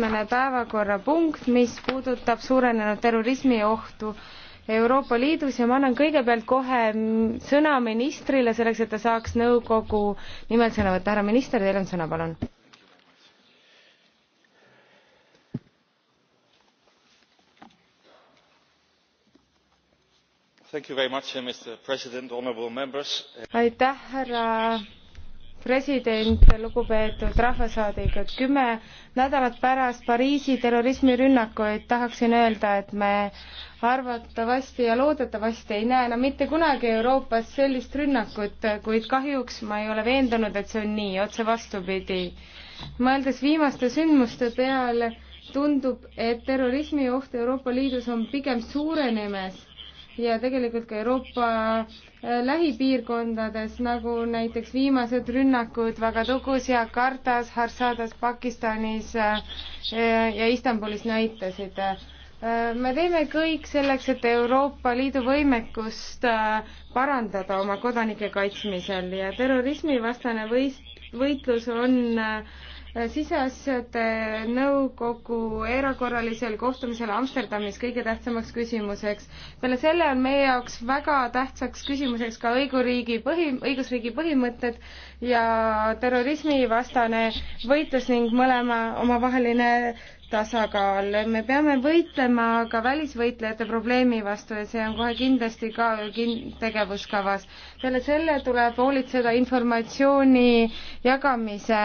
mitmene päevakorrapunkt, mis puudutab suurenenud terrorismiohtu Euroopa Liidus ja ma annan kõigepealt kohe sõna ministrile selleks, et ta saaks nõukogu nimel sõna võtta. härra minister, teil on sõna, palun. aitäh, härra president, lugupeetud rahvasaadikud, kümme nädalat pärast Pariisi terrorismirünnakuid tahaksin öelda, et me arvatavasti ja loodetavasti ei näe enam mitte kunagi Euroopas sellist rünnakut, kuid kahjuks ma ei ole veendunud, et see on nii, otse vastupidi. mõeldes viimaste sündmuste peale, tundub, et terrorismioht Euroopa Liidus on pigem suurenemas ja tegelikult ka Euroopa äh, lähipiirkondades, nagu näiteks viimased rünnakud Vagadugus, Jakartas, Harsadas, Pakistanis äh, ja Istanbulis näitasid. Äh, me teeme kõik selleks, et Euroopa Liidu võimekust parandada oma kodanike kaitsmisel ja terrorismivastane võist-, võitlus on äh, siseasjade nõukogu erakorralisel kohtumisel Amsterdamis kõige tähtsamaks küsimuseks. peale selle on meie jaoks väga tähtsaks küsimuseks ka õiguriigi põhi, õigusriigi põhimõtted ja terrorismivastane võitlus ning mõlema omavaheline tasakaal, me peame võitlema ka välisvõitlejate probleemi vastu ja see on kohe kindlasti ka kin-, tegevuskavas. peale selle tuleb hoolitseda informatsiooni jagamise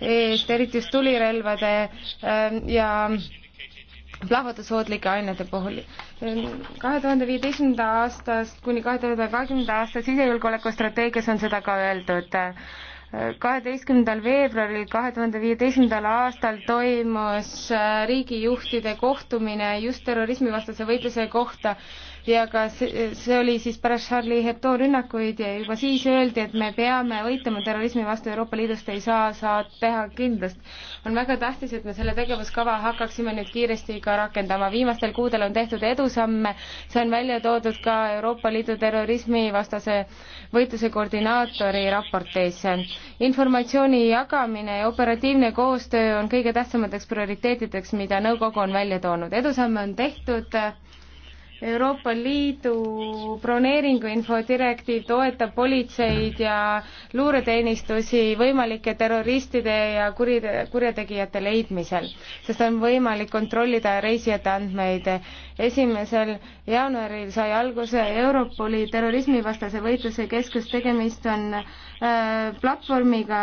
eest, eriti just tulirelvade ähm, ja plahvatusoodlike ainete puhul. kahe tuhande viieteistkümnenda aastast kuni kahe tuhande kahekümnenda aasta sisejulgeolekustrateegias on seda ka öeldud kaheteistkümnendal veebruaril kahe tuhande viieteistkümnendal aastal toimus äh, riigijuhtide kohtumine just terrorismivastase võitluse kohta ja ka see oli siis pärast Charlie Hebdo rünnakuid ja juba siis öeldi, et me peame võitlema terrorismi vastu, Euroopa Liidust ei saa, saad teha kindlust. on väga tähtis, et me selle tegevuskava hakkaksime nüüd kiiresti ka rakendama. viimastel kuudel on tehtud edusamme, see on välja toodud ka Euroopa Liidu terrorismivastase võitluse koordinaatori raportis. informatsiooni jagamine ja operatiivne koostöö on kõige tähtsamateks prioriteetideks, mida nõukogu on välja toonud. edusamme on tehtud Euroopa Liidu broneeringuinfo direktiiv toetab politseid ja luureteenistusi võimalike terroristide ja kurite-, kurjategijate leidmisel, sest on võimalik kontrollida reisijate andmeid. esimesel jaanuaril sai alguse Europoli terrorismivastase võitluse keskus, tegemist on äh, Äh, platvormiga,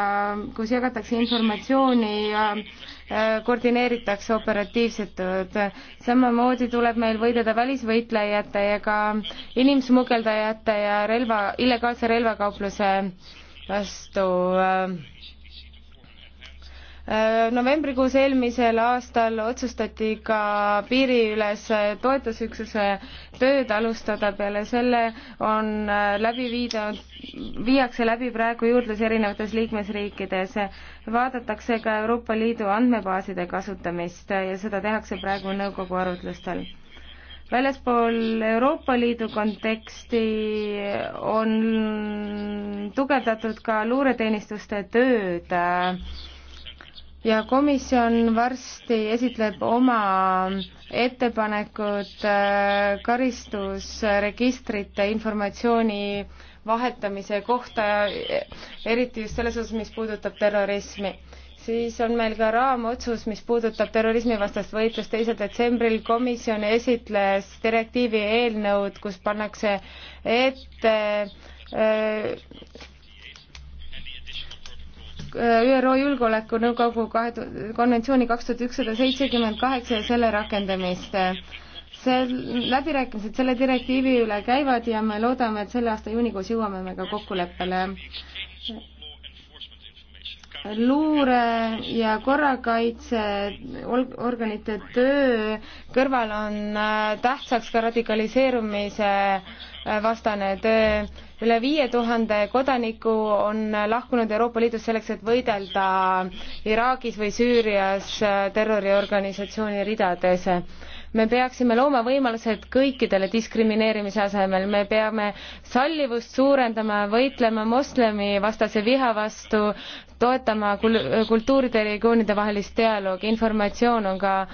kus jagatakse informatsiooni ja äh, koordineeritakse operatiivset tööd. samamoodi tuleb meil võidelda välisvõitlejate ja ka inimsmugeldajate ja relva, illegaalse relvakaupluse vastu äh, Äh, novembrikuus eelmisel aastal otsustati ka piiriülese toetusüksuse tööd alustada, peale selle on äh, läbi viidud, viiakse läbi praegu juurdlus erinevates liikmesriikides. vaadatakse ka Euroopa Liidu andmebaaside kasutamist ja seda tehakse praegu nõukogu arutlustel väljaspool Euroopa Liidu konteksti on tugevdatud ka luureteenistuste tööd äh, ja komisjon varsti esitleb oma ettepanekud äh, karistusregistrite informatsiooni vahetamise kohta, eriti just selles osas, mis puudutab terrorismi. siis on meil ka raamotsus, mis puudutab terrorismivastast võitlust, teisel detsembril komisjon esitles direktiivi eelnõud, kus pannakse ette öö, äh, ÜRO Julgeolekunõukogu kahe, konventsiooni kaks tuhat ükssada seitsekümmend kaheksa ja selle rakendamist see, läbirääkimised selle direktiivi üle käivad ja me loodame, et selle aasta juunikuus jõuame me ka kokkuleppele. luure ja korrakaitseorganite töö kõrval on äh, tähtsaks ka radikaliseerumise äh, vastane töö üle viie tuhande kodaniku on lahkunud Euroopa Liidust selleks, et võidelda Iraagis või Süürias terroriorganisatsiooni ridades. me peaksime looma võimalused kõikidele diskrimineerimise asemel, me peame sallivust suurendama, võitlema moslemi vastase viha vastu, toetama kul-, kultuuride ja regioonide vahelist dialoogi, informatsioon on ka äh,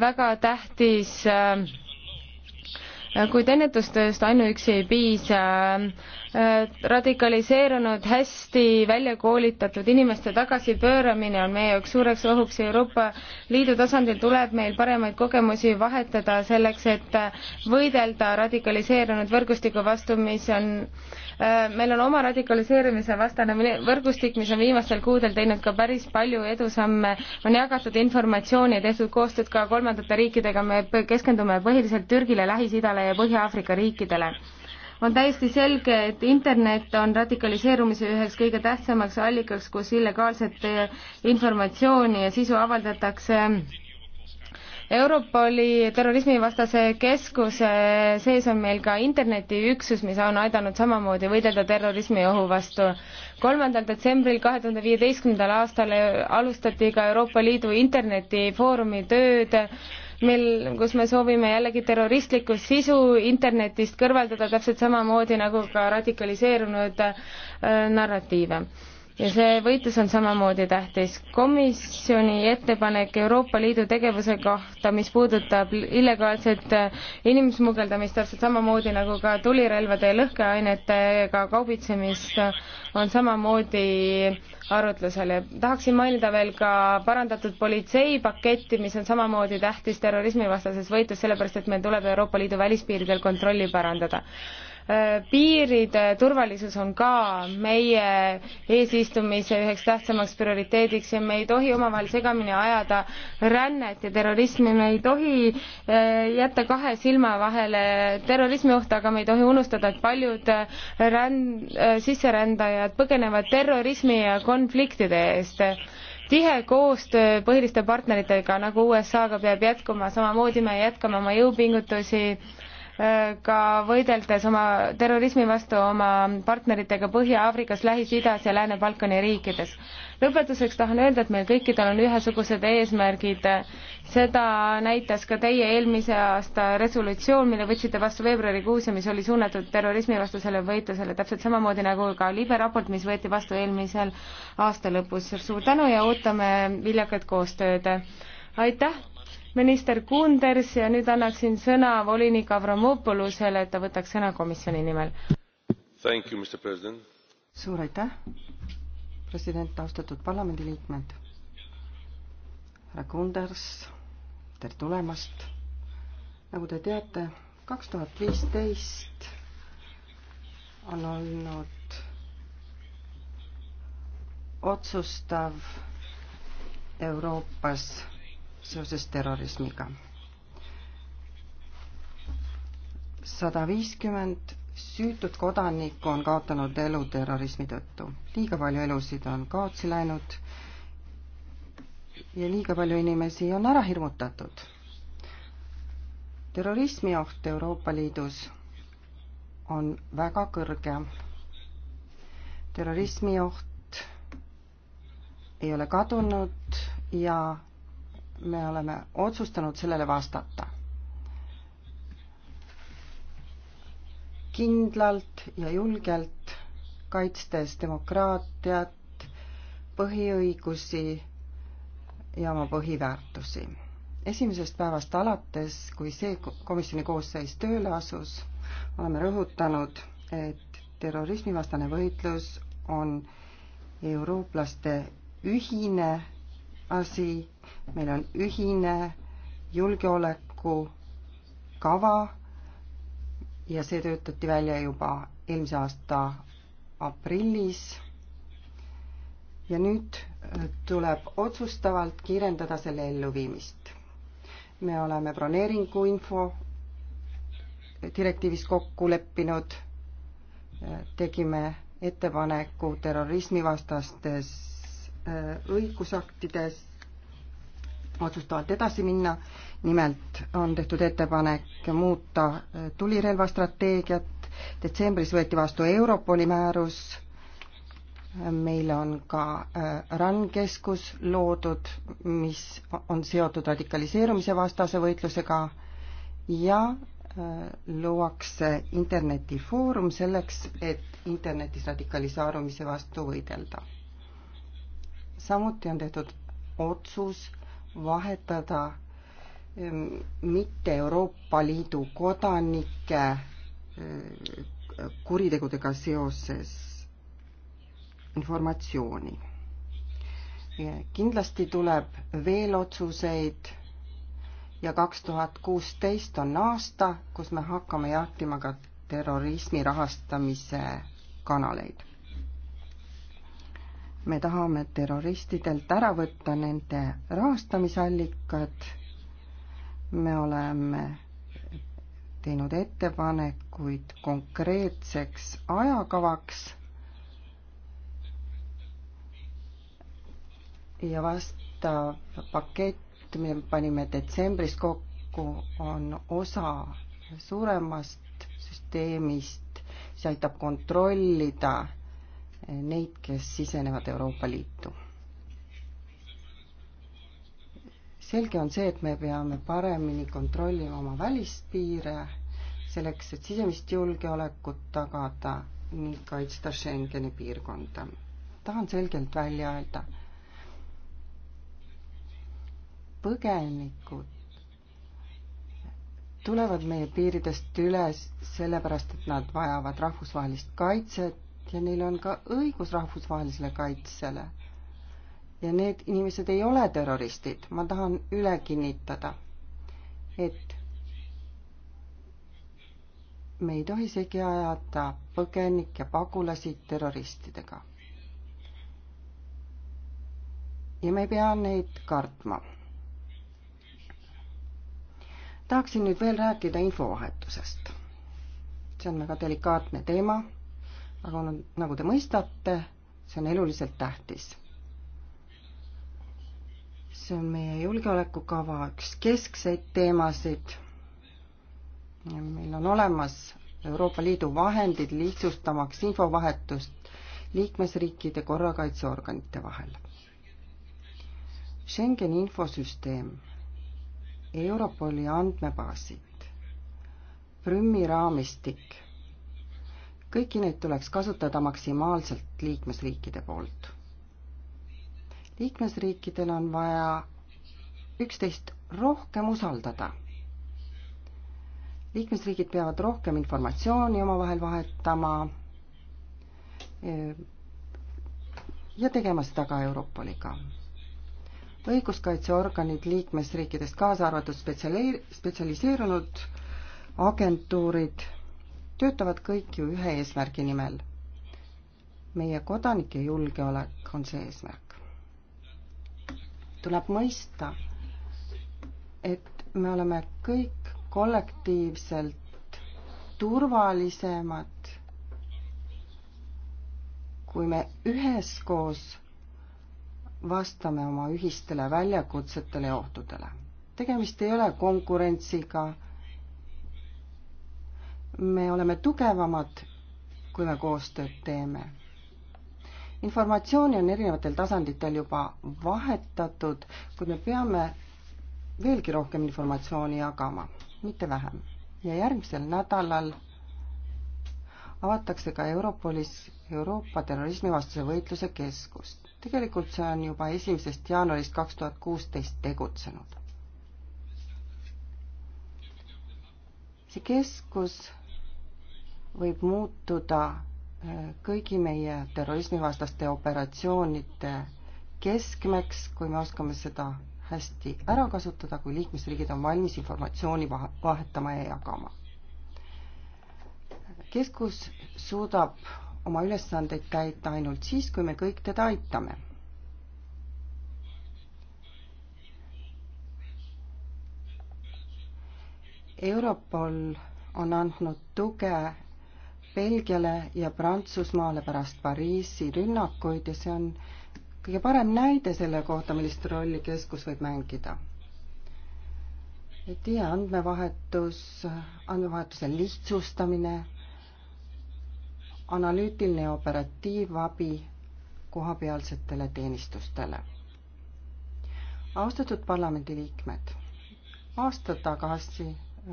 väga tähtis äh, kuid ennetustööst ainuüksi ei piisa äh, Äh, radikaliseerunud, hästi välja koolitatud inimeste tagasipööramine on meie jaoks suureks ohuks. Euroopa Liidu tasandil tuleb meil paremaid kogemusi vahetada selleks, et äh, võidelda radikaliseerunud võrgustiku vastu, mis on, äh, meil on oma radikaliseerumise vastane võrgustik, mis on viimastel kuudel teinud ka päris palju edusamme, on jagatud informatsiooni ja tehtud koostööd ka kolmandate riikidega, me keskendume põhiliselt Türgile, Lähis-Idale ja Põhja-Aafrika riikidele on täiesti selge, et internet on radikaliseerumise üheks kõige tähtsamaks allikaks, kus illegaalset eh, informatsiooni ja sisu avaldatakse Europoli terrorismivastase keskuse sees on meil ka internetiüksus, mis on aidanud samamoodi võidelda terrorismiohu vastu. kolmandal detsembril kahe tuhande viieteistkümnendal aastal eh, alustati ka Euroopa Liidu internetifoorumi tööd mil, kus me soovime jällegi terroristlikku sisu internetist kõrvaldada, täpselt samamoodi nagu ka radikaliseerunud äh, narratiive ja see võitlus on samamoodi tähtis. komisjoni ettepanek Euroopa Liidu tegevuse kohta, mis puudutab illegaalset äh, inimsmugeldamist, täpselt samamoodi nagu ka tulirelvade ja lõhkeainetega kaubitsemist, on samamoodi arutlusel ja tahaksin mainida veel ka parandatud politseipaketti, mis on samamoodi tähtis terrorismivastases võitlus, sellepärast et meil tuleb Euroopa Liidu välispiiridel kontrolli parandada Äh, piiride turvalisus on ka meie eesistumise üheks tähtsamaks prioriteediks ja me ei tohi omavahel segamini ajada rännet ja terrorismi, me ei tohi äh, jätta kahe silma vahele terrorismi ohtu, aga me ei tohi unustada, et paljud äh, ränd-, sisserändajad põgenevad terrorismi ja konfliktide eest tihe koostöö põhiliste partneritega nagu USA-ga peab jätkuma, samamoodi me jätkame oma jõupingutusi äh, ka võideldes oma terrorismi vastu oma partneritega Põhja-Aafrikas, Lähis-Idas ja Lääne-Balkani riikides. lõpetuseks tahan öelda, et meil kõikidel on ühesugused eesmärgid. seda näitas ka teie eelmise aasta resolutsioon, mille võtsite vastu veebruarikuus ja mis oli suunatud terrorismivastasele võitlusele, täpselt samamoodi nagu ka libe raport, mis võeti vastu eelmisel aasta lõpus. suur tänu ja ootame viljakat koostööd. aitäh minister Kunders ja nüüd annaksin sõna volinik Avramopoulosele, et ta võtaks sõna komisjoni nimel. suur aitäh, president, austatud parlamendiliikmed, härra Kunders, tere tulemast. nagu te teate, kaks tuhat viisteist on olnud otsustav Euroopas seoses terrorismiga. sada viiskümmend süütut kodanikku on kaotanud elu terrorismi tõttu. liiga palju elusid on kaotsi läinud ja liiga palju inimesi on ära hirmutatud. terrorismioht Euroopa Liidus on väga kõrge. terrorismioht ei ole kadunud ja me oleme otsustanud sellele vastata. kindlalt ja julgelt kaitstes demokraatiat, põhiõigusi ja oma põhiväärtusi. esimesest päevast alates, kui see komisjoni koosseis tööle asus, oleme rõhutanud, et terrorismivastane võitlus on eurooplaste ühine asi, meil on ühine julgeolekukava ja see töötati välja juba eelmise aasta aprillis. ja nüüd äh, tuleb otsustavalt kiirendada selle elluviimist. me oleme broneeringu info direktiivis kokku leppinud, äh, tegime ettepaneku terrorismivastastes Äh, õigusaktides otsustavad edasi minna. nimelt on tehtud ettepanek muuta äh, tulirelvastrateegiat, detsembris võeti vastu Europoli määrus, meil on ka äh, RAN keskus loodud, mis on seotud radikaliseerumise vastase võitlusega ja luuakse internetifoorum selleks, et internetis radikaliseerumise vastu võidelda samuti on tehtud otsus vahetada ehm, mitte Euroopa Liidu kodanike ehm, kuritegudega seoses informatsiooni. kindlasti tuleb veel otsuseid ja kaks tuhat kuusteist on aasta, kus me hakkame jahtima ka terrorismi rahastamise kanaleid me tahame terroristidelt ära võtta nende rahastamisallikad. me oleme teinud ettepanekuid konkreetseks ajakavaks. ja vastav pakett, mille me panime detsembris kokku, on osa suuremast süsteemist, see aitab kontrollida neid, kes sisenevad Euroopa Liitu. selge on see, et me peame paremini kontrollima oma välispiire selleks, et sisemist julgeolekut tagada ning kaitsta Schengeni piirkonda. tahan selgelt välja öelda, põgenikud tulevad meie piiridest üles sellepärast, et nad vajavad rahvusvahelist kaitset ja neil on ka õigus rahvusvahelisele kaitsele. ja need inimesed ei ole terroristid, ma tahan üle kinnitada, et me ei tohi segi ajada põgenikke, pagulasi terroristidega. ja me ei pea neid kartma. tahaksin nüüd veel rääkida infovahetusest. see on väga delikaatne teema aga nagu te mõistate, see on eluliselt tähtis. see on meie julgeolekukava üks keskseid teemasid. meil on olemas Euroopa Liidu vahendid lihtsustamaks infovahetust liikmesriikide korrakaitseorganite vahel. Schengeni infosüsteem, Europoli andmebaasid, Prümi raamistik kõiki neid tuleks kasutada maksimaalselt liikmesriikide poolt. liikmesriikidel on vaja üksteist rohkem usaldada. liikmesriigid peavad rohkem informatsiooni omavahel vahetama eh, ja tegema seda ka Europoliga. õiguskaitseorganid liikmesriikidest, kaasa arvatud spetsiali-, spetsialiseerunud agentuurid töötavad kõik ju ühe eesmärgi nimel. meie kodanike julgeolek on see eesmärk. tuleb mõista, et me oleme kõik kollektiivselt turvalisemad, kui me üheskoos vastame oma ühistele väljakutsetele ja ohtudele. tegemist ei ole konkurentsiga me oleme tugevamad, kui me koostööd teeme. informatsiooni on erinevatel tasanditel juba vahetatud, kuid me peame veelgi rohkem informatsiooni jagama, mitte vähem. ja järgmisel nädalal avatakse ka Europolis Euroopa terrorismivastase võitluse keskus. tegelikult see on juba esimesest jaanuarist kaks tuhat kuusteist tegutsenud. see keskus võib muutuda äh, kõigi meie terrorismivastaste operatsioonide keskmeks, kui me oskame seda hästi ära kasutada, kui liikmesriigid on valmis informatsiooni vahetama ja jagama. keskus suudab oma ülesandeid täita ainult siis, kui me kõik teda aitame. Europol on andnud tuge Belgiale ja Prantsusmaale pärast Pariisi rünnakuid ja see on kõige parem näide selle kohta, millist rolli keskus võib mängida. et hea andmevahetus, andmevahetuse lihtsustamine, analüütiline ja operatiivabi kohapealsetele teenistustele. austatud parlamendiliikmed, aasta tagasi,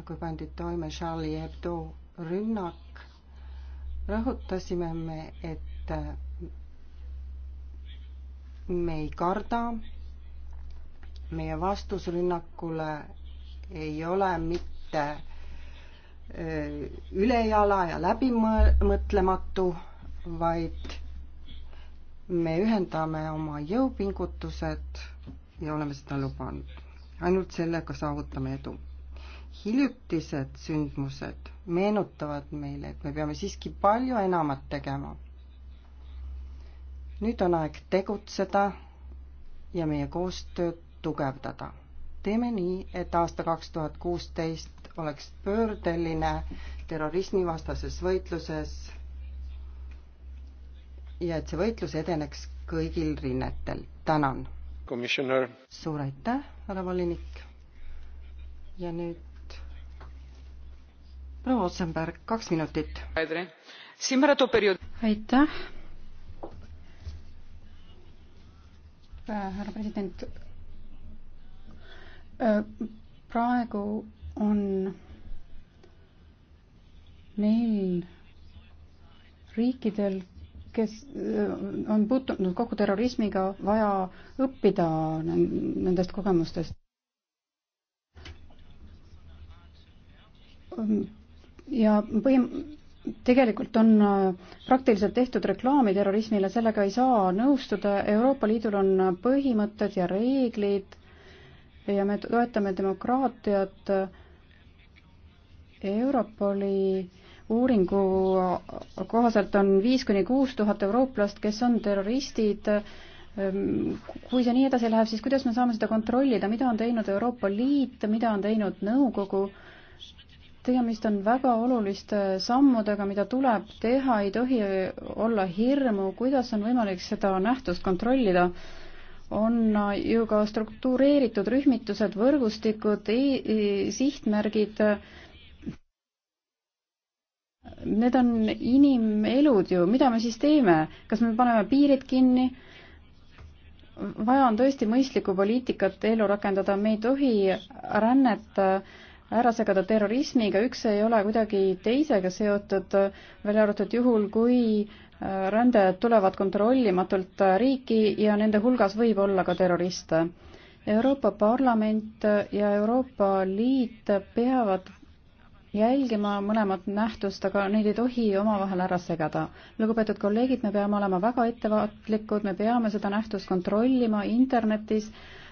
kui pandi toime Charlie Hebdo rünnak rõhutasime me, et me ei karda, meie vastus rünnakule ei ole mitte äh, ülejala ja läbimõtlematu, vaid me ühendame oma jõupingutused ja oleme seda lubanud. ainult sellega saavutame edu hiljutised sündmused meenutavad meile, et me peame siiski palju enamat tegema. nüüd on aeg tegutseda ja meie koostööd tugevdada. teeme nii, et aasta kaks tuhat kuusteist oleks pöördeline terrorismivastases võitluses ja et see võitlus edeneks kõigil rinnetel. tänan. suur aitäh, härra volinik. ja nüüd proua Otsenberg, kaks minutit. aitäh. Äh, härra president. Äh, praegu on meil riikidel, kes äh, on puutunud kokku terrorismiga, vaja õppida nendest kogemustest ja põhim-, tegelikult on äh, praktiliselt tehtud reklaami terrorismile, sellega ei saa nõustuda, Euroopa Liidul on põhimõtted ja reeglid ja me toetame demokraatiat. Europoli uuringu kohaselt on viis kuni kuus tuhat eurooplast, kes on terroristid. Ehm, kui see nii edasi läheb, siis kuidas me saame seda kontrollida, mida on teinud Euroopa Liit, mida on teinud nõukogu? tegemist on väga oluliste sammudega, mida tuleb teha, ei tohi olla hirmu, kuidas on võimalik seda nähtust kontrollida. on ju ka struktureeritud rühmitused, võrgustikud e, e, sihtmärgid. Need on inimelud ju, mida me siis teeme, kas me paneme piirid kinni? vaja on tõesti mõistlikku poliitikat ellu rakendada, me ei tohi rännet äh, ära segada terrorismiga, üks ei ole kuidagi teisega seotud, välja arvatud juhul, kui äh, rändajad tulevad kontrollimatult äh, riiki ja nende hulgas võib olla ka terroriste. Euroopa Parlament ja Euroopa Liit peavad jälgima mõlemat nähtust, aga neid ei tohi omavahel ära segada. lugupeetud kolleegid, me peame olema väga ettevaatlikud, me peame seda nähtust kontrollima internetis,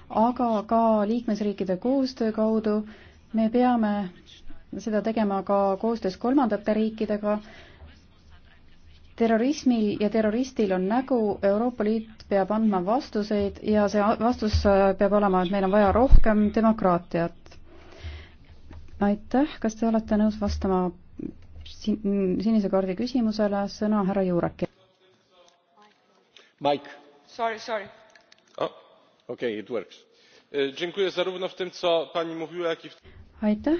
aga ka liikmesriikide koostöö kaudu me peame seda tegema ka koostöös kolmandate riikidega. terrorismil ja terroristil on nägu, Euroopa Liit peab andma vastuseid ja see vastus peab olema, et meil on vaja rohkem demokraatiat. aitäh, kas te olete nõus vastama sinise kaardi küsimusele, sõna härra Juurek. Mike. Sorry, sorry. Oh, okay, it works. E, dziękuję zarówno w tym, co pani mówiła, jak i w aitäh!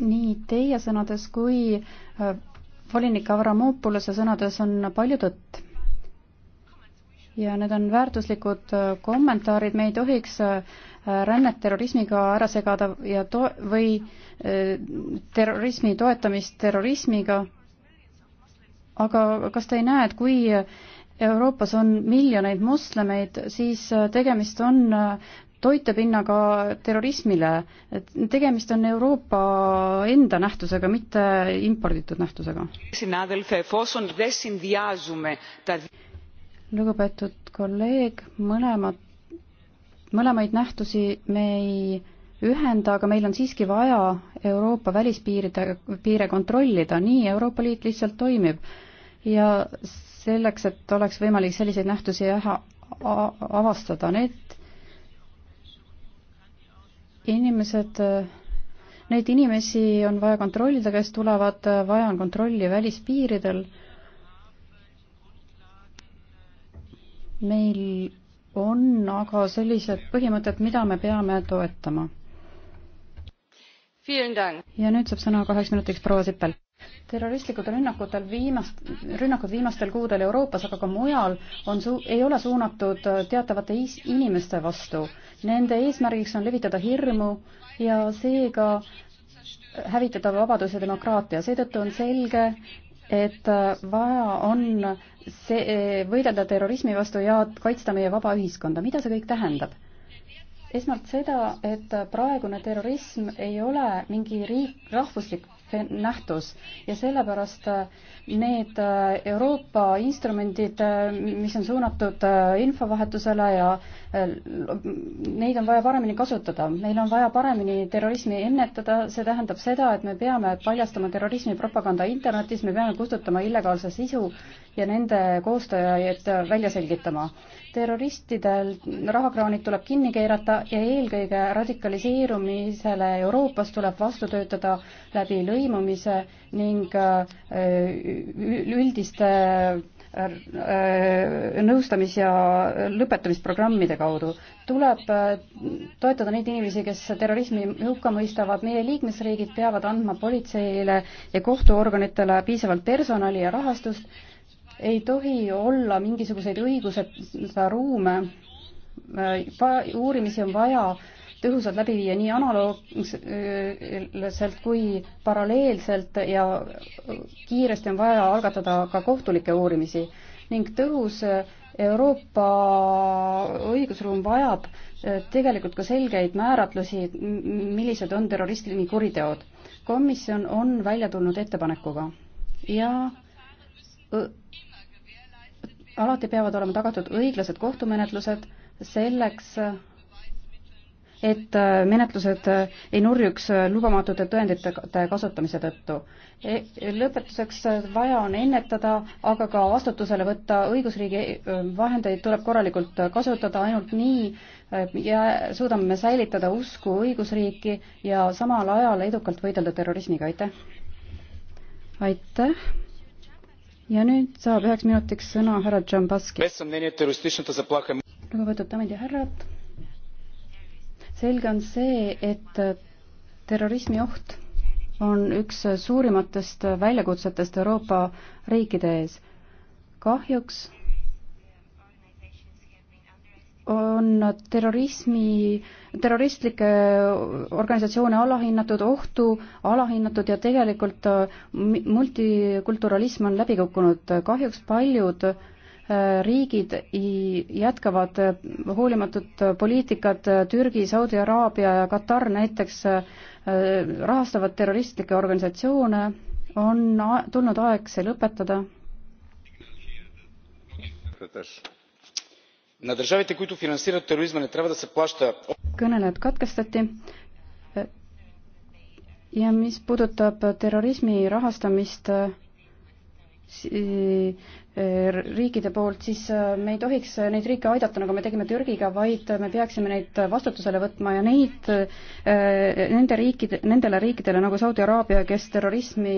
nii teie sõnades kui äh, volinik Avramopolose sõnades on palju tõtt. ja need on väärtuslikud äh, kommentaarid, me ei tohiks äh, rännet terrorismiga ära segada ja to-, või terrorismi toetamist terrorismiga, aga kas te ei näe, et kui Euroopas on miljoneid moslemeid, siis tegemist on toitepinnaga terrorismile. et tegemist on Euroopa enda nähtusega, mitte imporditud nähtusega. lugupeetud kolleeg, mõlemad, mõlemaid nähtusi me ei ühenda, aga meil on siiski vaja Euroopa välispiiride, piire kontrollida, nii Euroopa Liit lihtsalt toimib. ja selleks, et oleks võimalik selliseid nähtusi avastada, need inimesed, äh, neid inimesi on vaja kontrollida, kes tulevad, äh, vaja on kontrolli välispiiridel. meil on aga sellised põhimõtted, mida me peame toetama. ja nüüd saab sõna kaheks minutiks proua Sippel terroristlikud rünnakutel viimast, rünnakud viimastel kuudel Euroopas, aga ka mujal on su-, ei ole suunatud teatavate is-, inimeste vastu. Nende eesmärgiks on levitada hirmu ja seega hävitada vabadus ja demokraatia, seetõttu on selge, et vaja on see, võidelda terrorismi vastu ja kaitsta meie vaba ühiskonda, mida see kõik tähendab? esmalt seda, et praegune terrorism ei ole mingi riik, rahvuslik nähtus ja sellepärast äh, need äh, Euroopa instrumendid, äh, mis on suunatud infovahetusele ja Äh, neid on vaja paremini kasutada, meil on vaja paremini terrorismi ennetada, see tähendab seda, et me peame paljastama terrorismipropaganda internetis, me peame kustutama illegaalse sisu ja nende koostajaid välja selgitama. terroristidel rahakraanid tuleb kinni keerata ja eelkõige radikaliseerumisele Euroopas tuleb vastu töötada läbi lõimumise ning äh, üldiste Äh, nõustamis- ja lõpetamisprogrammide kaudu. tuleb äh, toetada neid inimesi, kes terrorismi hukka mõistavad, meie liikmesriigid peavad andma politseile ja kohtuorganitele piisavalt personali ja rahastust, ei tohi olla mingisuguseid õiguseta ruume, äh, uurimisi on vaja tõhusalt läbi viia nii analoogselt kui paralleelselt ja kiiresti on vaja algatada ka kohtulikke uurimisi ning tõhus Euroopa õigusruum vajab äh, tegelikult ka selgeid määratlusi, millised on terroristlikud kuriteod. komisjon on välja tulnud ettepanekuga ja alati peavad olema tagatud õiglased kohtumenetlused selleks, et äh, menetlused äh, ei nurjuks äh, lubamatute tõendite kasutamise tõttu. E, lõpetuseks vaja on ennetada, aga ka vastutusele võtta, õigusriigi vahendeid tuleb korralikult kasutada, ainult nii ja suudame me säilitada usku õigusriiki ja samal ajal edukalt võidelda terrorismiga, aitäh! aitäh! ja nüüd saab üheks minutiks sõna härra Džambaski. lugupeetud daamid ja härrad selge on see, et terrorismi oht on üks suurimatest väljakutsetest Euroopa riikide ees. kahjuks on terrorismi, terroristlikke organisatsioone alahinnatud, ohtu alahinnatud ja tegelikult multikulturalism on läbi kukkunud. kahjuks paljud äh, riigid jätkavad hoolimatut poliitikat, Türgi, Saudi Araabia ja Katar näiteks äh, rahastavad terroristlikke organisatsioone, on tulnud aeg see lõpetada. kõnelejad katkestati ja mis puudutab terrorismi rahastamist, riikide poolt, siis äh, me ei tohiks äh, neid riike aidata, nagu me tegime Türgiga, vaid äh, me peaksime neid vastutusele võtma ja neid, nende riikide, nendele riikidele nagu Saudi Araabia, kes terrorismi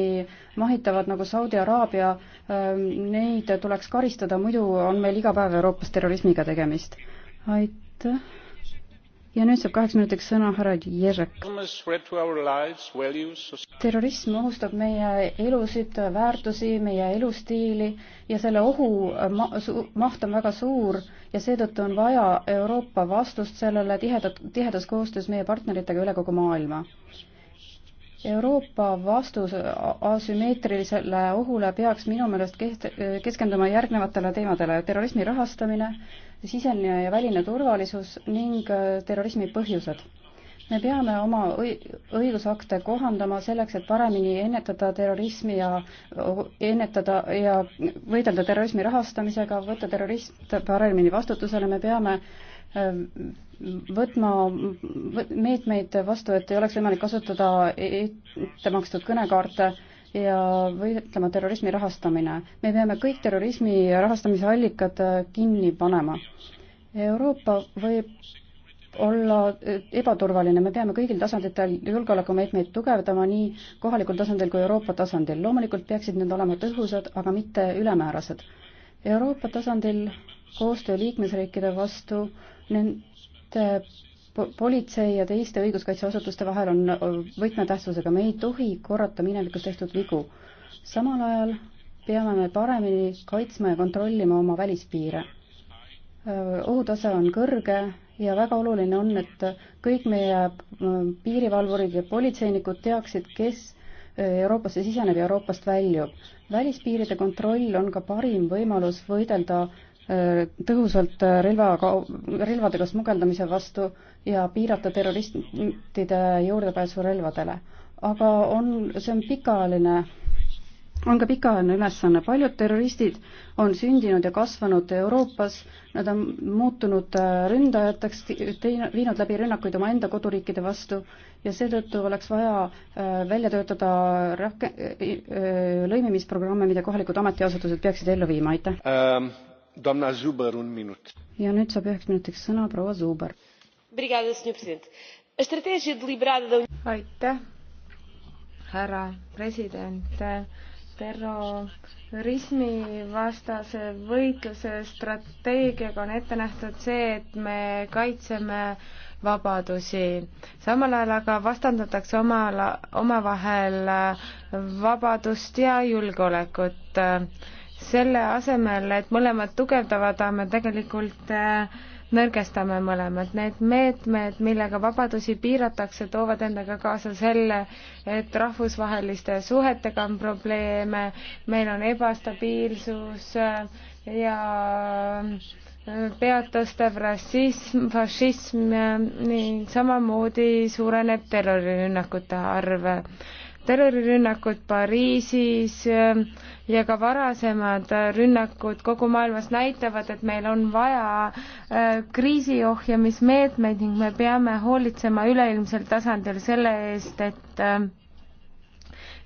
mahitavad nagu Saudi Araabia, ähm, neid tuleks karistada, muidu on meil iga päev Euroopas terrorismiga tegemist. aitäh ja nüüd saab kaheks minutiks sõna härra Ježek. terrorism ohustab meie elusid, väärtusi, meie elustiili ja selle ohu ma maht on väga suur ja seetõttu on vaja Euroopa vastust sellele tihedat, tihedas koostöös meie partneritega üle kogu maailma Euroopa vastus asümmeetrilisele ohule peaks minu meelest keskenduma järgnevatele teemadele. terrorismi rahastamine, sisemine ja väline turvalisus ning äh, terrorismi põhjused. me peame oma õigusakte kohandama selleks, et paremini ennetada terrorismi ja oh, ennetada ja võidelda terrorismi rahastamisega, võtta terrorist paremini vastutusele, me peame äh, Ehm, võtma meetmeid vastu, et ei oleks võimalik kasutada e-, ettemakstud kõnekaarte ja võitlema terrorismi rahastamine. me peame kõik terrorismi rahastamise allikad äh, kinni panema. Euroopa võib olla e, ebaturvaline, me peame kõigil tasanditel julgeolekumeetmeid tugevdama nii kohalikul tasandil kui Euroopa tasandil. loomulikult peaksid need olema tõhusad, aga mitte ülemäärased. Euroopa tasandil koostöö liikmesriikide vastu äh, nende eh, politsei ja teiste õiguskaitseasutuste vahel on eh, võtmetähtsusega, me ei tohi korrata minevikus tehtud vigu. samal ajal peame me paremini kaitsma ja kontrollima oma välispiire. Eh, ohutase on kõrge ja väga oluline on, et kõik meie piirivalvurid ja politseinikud teaksid, kes Euroopasse siseneb ja Euroopast väljub. välispiiride kontroll on ka parim võimalus võidelda äh, Äh, tõhusalt äh, relvaga, relvadega smugeldamise vastu ja piirata terroristide juurdepääsu relvadele. aga on, see on pikaajaline, on ka pikaajaline ülesanne, paljud terroristid on sündinud ja kasvanud Euroopas, nad on muutunud äh, ründajateks, viinud läbi rünnakuid omaenda koduriikide vastu ja seetõttu oleks vaja välja töötada rahke-, lõimimisprogramme, mida kohalikud ametiasutused peaksid ellu viima, aitäh um.! ja nüüd saab üheks minutiks sõna proua Zuber. aitäh, härra president terrorismivastase võitluse strateegiaga on ette nähtud see, et me kaitseme vabadusi. samal ajal aga vastandatakse omal, omavahel vabadust ja julgeolekut selle asemel, et mõlemad tugevdavad, me tegelikult äh, nõrgestame mõlemad. Need meetmed, millega vabadusi piiratakse, toovad endaga kaasa selle, et rahvusvaheliste suhetega on probleeme, meil on ebastabiilsus äh, ja äh, pead tõstev rassism, fašism ning samamoodi suureneb terrorirünnakute arv terrorirünnakud Pariisis ähm, ja ka varasemad äh, rünnakud kogu maailmas näitavad, et meil on vaja äh, kriisi ohjamismeetmeid ning me peame hoolitsema üleilmsel tasandil selle eest, et äh,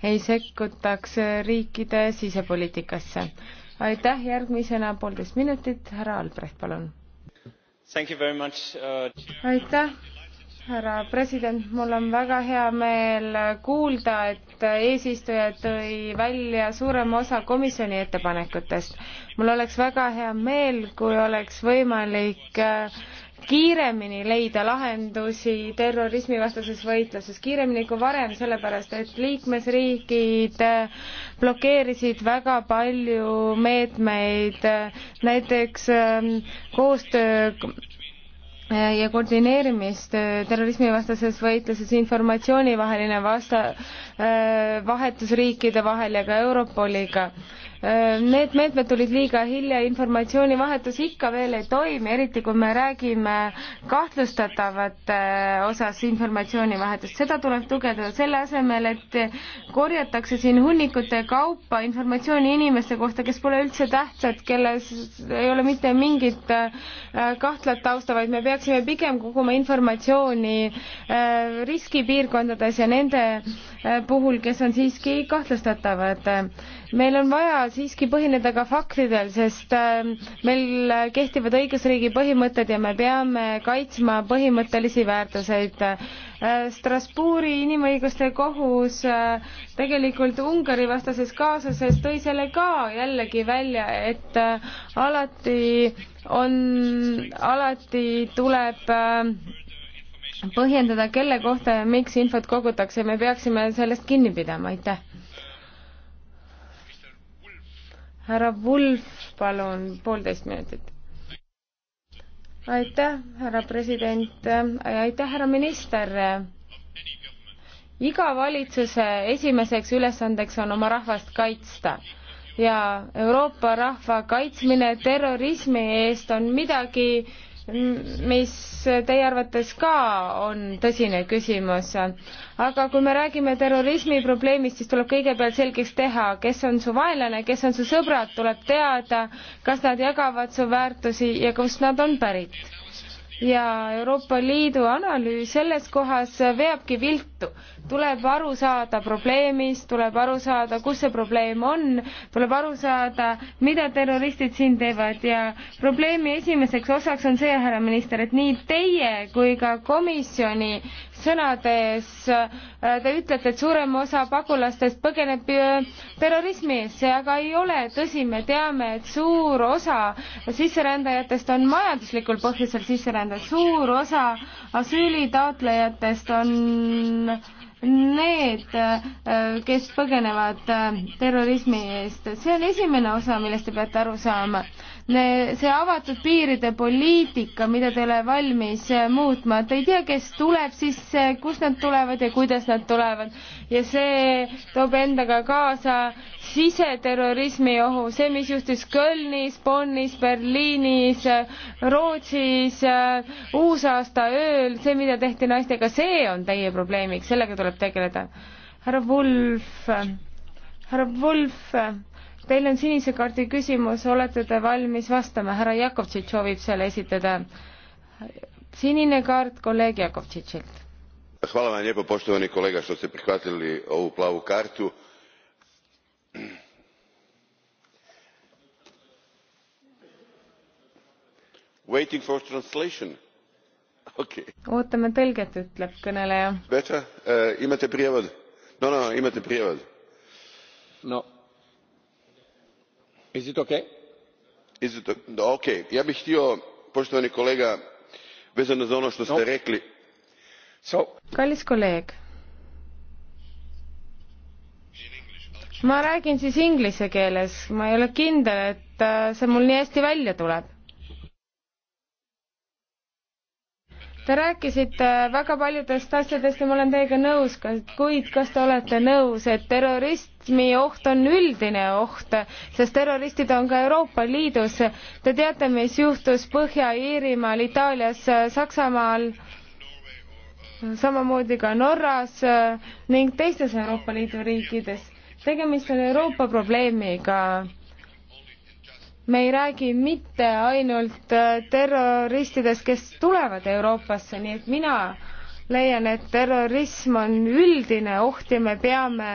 ei sekkutaks riikide sisepoliitikasse. aitäh, järgmisena poolteist minutit, härra Albrecht, palun. Uh, aitäh härra president, mul on väga hea meel kuulda, et eesistuja tõi välja suurema osa komisjoni ettepanekutest. mul oleks väga hea meel, kui oleks võimalik äh, kiiremini leida lahendusi terrorismivastases võitluses, kiiremini kui varem, sellepärast et liikmesriigid äh, blokeerisid väga palju meetmeid, äh, näiteks ähm, koostöö Äh, ja koordineerimist äh, terrorismivastases võitluses, informatsioonivaheline vasta-, äh, vahetus riikide vahel ja ka Europoliga Äh, need meetmed tulid liiga hilja, informatsioonivahetus ikka veel ei toimi, eriti kui me räägime kahtlustatavate äh, osas informatsioonivahetust. seda tuleb tugevdada selle asemel, et korjatakse siin hunnikute kaupa informatsiooni inimeste kohta, kes pole üldse tähtsad, kelles ei ole mitte mingit äh, kahtlat tausta, vaid me peaksime pigem koguma informatsiooni riskipiirkondades ja nende puhul, kes on siiski kahtlustatavad meil on vaja siiski põhineda ka faktidel, sest ähm, meil kehtivad õigusriigi põhimõtted ja me peame kaitsma põhimõttelisi väärtuseid. Äh, Strasbourgi inimõiguste kohus äh, tegelikult Ungari vastases kaasuses tõi selle ka jällegi välja, et äh, alati on, alati tuleb põhjendada, kelle kohta ja miks infot kogutakse, me peaksime sellest kinni pidama, aitäh. härra Wulf, palun, poolteist minutit. aitäh, härra president, aitäh, härra minister. iga valitsuse esimeseks ülesandeks on oma rahvast kaitsta ja Euroopa rahva kaitsmine terrorismi eest on midagi, mis teie arvates ka on tõsine küsimus. aga kui me räägime terrorismi probleemist, siis tuleb kõigepealt selgeks teha, kes on su vaenlane, kes on su sõbrad, tuleb teada, kas nad jagavad su väärtusi ja kust nad on pärit ja Euroopa Liidu analüüs selles kohas veabki viltu. tuleb aru saada probleemist, tuleb aru saada, kus see probleem on, tuleb aru saada, mida terroristid siin teevad ja probleemi esimeseks osaks on see, härra minister, et nii teie kui ka komisjoni sõnades äh, te ütlete, et suurem osa pagulastest põgeneb äh, terrorismi eest, see aga ei ole tõsi, me teame, et suur osa sisserändajatest on majanduslikul põhjusel sisserändajad, suur osa asüülitaotlejatest on need, äh, kes põgenevad terrorismi eest, see on esimene osa, millest te peate aru saama see avatud piiride poliitika, mida te ole valmis eh, muutma, et ei tea, kes tuleb sisse, kust nad tulevad ja kuidas nad tulevad ja see toob endaga kaasa siseterrorismi ohu, see, mis juhtus Kölnis, Bonnis, Berliinis, Rootsis, eh, uusaasta ööl, see, mida tehti naistega, see on teie probleemiks, sellega tuleb tegeleda. härra Wolf, eh, härra Wolf Teil on sinise kaardi küsimus, olete te valmis vastama? härra Jakovtšitš soovib selle esitada. sinine kaart kolleeg Jakovtšitšilt. hvala vam lijepo poštovani kolega što ste prihvatili ovu plavu kartu. Waiting for translation. Okay. ootame tõlget, ütleb kõneleja. Petra, eh, imate prijevod? no, no imate prijevod? no ja bih htio poštovani kolega vezano za ono što ste rekli kallis kolleeg ma räägin siis inglise keeles ma ei ole kindel et äh, see mul nii hästi välja tuleb. Te rääkisite väga paljudest asjadest ja ma olen teiega nõus, kuid kas te olete nõus, et terrorismi oht on üldine oht, sest terroristid on ka Euroopa Liidus. Te teate, mis juhtus Põhja-Iirimaal, Itaalias, Saksamaal, samamoodi ka Norras ning teistes Euroopa Liidu riikides. tegemist on Euroopa probleemiga me ei räägi mitte ainult äh, terroristidest, kes tulevad Euroopasse, nii et mina leian, et terrorism on üldine oht ja me peame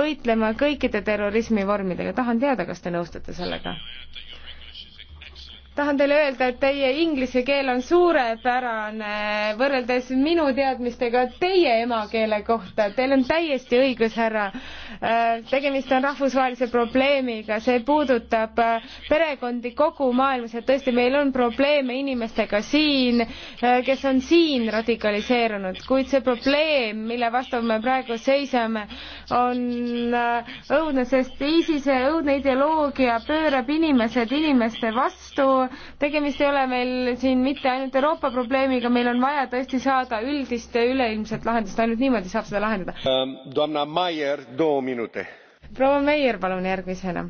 võitlema kõikide terrorismi vormidega. tahan teada, kas te nõustute sellega? tahan teile öelda, et teie inglise keel on suurepärane võrreldes minu teadmistega teie emakeele kohta. Teil on täiesti õigus, härra. Äh, tegemist on rahvusvahelise probleemiga, see puudutab äh, perekondi kogu maailmas ja tõesti, meil on probleeme inimestega siin, äh, kes on siin radikaliseerunud, kuid see probleem, mille vastu me praegu seisame, on õudne, sest ISISe õudne ideoloogia pöörab inimesed inimeste vastu tegemist ei ole meil siin mitte ainult Euroopa probleemiga, meil on vaja tõesti saada üldist üleilmset lahendust, ainult niimoodi saab seda lahendada. Ähm, proua Meier, palun järgmisena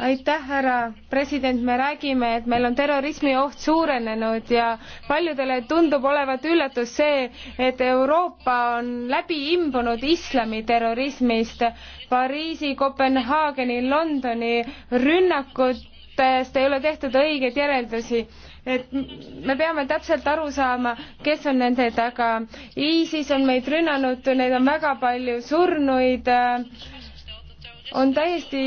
aitäh, härra president, me räägime, et meil on terrorismioht suurenenud ja paljudele tundub olevat üllatus see, et Euroopa on läbi imbunud islamiterrorismist. Pariisi, Kopenhaageni, Londoni rünnakutest ei ole tehtud õigeid järeldusi et me peame täpselt aru saama, kes on nende taga. ISIS on meid rünnanud, neid on väga palju surnuid. on täiesti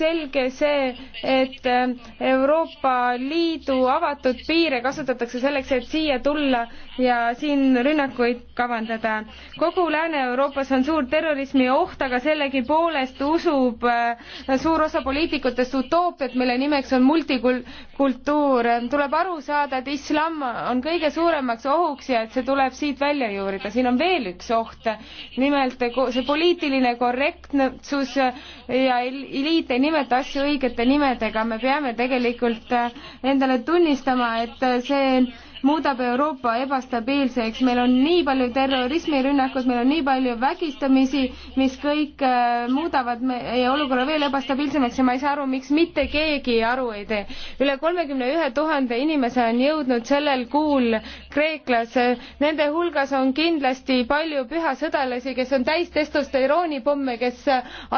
selge see, et äh, Euroopa Liidu avatud piire kasutatakse selleks, et siia tulla ja siin rünnakuid kavandada. kogu Lääne-Euroopas on suur terrorismioht, aga sellegipoolest usub äh, suur osa poliitikutest utoopiat, mille nimeks on multikultuur. tuleb aru saada, et islam on kõige suuremaks ohuks ja et see tuleb siit välja juurida. siin on veel üks oht, nimelt see poliitiline korrektsus ja eliit ei nimeta nimeta asju õigete nimedega, me peame tegelikult äh, endale tunnistama, et äh, see muudab Euroopa ebastabiilseks, meil on nii palju terrorismirünnakuid, meil on nii palju vägistamisi, mis kõik äh, muudavad meie olukorra veel ebastabiilsemaks ja ma ei saa aru, miks mitte keegi aru ei tee. üle kolmekümne ühe tuhande inimese on jõudnud sellel kuul Kreeklasse, nende hulgas on kindlasti palju pühasõdalasi, kes on täis testosteroonipomme, kes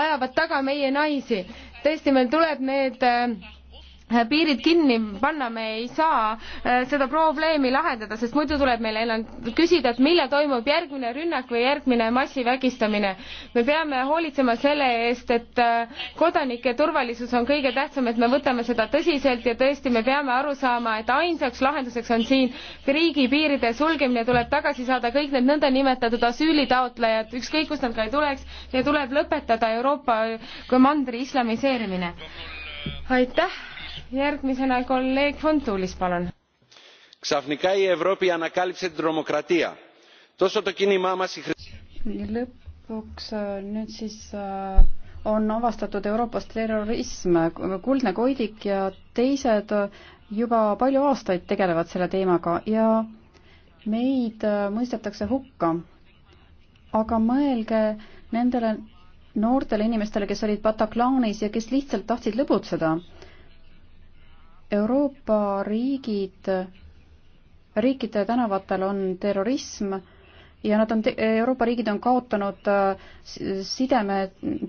ajavad taga meie naisi tõesti, meil tuleb need äh, piirid kinni panna me ei saa äh, seda probleemi lahendada, sest muidu tuleb meile enam küsida, et millal toimub järgmine rünnak või järgmine massivägistamine. me peame hoolitsema selle eest, et äh, kodanike turvalisus on kõige tähtsam, et me võtame seda tõsiselt ja tõesti, me peame aru saama, et ainsaks lahenduseks on siin riigipiiride sulgemine, tuleb tagasi saada kõik need nõndanimetatud asüülitaotlejad, ükskõik kust nad ka ei tuleks, ja tuleb lõpetada Euroopa kui mandri islamiseerimine. aitäh! järgmisena kolleeg Fontulis, palun. Ξαφνικά η Ευρώπη ανακάλυψε την τρομοκρατία. Τόσο το κίνημά μας... Lõpuks nüüd siis on avastatud Euroopas terrorism, kuldne koidik ja teised äh, juba palju aastaid tegelevad selle teemaga ja meid äh, mõistetakse hukka. aga mõelge nendele noortele inimestele, kes olid Bataclanis ja kes lihtsalt tahtsid lõbutseda Euroopa riigid, riikide tänavatel on terrorism ja nad on, Euroopa riigid on kaotanud äh, sideme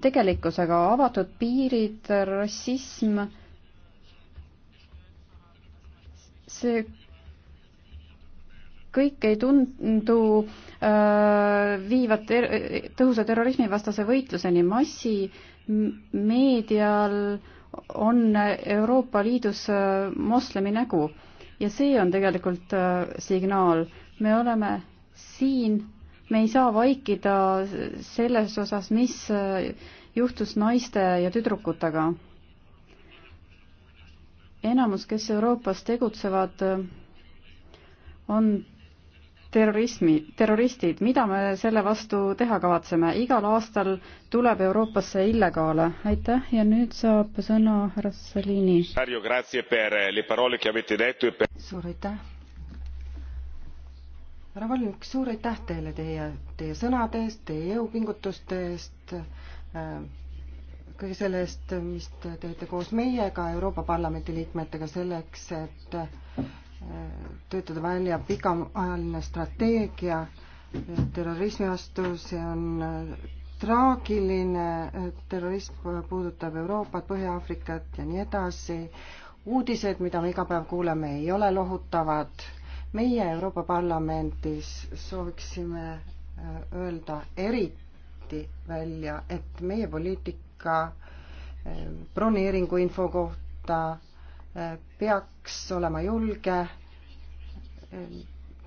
tegelikkusega, avatud piirid, rassism, see kõik ei tundu äh, viivat ter tõhusa terrorismivastase võitluseni, massimeedial on Euroopa Liidus äh, moslemi nägu ja see on tegelikult äh, signaal. me oleme siin, me ei saa vaikida selles osas, mis äh, juhtus naiste ja tüdrukutega. enamus, kes Euroopas tegutsevad, on terrorismi, terroristid, mida me selle vastu teha kavatseme? igal aastal tuleb Euroopasse illegaale. aitäh ja nüüd saab sõna härra Salini. E suur aitäh. härra Volnik, suur aitäh teile teie, teie sõnade eest, teie jõupingutuste eest, äh, kõige selle eest, mis te teete koos meiega, Euroopa Parlamendi liikmetega selleks, et töötada välja pikaajaline strateegia terrorismi vastu, see on äh, traagiline, terrorism puudutab Euroopat, Põhja-Aafrikat ja nii edasi. uudised, mida me iga päev kuuleme, ei ole lohutavad. meie Euroopa Parlamendis sooviksime äh, öelda eriti välja, et meie poliitika äh, broneeringu info kohta peaks olema julge,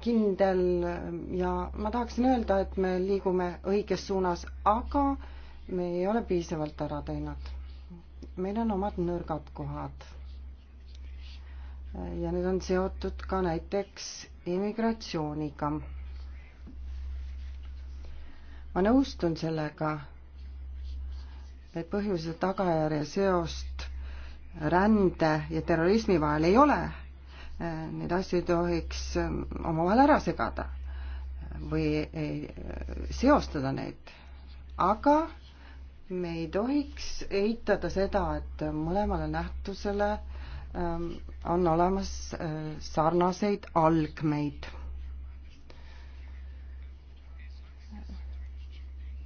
kindel ja ma tahaksin öelda, et me liigume õiges suunas, aga me ei ole piisavalt ära teinud. meil on omad nõrgad kohad. ja need on seotud ka näiteks immigratsiooniga. ma nõustun sellega, et põhjuse tagajärje seost rände ja terrorismi vahel ei ole. Neid asju ei tohiks ähm, omavahel ära segada või äh, seostada neid. aga me ei tohiks eitada seda, et mõlemale nähtusele ähm, on olemas äh, sarnaseid algmeid.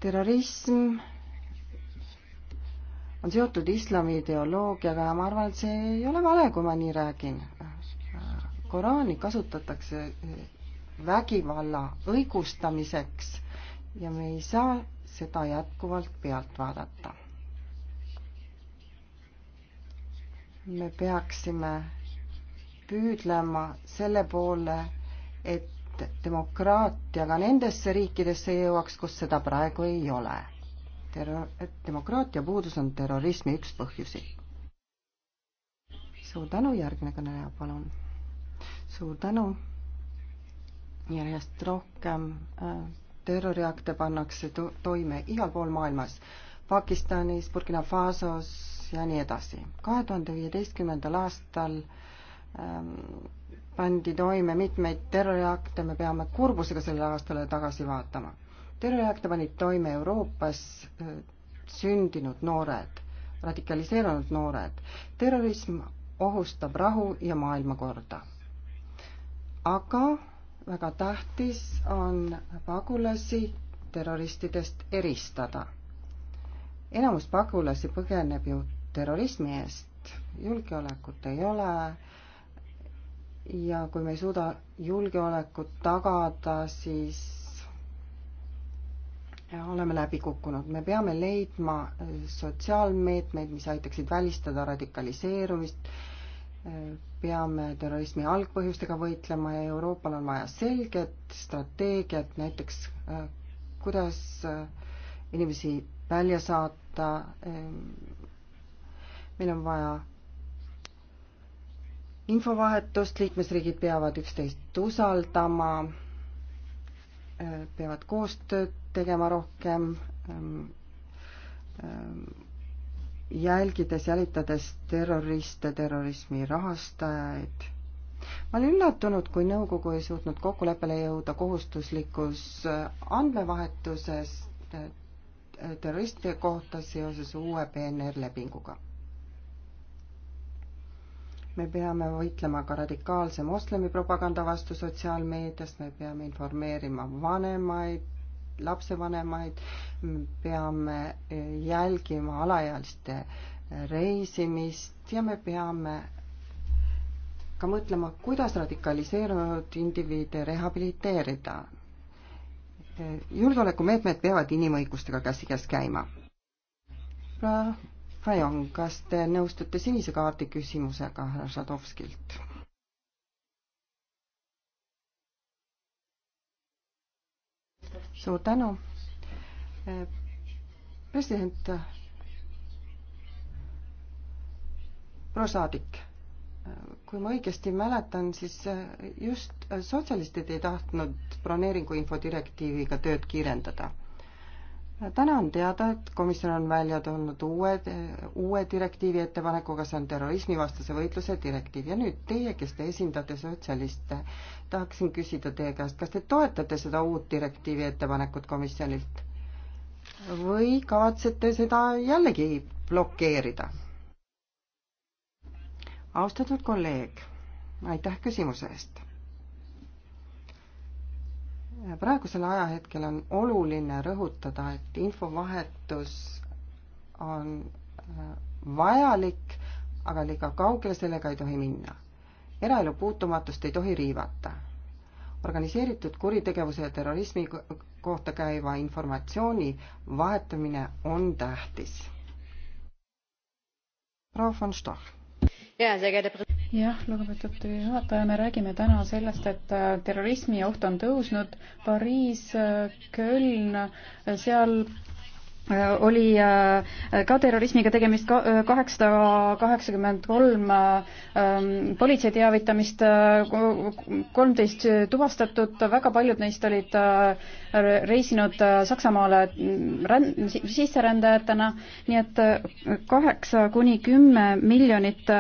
terrorism on seotud islami ideoloogiaga ja ma arvan, et see ei ole vale, kui ma nii räägin. Koraani kasutatakse eh, vägivalla õigustamiseks ja me ei saa seda jätkuvalt pealt vaadata. me peaksime püüdlema selle poole, et demokraatia ka nendesse riikidesse jõuaks, kus seda praegu ei ole terror, et demokraatia puudus on terrorismi üks põhjusi. suur tänu, järgmine kõneleja, palun. suur tänu. järjest rohkem äh, terroriakte pannakse toime igal pool maailmas, Pakistanis, Burkina Fasos ja nii edasi. kahe tuhande viieteistkümnendal aastal ähm, pandi toime mitmeid terroriakte, me peame kurbusega sellele aastale tagasi vaatama terroriakte panid toime Euroopas äh, sündinud noored, radikaliseerunud noored. terrorism ohustab rahu ja maailmakorda. aga väga tähtis on pagulasi terroristidest eristada. enamus pagulasi põgeneb ju terrorismi eest, julgeolekut ei ole ja kui me ei suuda julgeolekut tagada, siis oleme läbi kukkunud, me peame leidma äh, sotsiaalmeetmeid, mis aitaksid välistada radikaliseerumist, äh, peame terrorismi algpõhjustega võitlema ja Euroopal on vaja selget strateegiat, näiteks äh, kuidas inimesi välja saata, meil on vaja infovahetust, liikmesriigid peavad üksteist usaldama peavad koostööd tegema rohkem, jälgides, jälitades terroriste, terrorismi rahastajaid. ma olin üllatunud, kui nõukogu ei suutnud kokkuleppele jõuda kohustuslikus andmevahetuses terroristide kohta seoses uue PNR lepinguga me peame võitlema ka radikaalse moslemi propaganda vastu sotsiaalmeedias, me peame informeerima vanemaid, lapsevanemaid, peame eh, jälgima alaealiste eh, reisimist ja me peame ka mõtlema, kuidas radikaliseerunud indiviide rehabiliteerida. Eh, julgeolekumeetmed peavad inimõigustega käsikäes käima. Rajon, kas te nõustute sinise kaardi küsimusega härra Žadovskilt? suur tänu. president, prosaadik, kui ma õigesti mäletan, siis just sotsialistid ei tahtnud broneeringuinfo direktiiviga tööd kiirendada täna on teada, et komisjon on välja tulnud uue, uue direktiivi ettepanekuga, see on terrorismivastase võitluse direktiiv ja nüüd teie, kes te esindate sotsialiste, tahaksin küsida teie käest, kas te toetate seda uut direktiivi ettepanekut komisjonilt või kavatsete seda jällegi blokeerida? austatud kolleeg, aitäh küsimuse eest praegusel ajahetkel on oluline rõhutada, et infovahetus on äh, vajalik, aga liiga kaugele sellega ei tohi minna. eraelu puutumatust ei tohi riivata. organiseeritud kuritegevuse ja terrorismi kohta käiva informatsiooni vahetamine on tähtis. proua von Stoch jah, lugupeetud juhataja, me räägime täna sellest, et äh, terrorismi oht on tõusnud. Pariis, äh, Köln, äh, seal Äh, oli äh, ka terrorismiga tegemist, äh, kaheksasada kaheksakümmend kolm ähm, politsei teavitamist, kolmteist tuvastatud, väga paljud neist olid reisinud Saksamaale mm, ränd-, sisserändajatena, nii et kaheksa kuni kümme miljonit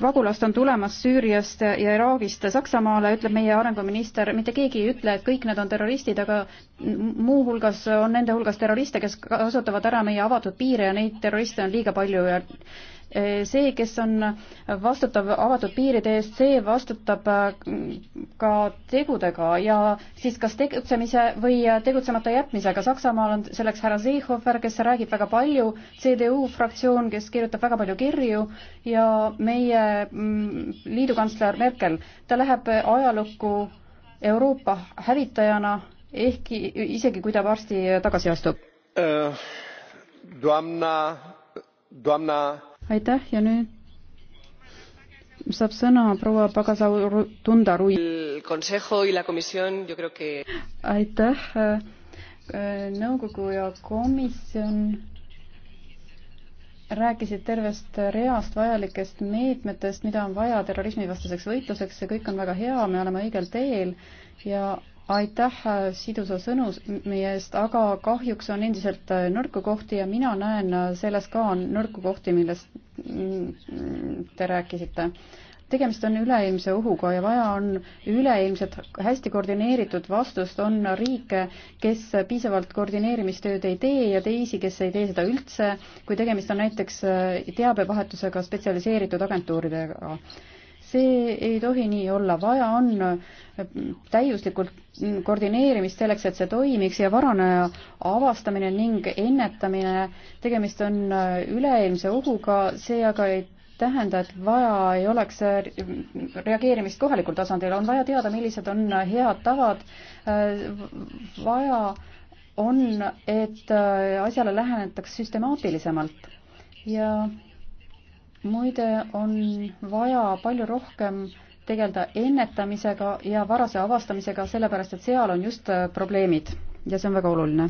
pagulast on tulemas Süüriast ja Iraagist Saksamaale, ütleb meie arenguminister, mitte keegi ei ütle, et kõik nad on terroristid, aga muuhulgas on nende hulgas terroriste, kes kasutavad ära meie avatud piire ja neid terroriste on liiga palju ja see, kes on vastutav avatud piiride eest, see vastutab mm, ka tegudega ja siis kas tegutsemise või tegutsemata jätmisega. Saksamaal on selleks härra Seehofer, kes räägib väga palju, CDU fraktsioon, kes kirjutab väga palju kirju ja meie mm, liidukantsler Merkel, ta läheb ajalukku Euroopa hävitajana ehkki, isegi kui ta varsti tagasi astub. Äh, aitäh ja nüüd saab sõna proua Pagasaur Tunda Rui. aitäh, äh, nõukogu ja komisjon rääkisid tervest reast vajalikest meetmetest, mida on vaja terrorismivastaseks võitluseks, see kõik on väga hea, me oleme õigel teel ja aitäh äh, sidusa sõnumi eest, aga kahjuks on endiselt äh, nõrku kohti ja mina näen äh, selles ka nõrku kohti, millest te rääkisite. tegemist on üleilmse ohuga ja vaja on üleilmset hästi koordineeritud vastust, on riike, kes piisavalt koordineerimistööd ei tee ja teisi, kes ei tee seda üldse, kui tegemist on näiteks teabevahetusega spetsialiseeritud agentuuridega see ei tohi nii olla, vaja on äh, täiuslikult koordineerimist selleks, et see toimiks ja varane avastamine ning ennetamine, tegemist on äh, üleilmse ohuga, see aga ei tähenda, et vaja ei oleks äh, reageerimist kohalikul tasandil, on vaja teada, millised on head tavad, vaja on, et asjale lähenetaks süstemaatilisemalt ja muide, on vaja palju rohkem tegeleda ennetamisega ja varase avastamisega, sellepärast et seal on just äh, probleemid ja see on väga oluline.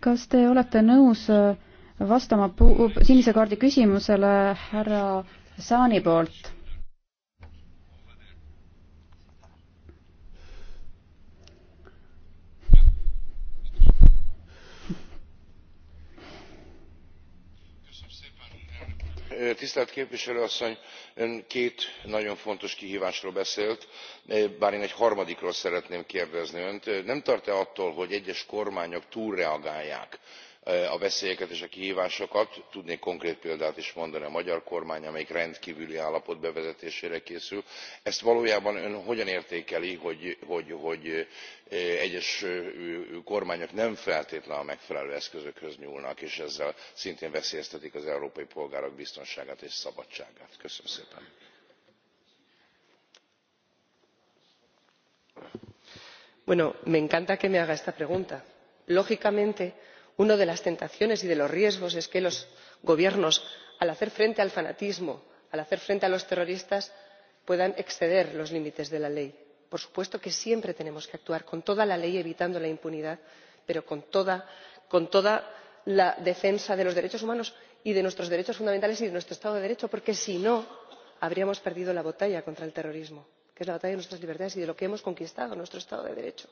kas te olete nõus äh, vastama sinise kaardi küsimusele härra Saani poolt? tisztelt képviselő asszony ön két nagyon fontos kihvásról beszélt bár én egy harmadikról szeretném kérdezni önt nem tart e attól hogy egyes kormányok túlreagálják a veszélyeket és a kihvásokat tudnék konkrét példát is mondani a magyar kormány amelyik rendkvüli állapot bevezetésére készül. ezt valójában ön hogyan értékeli hogy egyes kormányok nem feltétlenül a megfelelő eszközökhöz nyúlnak és ezzel szintén veszélyeztetik az európai polgárok biztonságát és szabadságát? köszönöm szépen! me encanta que me haga esta pregunta. lógicamente una de las tentaciones y de los riesgos es que los gobiernos al hacer frente al fanatismo al hacer frente a los terroristas puedan exceder los límites de la ley. por supuesto que siempre tenemos que actuar con toda la ley evitando la impunidad pero con toda la defensa de los derechos humanos y de nuestros derechos fundamentales y de nuestro estado de derecho porque si no habríamos perdido la batalla contra el terrorismo que es la batalla de nuestras libertades y de lo que hemos conquistado nuestro estado de derecho.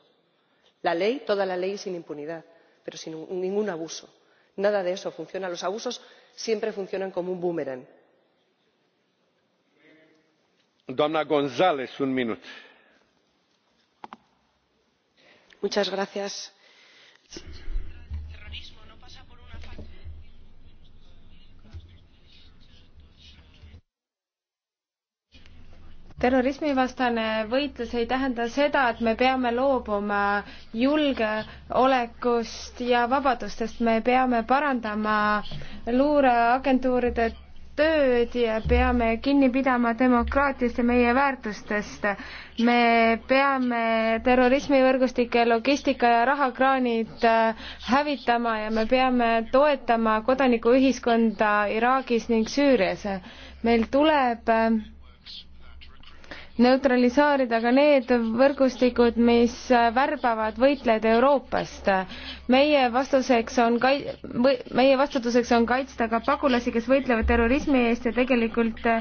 la ley toda la ley sin impunidad pero sin ningún abuso. nada de eso funciona. los abusos siempre funcionan como un búmeran. señor terrorismivastane võitlus ei tähenda seda, et me peame loobuma julgeolekust ja vabadustest, me peame parandama luureagentuuride tööd ja peame kinni pidama demokraatiast ja meie väärtustest. me peame terrorismivõrgustike logistika ja rahakraanid äh, hävitama ja me peame toetama kodanikuühiskonda Iraagis ning Süürias. meil tuleb äh, neutraliseerida ka need võrgustikud, mis värbavad võitlejaid Euroopast. meie vastuseks on kai-, või meie vastutuseks on kaitsta ka pagulasi, kes võitlevad terrorismi eest ja tegelikult öö,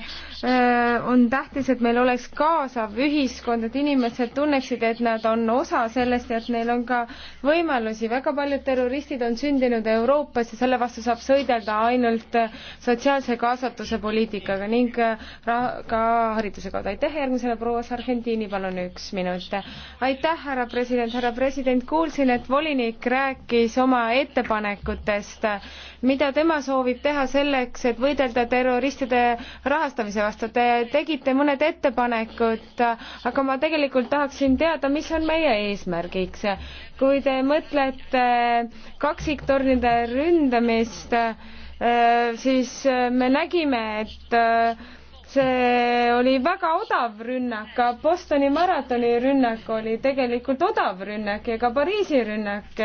äh, on tähtis, et meil oleks kaasav ühiskond, et inimesed tunneksid, et nad on osa sellest ja et neil on ka võimalusi. väga paljud terroristid on sündinud Euroopas ja selle vastu saab sõidelda ainult sotsiaalse kaasatuse poliitikaga ning äh, ka hariduse kaudu. aitäh järgmise järgmisena proua Sargentini, palun üks minut. aitäh, härra president, härra president, kuulsin, et volinik rääkis oma ettepanekutest, mida tema soovib teha selleks, et võidelda terroristide rahastamise vastu. Te tegite mõned ettepanekud, aga ma tegelikult tahaksin teada, mis on meie eesmärgiks. kui te mõtlete kaksiktornide ründamist, siis me nägime, et see oli väga odav rünnak, ka Bostoni maratoni rünnak oli tegelikult odav rünnak ja ka Pariisi rünnak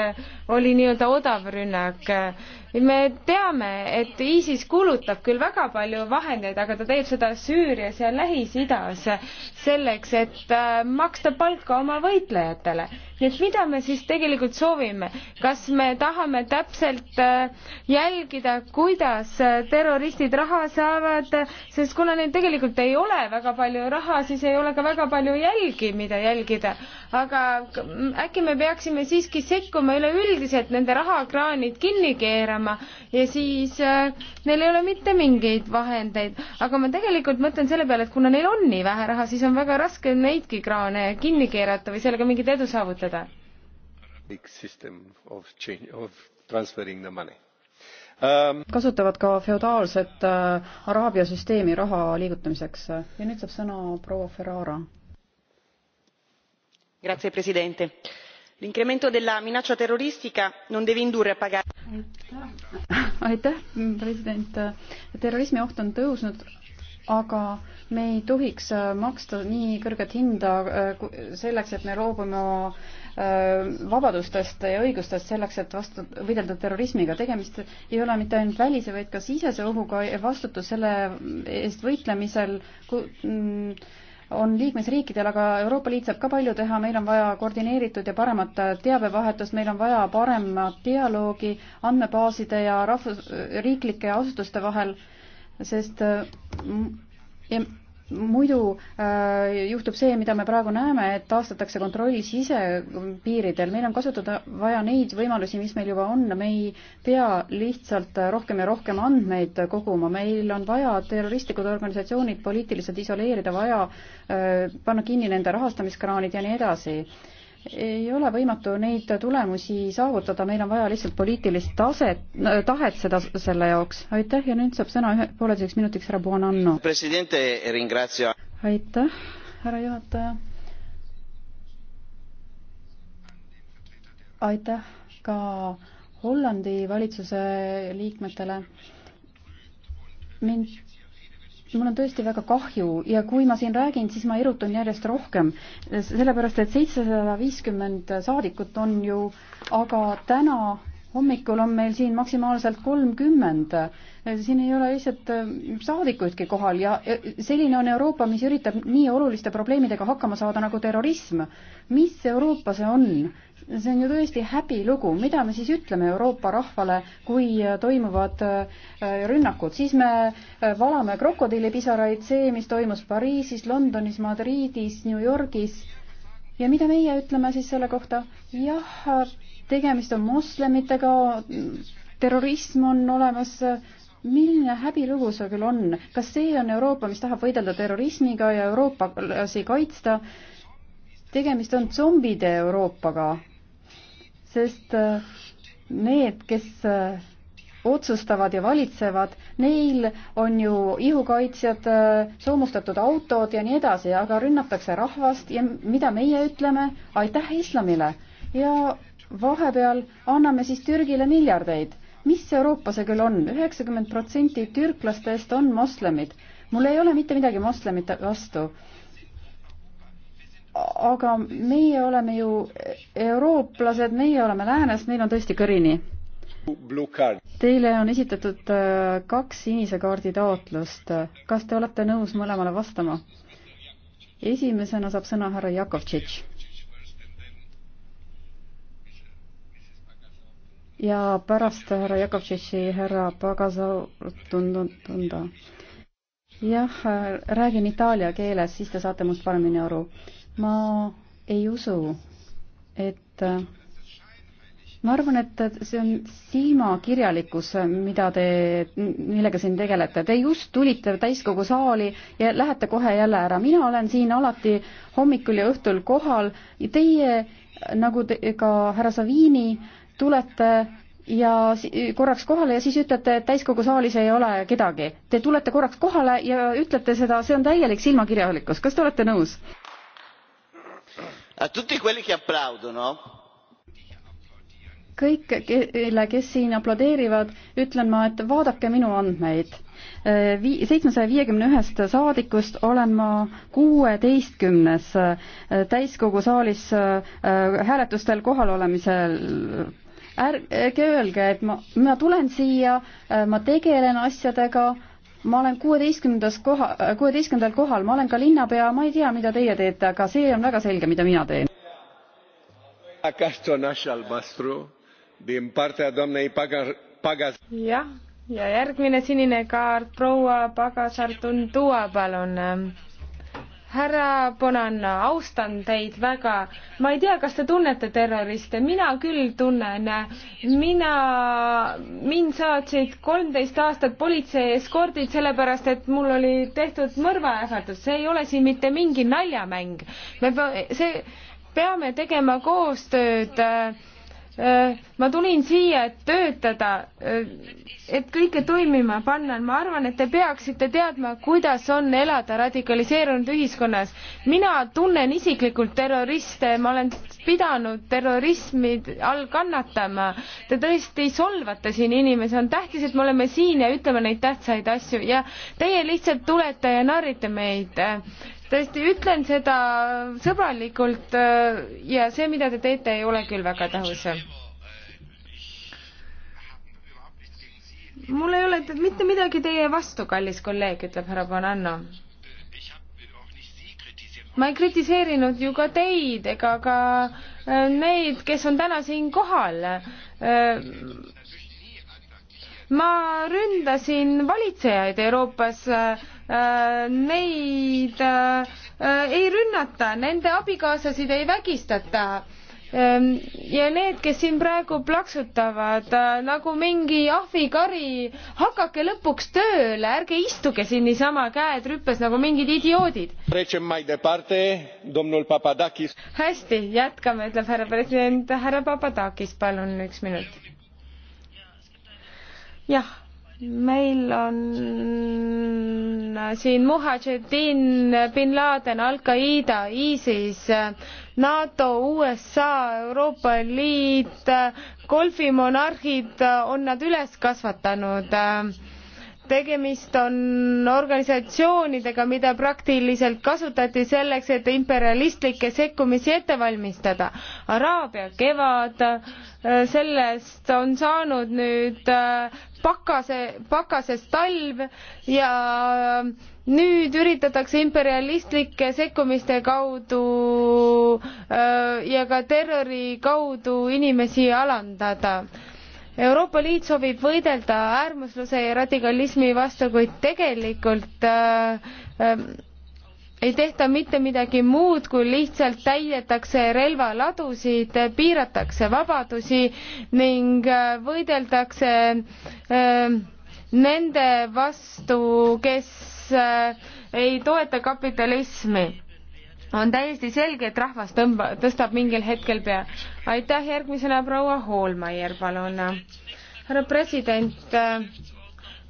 oli nii-öelda odav rünnak me teame, et ISIS kulutab küll väga palju vahendeid, aga ta teeb seda Süürias ja Lähis-Idas selleks, et äh, maksta palka oma võitlejatele. nii et mida me siis tegelikult soovime, kas me tahame täpselt äh, jälgida, kuidas äh, terroristid raha saavad, sest kuna neil tegelikult ei ole väga palju raha, siis ei ole ka väga palju jälgi, mida jälgida. aga äkki me peaksime siiski sekkuma üleüldiselt, nende rahakraanid kinni keerama, olema ja siis äh, neil ei ole mitte mingeid vahendeid. aga ma tegelikult mõtlen selle peale, et kuna neil on nii vähe raha, siis on väga raske neidki kraane kinni keerata või sellega mingit edu saavutada. Um... kasutavad ka feodaalset äh, Araabia süsteemi raha liigutamiseks ja nüüd saab sõna proua Ferrara. Grazie Presidente l'incremento della minaccia terroristica non deve indurre a pagare. aitäh president terrorismi oht on tõusnud aga me ei tohiks äh, maksta nii kõrget hinda äh, selleks et me loobume oma äh, vabadustest ja õigustest selleks, et vastu, võidelda terrorismiga. tegemist ei ole mitte ainult välise, vaid ka sisese ohuga ja vastutus selle eest võitlemisel mm, on liikmesriikidel, aga Euroopa Liit saab ka palju teha, meil on vaja koordineeritud ja paremat teabevahetust, meil on vaja paremat dialoogi andmebaaside ja rahvus, riiklike asutuste vahel, sest mm, ja muidu äh, juhtub see, mida me praegu näeme, et taastatakse kontroll sisepiiridel. meil on kasutada vaja neid võimalusi, mis meil juba on. me ei pea lihtsalt rohkem ja rohkem andmeid koguma. meil on vaja terroristlikud organisatsioonid poliitiliselt isoleerida, vaja äh, panna kinni nende rahastamiskraanid ja nii edasi äh, ei ole võimatu neid tulemusi saavutada, meil on vaja lihtsalt poliitilist taset, tahet seda, selle jaoks. aitäh ja nüüd saab sõna ühe pooleteiseks minutiks härra Buonanno. aitäh, härra juhataja. aitäh ka Hollandi valitsuse liikmetele. mind mul on tõesti väga kahju ja kui ma siin räägin, siis ma erutun järjest rohkem, sellepärast et seitsesada viiskümmend saadikut on ju, aga täna hommikul on meil siin maksimaalselt kolmkümmend. siin ei ole lihtsalt äh, saadikuidki kohal ja selline on Euroopa, mis üritab nii oluliste probleemidega hakkama saada nagu terrorism. mis Euroopa see on? see on ju tõesti häbilugu, mida me siis ütleme Euroopa rahvale, kui äh, toimuvad äh, rünnakud, siis me äh, valame krokodillipisaraid, see, mis toimus Pariisis, Londonis, Madridis, New Yorgis. ja mida meie ütleme siis selle kohta? jah, tegemist on moslemitega, terrorism on olemas, milline häbilugu see küll on, kas see on Euroopa, mis tahab võidelda terrorismiga ja eurooplasi kaitsta? tegemist on zombide Euroopaga, sest äh, need, kes äh, otsustavad ja valitsevad, neil on ju ihukaitsjad, äh, soomustatud autod ja nii edasi, aga rünnatakse rahvast ja mida meie ütleme, aitäh islamile ja vahepeal anname siis Türgile miljardeid. mis Euroopa see küll on, üheksakümmend protsenti türklastest on moslemid. mul ei ole mitte midagi moslemite vastu aga meie oleme ju eurooplased, meie oleme läänes, meil on tõesti kõrini. Teile on esitatud äh, kaks sinise kaardi taotlust. kas te olete nõus mõlemale vastama? esimesena saab sõna härra Jakovtšitš. ja pärast härra Jakovtšitši härra Pagasau tundnud tunda. jah, äh, räägin itaalia keeles, siis te saate must paremini aru ma ei usu, et ma arvan, et see on silmakirjalikkus, mida te, millega siin tegelete. Te just tulite täiskogu saali ja lähete kohe jälle ära. mina olen siin alati hommikul ja õhtul kohal. Teie, nagu te, ka härra Savini, tulete ja korraks kohale ja siis ütlete, et täiskogu saalis ei ole kedagi. Te tulete korraks kohale ja ütlete seda, see on täielik silmakirjalikkus. kas te olete nõus? kõik, kelle, kes siin aplodeerivad, ütlen ma, et vaadake minu andmeid. Eh, Vii-, seitsmesaja viiekümne ühest saadikust olen ma kuueteistkümnes eh, täiskogu saalis eh, hääletustel kohal olemisel ärge öelge, et ma, ma tulen siia, ma tegelen asjadega ma olen kuueteistkümnendas koha, kuueteistkümnendal kohal, ma olen ka linnapea, ma ei tea, mida teie teete, aga see on väga selge, mida mina teen. jah, ja järgmine sinine kaart proua Pagasartun Tuua, palun härra Bonanno, austan teid väga. ma ei tea, kas te tunnete terroriste, mina küll tunnen. mina, mind saatsid kolmteist aastat politsei eskordid, sellepärast et mul oli tehtud mõrvaähvardus, see ei ole siin mitte mingi naljamäng. me, see, peame tegema koostööd äh, Äh, ma tulin siia, et töötada, äh, et kõike toimima panna. ma arvan, et te peaksite teadma, kuidas on elada radikaliseerunud ühiskonnas. mina tunnen isiklikult terroriste, ma olen pidanud terrorismi all kannatama. Te tõesti solvate siin inimesi, on tähtis, et me oleme siin ja ütleme neid tähtsaid asju ja teie lihtsalt tulete ja narrite meid tõesti ütlen seda sõbralikult äh, ja see, mida te teete, ei ole küll väga tõhus. mul ei ole mitte midagi teie vastu, kallis kolleeg, ütleb härra Bonanno. ma ei kritiseerinud ju ka teid ega ka äh, neid, kes on täna siin kohal äh, ma ründasin valitsejaid Euroopas Äh, neid äh, ei rünnata, nende abikaasasid ei vägistata ähm, ja need, kes siin praegu plaksutavad äh, nagu mingi ahvikari, hakake lõpuks tööle, ärge istuge siin niisama käed rüppes nagu mingid idioodid. hästi, jätkame, ütleb härra president, härra Papadakis, palun üks minut. jah meil on siin Muhadžedin, bin Laden, Al-Qaeda, ISIS, NATO, USA, Euroopa Liit, golfimonarhid on nad üles kasvatanud tegemist on organisatsioonidega, mida praktiliselt kasutati selleks, et imperialistlikke sekkumisi ette valmistada. Araabia kevad, äh, sellest on saanud nüüd äh, pakase, pakases talv ja äh, nüüd üritatakse imperialistlike sekkumiste kaudu ja ka terrori kaudu inimesi alandada Euroopa Liit soovib võidelda äärmusluse ja radikalismi vastu, kuid tegelikult äh, äh, ei tehta mitte midagi muud, kui lihtsalt täidetakse relvaladusid, piiratakse vabadusi ning äh, võideldakse äh, nende vastu, kes äh, ei toeta kapitalismi on täiesti selge, et rahvas tõmba, tõstab mingil hetkel pea. aitäh, järgmisena proua Hoolmeier, palun. härra president, äh,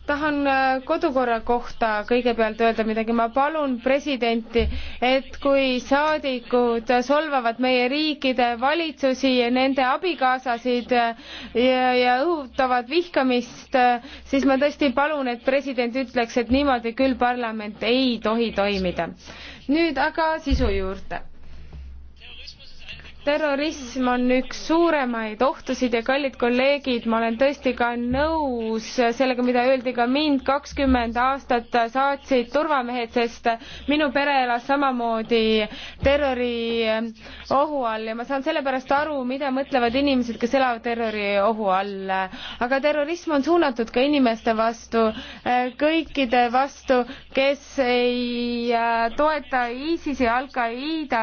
tahan äh, kodukorra kohta kõigepealt öelda midagi, ma palun presidenti, et kui saadikud solvavad meie riikide valitsusi ja nende abikaasasid äh, ja, ja õhutavad vihkamist, siis ma tõesti palun, et president ütleks, et niimoodi küll parlament ei tohi toimida nüüd aga sisu juurde terrorism on üks suuremaid ohtusid ja kallid kolleegid, ma olen tõesti ka nõus sellega, mida öeldi ka mind, kakskümmend aastat saatsid turvamehed, sest minu pere elas samamoodi terroriohu all ja ma saan sellepärast aru, mida mõtlevad inimesed, kes elavad terroriohu all. aga terrorism on suunatud ka inimeste vastu, kõikide vastu, kes ei äh, toeta ISISi, Al-Qaeda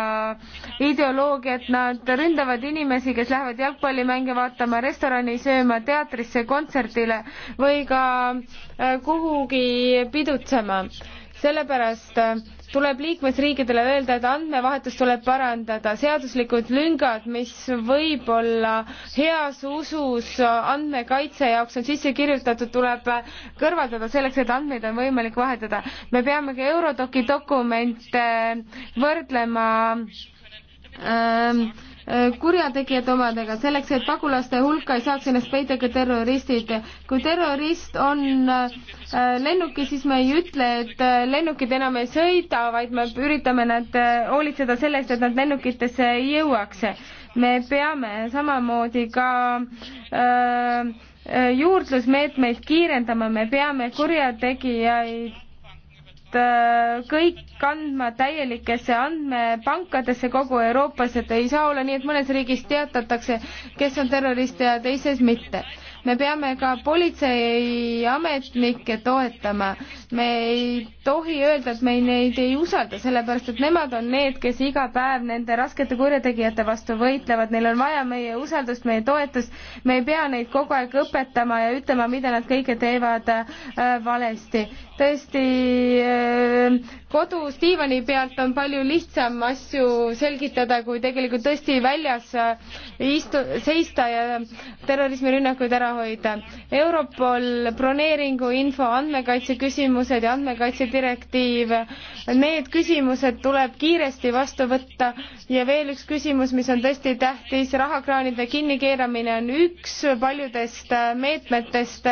ideoloogiat, nad ründavad inimesi, kes lähevad jalgpallimänge vaatama, restorani sööma, teatrisse, kontserdile või ka äh, kuhugi pidutsema. sellepärast äh, tuleb liikmesriikidele öelda, et andmevahetust tuleb parandada, seaduslikud lüngad, mis võib-olla heas usus andmekaitse jaoks on sisse kirjutatud, tuleb äh, kõrvaldada selleks, et andmeid on võimalik vahetada. me peame ka Eurodoki dokumente võrdlema ähm, äh, kurjategijad omadega, selleks et pagulaste hulka ei saaks ennast peita ka terroristid. kui terrorist on äh, lennukis, siis me ei ütle, et äh, lennukid enam ei sõida, vaid me üritame nad hoolitseda selle eest, et nad lennukitesse ei jõuaks. me peame samamoodi ka äh, juurdlusmeetmeid kiirendama, me peame kurjategijaid Äh, kõik kandma täielikesse andmepankadesse kogu Euroopas, et ei saa olla nii, et mõnes riigis teatatakse, kes on terrorist ja teises mitte me peame ka politseiametnikke toetama. me ei tohi öelda, et me neid ei usalda, sellepärast et nemad on need, kes iga päev nende raskete kurjategijate vastu võitlevad, neil on vaja meie usaldust, meie toetust, me ei pea neid kogu aeg õpetama ja ütlema, mida nad kõike teevad äh, valesti. tõesti äh, kodus diivani pealt on palju lihtsam asju selgitada, kui tegelikult tõesti väljas istu-, seista ja terrorismirünnakuid ära hoida. Europol, broneeringu info, andmekaitse küsimused ja andmekaitse direktiiv, need küsimused tuleb kiiresti vastu võtta ja veel üks küsimus, mis on tõesti tähtis, rahakraanide kinnikeeramine on üks paljudest meetmetest,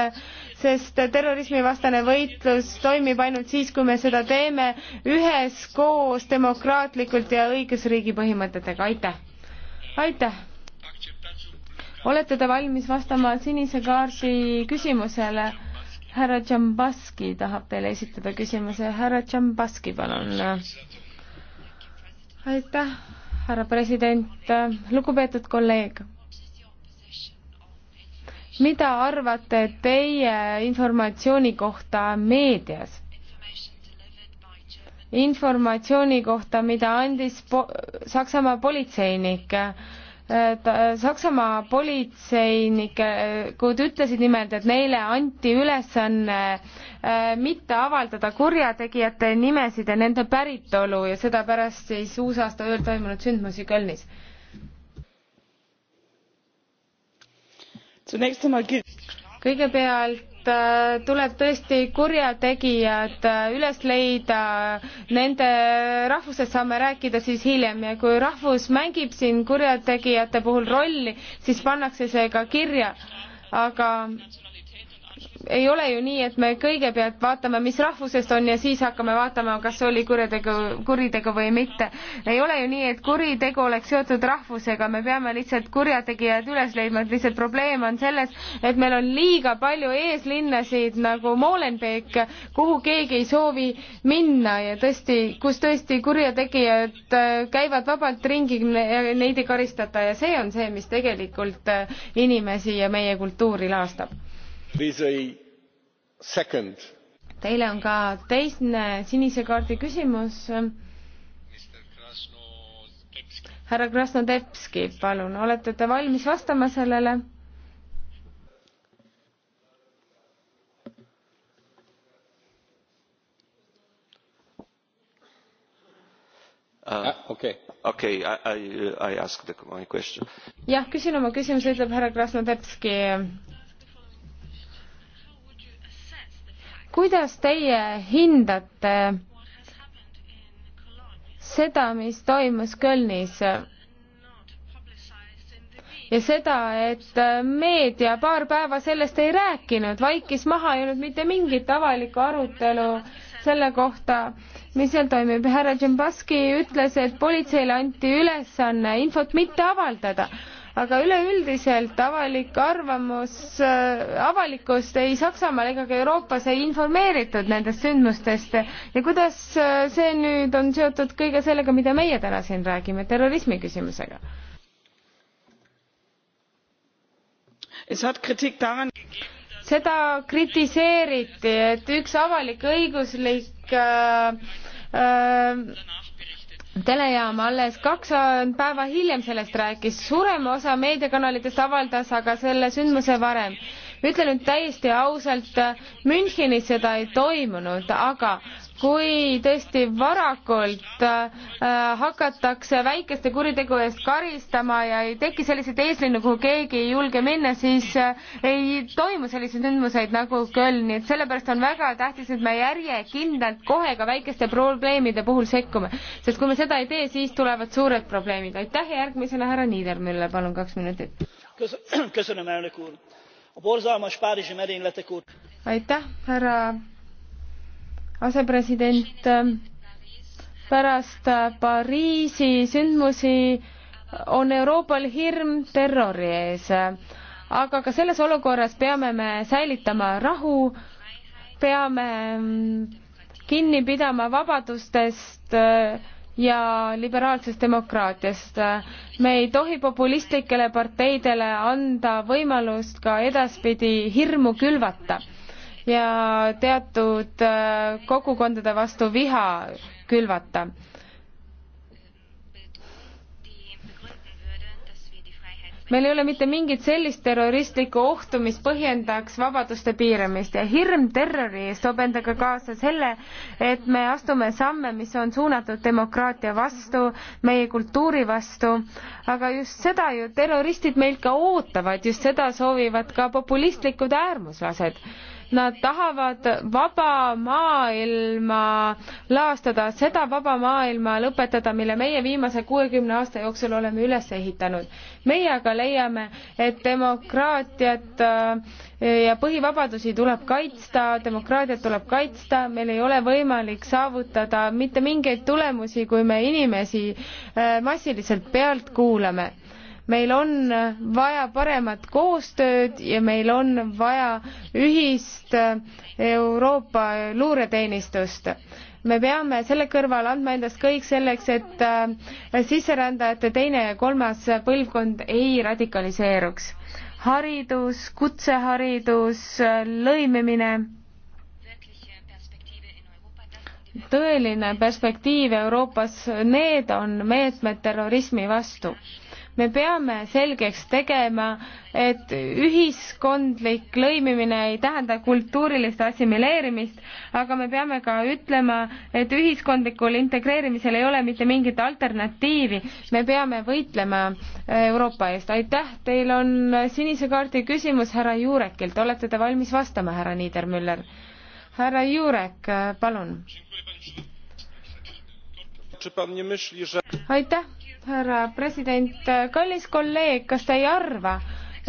sest terrorismivastane võitlus toimib ainult siis, kui me seda teeme üheskoos demokraatlikult ja õigusriigi põhimõtetega, aitäh! aitäh! olete te valmis vastama sinise kaardi küsimusele? härra Džambaski tahab teile esitada küsimuse, härra Džambaski, palun. aitäh, härra president, lugupeetud kolleeg mida arvate teie informatsiooni kohta meedias? informatsiooni kohta, mida andis po Saksamaa politseinik. Äh, Saksamaa politseinikud äh, ütlesid nimelt, et neile anti ülesanne äh, mitte avaldada kurjategijate nimesid ja nende päritolu ja seda pärast siis uusaasta ööl toimunud sündmusi Kölnis kõigepealt äh, tuleb tõesti kurjategijad äh, üles leida, nende rahvusest saame rääkida siis hiljem ja kui rahvus mängib siin kurjategijate puhul rolli, siis pannakse see ka kirja. aga ei ole ju nii, et me kõigepealt vaatame, mis rahvusest on ja siis hakkame vaatama, kas oli kuritegu, kuritegu või mitte. ei ole ju nii, et kuritegu oleks seotud rahvusega, me peame lihtsalt kurjategijad üles leidma, et lihtsalt probleem on selles, et meil on liiga palju eeslinnasid nagu Molenbeek, kuhu keegi ei soovi minna ja tõesti, kus tõesti kurjategijad äh, käivad vabalt ringi, neid ei karistata ja see on see, mis tegelikult äh, inimesi ja meie kultuuri laastab Teile on ka teine sinise kaardi küsimus. härra Krasnodebski, palun, olete te valmis vastama sellele? Ah, jah küsin oma küsimuse ütleb härra krasnodbski kuidas teie hindate seda, mis toimus Kölnis? ja seda, et meedia paar päeva sellest ei rääkinud, vaikis maha, ei olnud mitte mingit avalikku arutelu selle kohta, mis seal toimib. härra Džembaski ütles, et politseile anti ülesanne infot mitte avaldada aga üleüldiselt avalik arvamus, äh, avalikkust ei Saksamaal ega ka Euroopas ei informeeritud nendest sündmustest ja kuidas äh, see nüüd on seotud kõige sellega, mida meie täna siin räägime, terrorismi küsimusega? Es hat Kritik daran seda kritiseeriti, et üks avalik-õiguslik äh, äh, telejaam alles kaks päeva hiljem sellest rääkis. suurem osa meediakanalitest avaldas aga selle sündmuse varem ütlen nüüd täiesti ausalt, Münchenis seda ei toimunud, aga kui tõesti varakult äh, hakatakse väikeste kuritegu eest karistama ja ei teki selliseid eeslinnu, kuhu keegi ei julge minna, siis äh, ei toimu selliseid sündmuseid nagu Köln, nii et sellepärast on väga tähtis, et me järjekindlalt kohe ka väikeste probleemide puhul sekkume, sest kui me seda ei tee, siis tulevad suured probleemid. aitäh ja järgmisena härra Niidermüller, palun kaks minutit. köszönöm elnök úr! a borzalmas párizsi merényletek óta. aitäh, härra asepresident. pärast Pariisi sündmusi on Euroopal hirm terrori ees, aga ka selles olukorras peame me säilitama rahu, peame kinni pidama vabadustest ja liberaalsest demokraatiast. me ei tohi populistlikele parteidele anda võimalust ka edaspidi hirmu külvata ja teatud äh, kogukondade vastu viha külvata meil ei ole mitte mingit sellist terroristlikku ohtu, mis põhjendaks vabaduste piiramist ja hirm terrori eest toob endaga kaasa selle, et me astume samme, mis on suunatud demokraatia vastu, meie kultuuri vastu, aga just seda ju terroristid meilt ka ootavad, just seda soovivad ka populistlikud äärmuslased Nad tahavad vaba maailma laastada, seda vaba maailma lõpetada, mille meie viimase kuuekümne aasta jooksul oleme üles ehitanud. meie aga leiame, et demokraatiat äh, ja põhivabadusi tuleb kaitsta, demokraatiat tuleb kaitsta, meil ei ole võimalik saavutada mitte mingeid tulemusi, kui me inimesi äh, massiliselt pealt kuulame meil on vaja paremat koostööd ja meil on vaja ühist Euroopa luureteenistust me peame selle kõrval andma endast kõik selleks, et äh, sisserändajate teine ja kolmas põlvkond ei radikaliseeruks. haridus, kutseharidus, lõimimine, tõeline perspektiiv Euroopas, need on meetmed terrorismi vastu me peame selgeks tegema, et ühiskondlik lõimimine ei tähenda kultuurilist assimileerimist, aga me peame ka ütlema, et ühiskondlikul integreerimisel ei ole mitte mingit alternatiivi. me peame võitlema äh, Euroopa eest. aitäh, teil on äh, sinise kaardi küsimus härra Juurekilt, olete te valmis vastama, härra Niedermüller? härra Juurek, äh, palun. aitäh härra president, kallis kolleeg, kas te ei arva,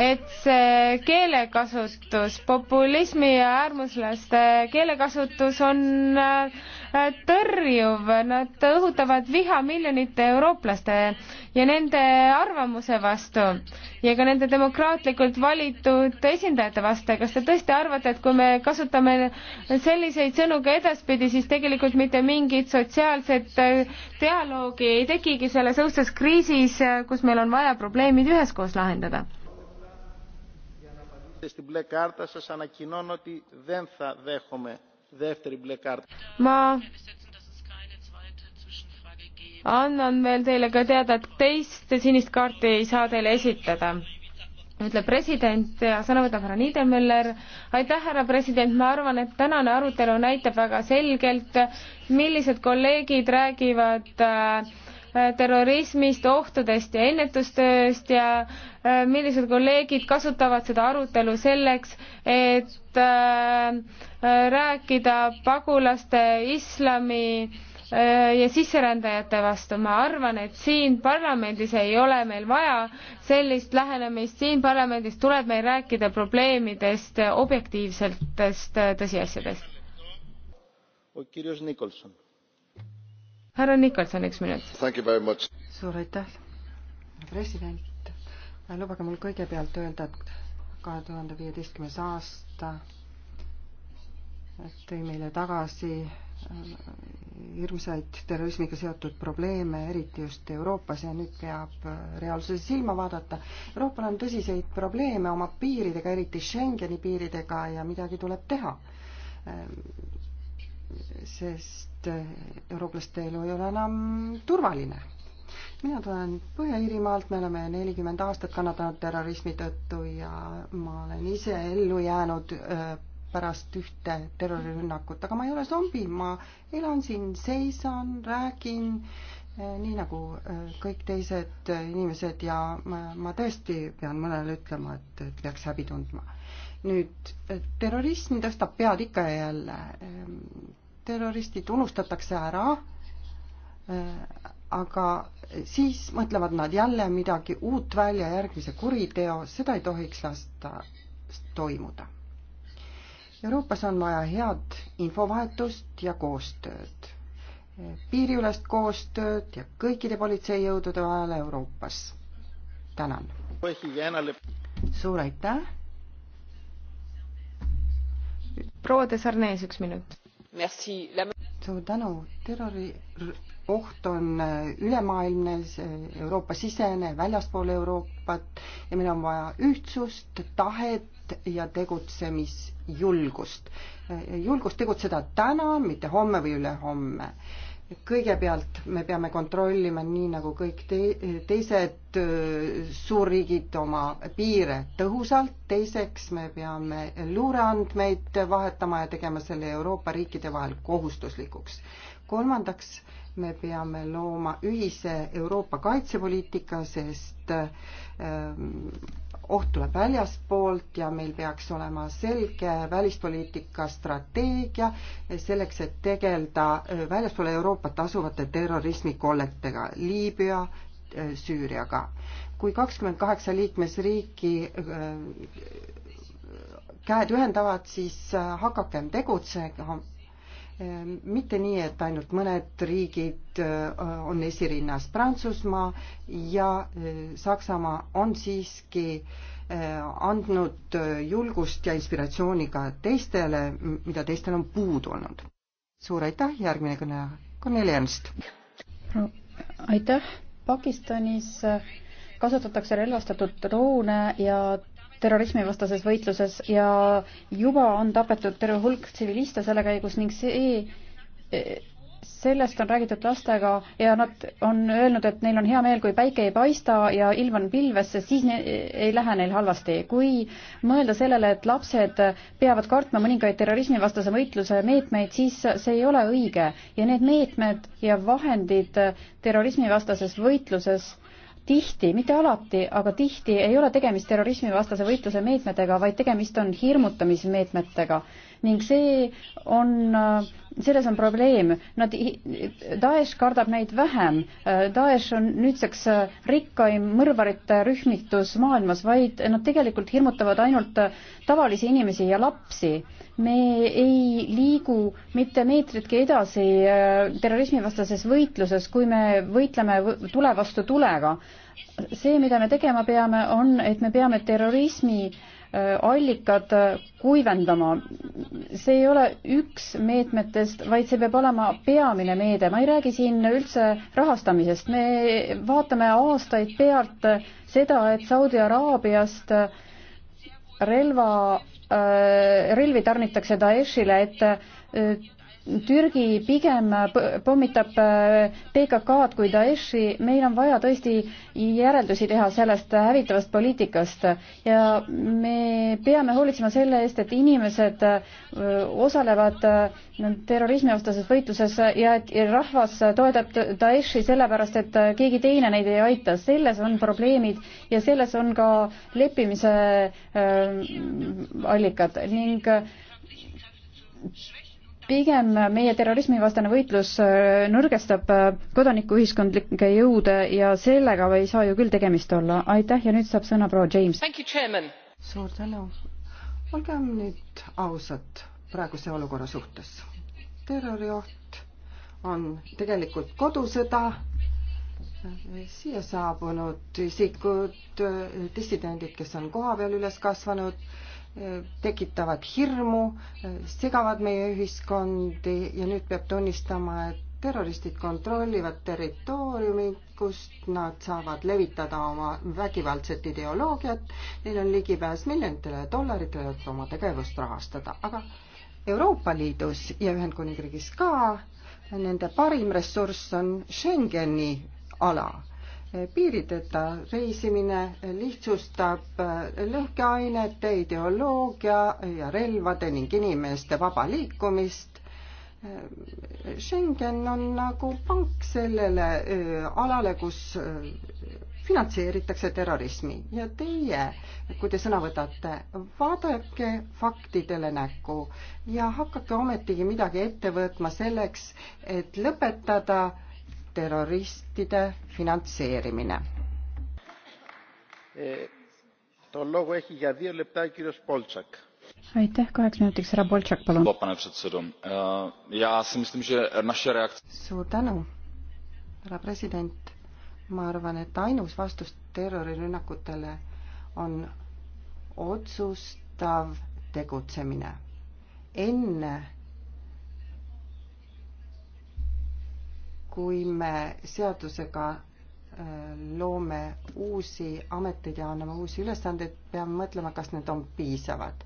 et see keelekasutus, populismi ja äärmuslaste keelekasutus on äh, tõrjuv, nad õhutavad viha miljonite eurooplaste ja nende arvamuse vastu ja ka nende demokraatlikult valitud esindajate vastu. kas te tõesti arvate, et kui me kasutame selliseid sõnu ka edaspidi, siis tegelikult mitte mingit sotsiaalset äh, dialoogi ei tekigi selles õudses kriisis, äh, kus meil on vaja probleemid üheskoos lahendada? στην μπλε κάρτα σας ανακοινώνω ότι δεν θα δέχομαι ma annan veel teile ka teada, et teist sinist kaarti ei saa teile esitada ütleb president ja sõna võtab härra Niedermüller. aitäh, härra president, ma arvan, et tänane arutelu näitab väga selgelt, millised kolleegid räägivad äh, Äh, terrorismist, ohtudest ja ennetustööst ja äh, millised kolleegid kasutavad seda arutelu selleks, et äh, rääkida pagulaste islami ja sisserändajate vastu. ma arvan, et siin parlamendis ei ole meil vaja sellist lähenemist, siin parlamendis tuleb meil rääkida probleemidest, objektiivsetest tõsiasjadest. kirjus Nikolson härra Nikolson, üks minut. suur aitäh, president. lubage mul kõigepealt öelda, et kahe tuhande viieteistkümnes aasta tõi meile tagasi äh, hirmsaid terrorismiga seotud probleeme, eriti just Euroopas ja nüüd peab reaalsuse silma vaadata. Euroopal on tõsiseid probleeme oma piiridega, eriti Schengeni piiridega ja midagi tuleb teha sest eurooplaste elu ei ole enam turvaline. mina tulen Põhja-Iirimaalt, me oleme nelikümmend aastat kannatanud terrorismi tõttu ja ma olen ise ellu jäänud äh, pärast ühte terrorirünnakut, aga ma ei ole zombi, ma elan siin, seisan, räägin, äh, nii nagu äh, kõik teised inimesed ja ma, ma tõesti pean mõnele ütlema, et, et peaks häbi tundma nüüd terrorism tõstab pead ikka ja jälle. Ehm, terroristid unustatakse ära, ehm, aga siis mõtlevad nad jälle midagi uut välja, järgmise kuriteo, seda ei tohiks lasta toimuda. Euroopas on vaja head infovahetust ja koostööd, ehm, piiriülest koostööd ja kõikide politseijõudude vahel Euroopas. tänan. suur aitäh proua de Sarnes, üks minut. suur tänu, terrorioht on äh, ülemaailmne, Euroopa sisene, väljaspool Euroopat ja meil on vaja ühtsust, tahet ja tegutsemisjulgust. Äh, julgust tegutseda täna, mitte homme või ülehomme kõigepealt me peame kontrollima, nii nagu kõik te teised äh, suurriigid, oma piire tõhusalt, teiseks me peame luureandmeid vahetama ja tegema selle Euroopa riikide vahel kohustuslikuks. kolmandaks, me peame looma ühise Euroopa kaitsepoliitika, sest ähm, oht tuleb väljaspoolt ja meil peaks olema selge välispoliitika strateegia selleks, et tegeleda äh, väljaspool Euroopat asuvate terrorismikolletega Liibüa, äh, Süüriaga. kui kakskümmend kaheksa liikmesriiki äh, käed ühendavad, siis hakakem tegutsema Ehm, mitte nii, et ainult mõned riigid äh, on esirinnas. Prantsusmaa ja äh, Saksamaa on siiski äh, andnud julgust ja inspiratsiooni ka teistele, mida teistel on puudu olnud. suur aitäh, järgmine kõne, Korneli Ernst. aitäh, Pakistanis kasutatakse relvastatud droone ja terrorismivastases võitluses ja juba on tapetud terve hulk tsiviliste selle käigus ning see e, sellest on räägitud lastega ja nad on öelnud, et neil on hea meel, kui päike ei paista ja ilm on pilves, siis ne, ei lähe neil halvasti. kui mõelda sellele, et lapsed peavad kartma mõningaid terrorismivastase võitluse meetmeid, siis see ei ole õige ja need meetmed ja vahendid terrorismivastases võitluses tihti, mitte alati, aga tihti ei ole tegemist terrorismivastase võitluse meetmetega, vaid tegemist on hirmutamismeetmetega. ning see on, äh, selles on probleem. Nad, Daesh kardab neid vähem. Äh, Daesh on nüüdseks äh, rikkaim mõrvarite rühmitus maailmas, vaid nad tegelikult hirmutavad ainult tavalisi inimesi ja lapsi me ei liigu mitte meetritki edasi äh, terrorismivastases võitluses, kui me võitleme tule vastu tulega. see, mida me tegema peame, on, et me peame terrorismi äh, allikad äh, kuivendama. see ei ole üks meetmetest, vaid see peab olema peamine meede. ma ei räägi siin üldse rahastamisest. me vaatame aastaid pealt seda, et Saudi Araabiast äh, relva, äh, relvi tarnitakse Daeshile, et äh, Türgi pigem äh, pommitab äh, PKK-d kui Daeshi, meil on vaja tõesti järeldusi teha sellest hävitavast poliitikast ja me peame hoolitsema selle eest, et inimesed äh, osalevad terrorismivastases võitluses ja et rahvas toetab Daeshi sellepärast, et keegi teine neid ei aita, selles on probleemid ja selles on ka leppimise allikad ning pigem meie terrorismivastane võitlus äh, nõrgestab äh, kodanikuühiskondlikke jõude ja sellega ei saa ju küll tegemist olla. aitäh ja nüüd saab sõna proua James. suur tänu. olgem nüüd ausad praeguse olukorra suhtes. terrorioht on tegelikult kodusõda, siia saabunud isikud, dissidendid, kes on kohapeal üles kasvanud tekitavad hirmu, segavad meie ühiskondi ja nüüd peab tunnistama, et terroristid kontrollivad territooriumi, kust nad saavad levitada oma vägivaldset ideoloogiat, neil on ligipääs miljonitele dollaritele, et oma tegevust rahastada, aga Euroopa Liidus ja Ühendkuningriigis ka nende parim ressurss on Schengeni ala piirideta reisimine lihtsustab lõhkeainete, ideoloogia ja relvade ning inimeste vaba liikumist. Schengen on nagu pank sellele äh, alale, kus äh, finantseeritakse terrorismi ja teie, kui te sõna võtate, vaadake faktidele näkku ja hakake ometigi midagi ette võtma selleks, et lõpetada äh, terroristide finantseerimine. Eh, aitäh, kaheks minutiks, härra Boltšak, palun. Eh, suur tänu, härra president. ma arvan, et ainus vastus terrorirünnakutele on otsustav tegutsemine. enne kui me seadusega äh, loome uusi ameteid ja anname uusi ülesandeid, peame mõtlema, kas need on piisavad.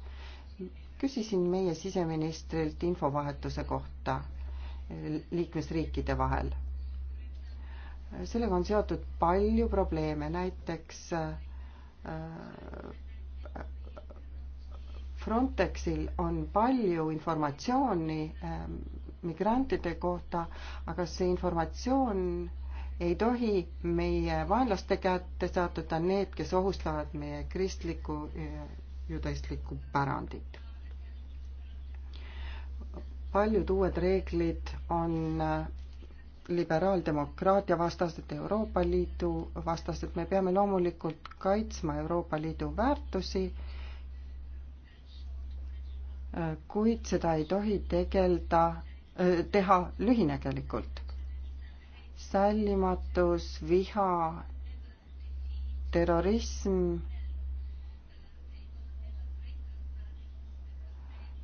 küsisin meie siseministrilt infovahetuse kohta äh, liikmesriikide vahel. sellega on seotud palju probleeme, näiteks äh, Frontexil on palju informatsiooni ähm, migrantide kohta, aga see informatsioon ei tohi meie vaenlaste kätte sattuda need, kes ohustavad meie kristlikku ja judaistlikku pärandit. paljud uued reeglid on liberaaldemokraatia vastased, Euroopa Liidu vastased, me peame loomulikult kaitsma Euroopa Liidu väärtusi, kuid seda ei tohi tegelda teha lühinägelikult. sallimatus, viha, terrorism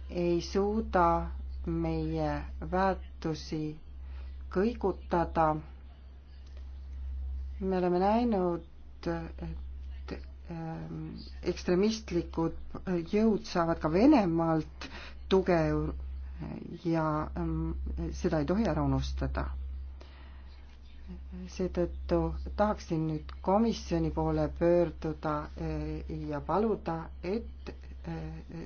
ei suuda meie väärtusi kõigutada. me oleme näinud, et ähm, ekstremistlikud jõud saavad ka Venemaalt tuge ja ähm, seda ei tohi ära unustada. seetõttu tahaksin nüüd komisjoni poole pöörduda äh, ja paluda, et äh,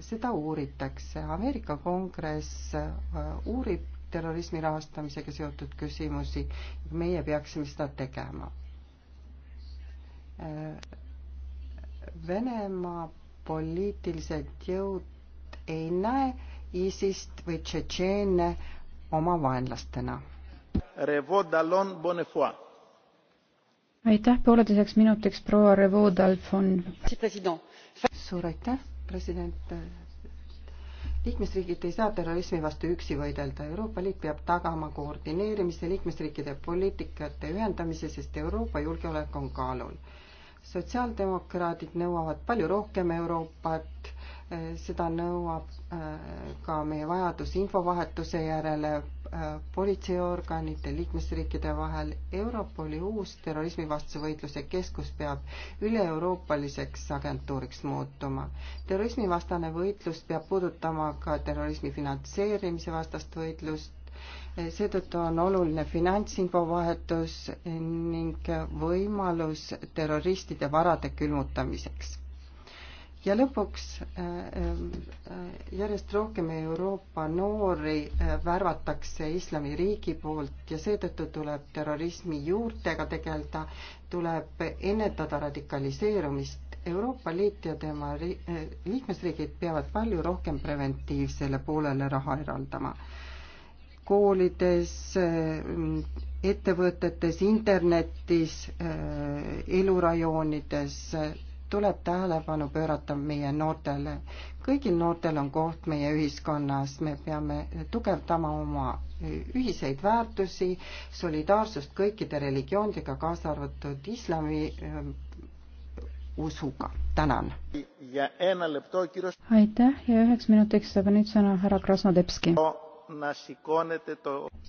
seda uuritakse. Ameerika Kongress äh, uurib terrorismi rahastamisega seotud küsimusi, meie peaksime seda tegema. Venemaa poliitilised jõud ei näe ISIS-t või Tšetšeene oma vaenlastena. aitäh pooleteiseks minutiks, proua Revo Dalfon. suur aitäh, president liikmesriigid ei saa terrorismi vastu üksi võidelda, Euroopa Liit peab tagama koordineerimise liikmesriikide poliitikate ühendamise, sest Euroopa julgeolek on kaalul. sotsiaaldemokraadid nõuavad palju rohkem Euroopat, seda nõuab äh, ka meie vajadus infovahetuse järele äh, politseiorganite liikmesriikide vahel. Europoli uus terrorismivastase võitluse keskus peab üle-euroopaliseks agentuuriks muutuma. terrorismivastane võitlus peab puudutama ka terrorismi finantseerimise vastast võitlust, äh, seetõttu on oluline finantsinfovahetus ning võimalus terroristide varade külmutamiseks ja lõpuks äh, äh, järjest rohkem Euroopa noori äh, värvatakse islamiriigi poolt ja seetõttu tuleb terrorismi juurtega tegeleda, tuleb ennetada radikaliseerumist. Euroopa Liit ja tema liikmesriigid peavad palju rohkem preventiivsele poolele raha eraldama. koolides, ettevõtetes, internetis, elurajoonides tuleb tähelepanu pöörata meie noortele. kõigil noortel on koht meie ühiskonnas, me peame tugevdama oma ühiseid väärtusi, solidaarsust kõikide religioonidega, kaasa arvatud islami äh, usuga. tänan. aitäh ja üheks minutiks saab nüüd sõna härra Krasnodebski.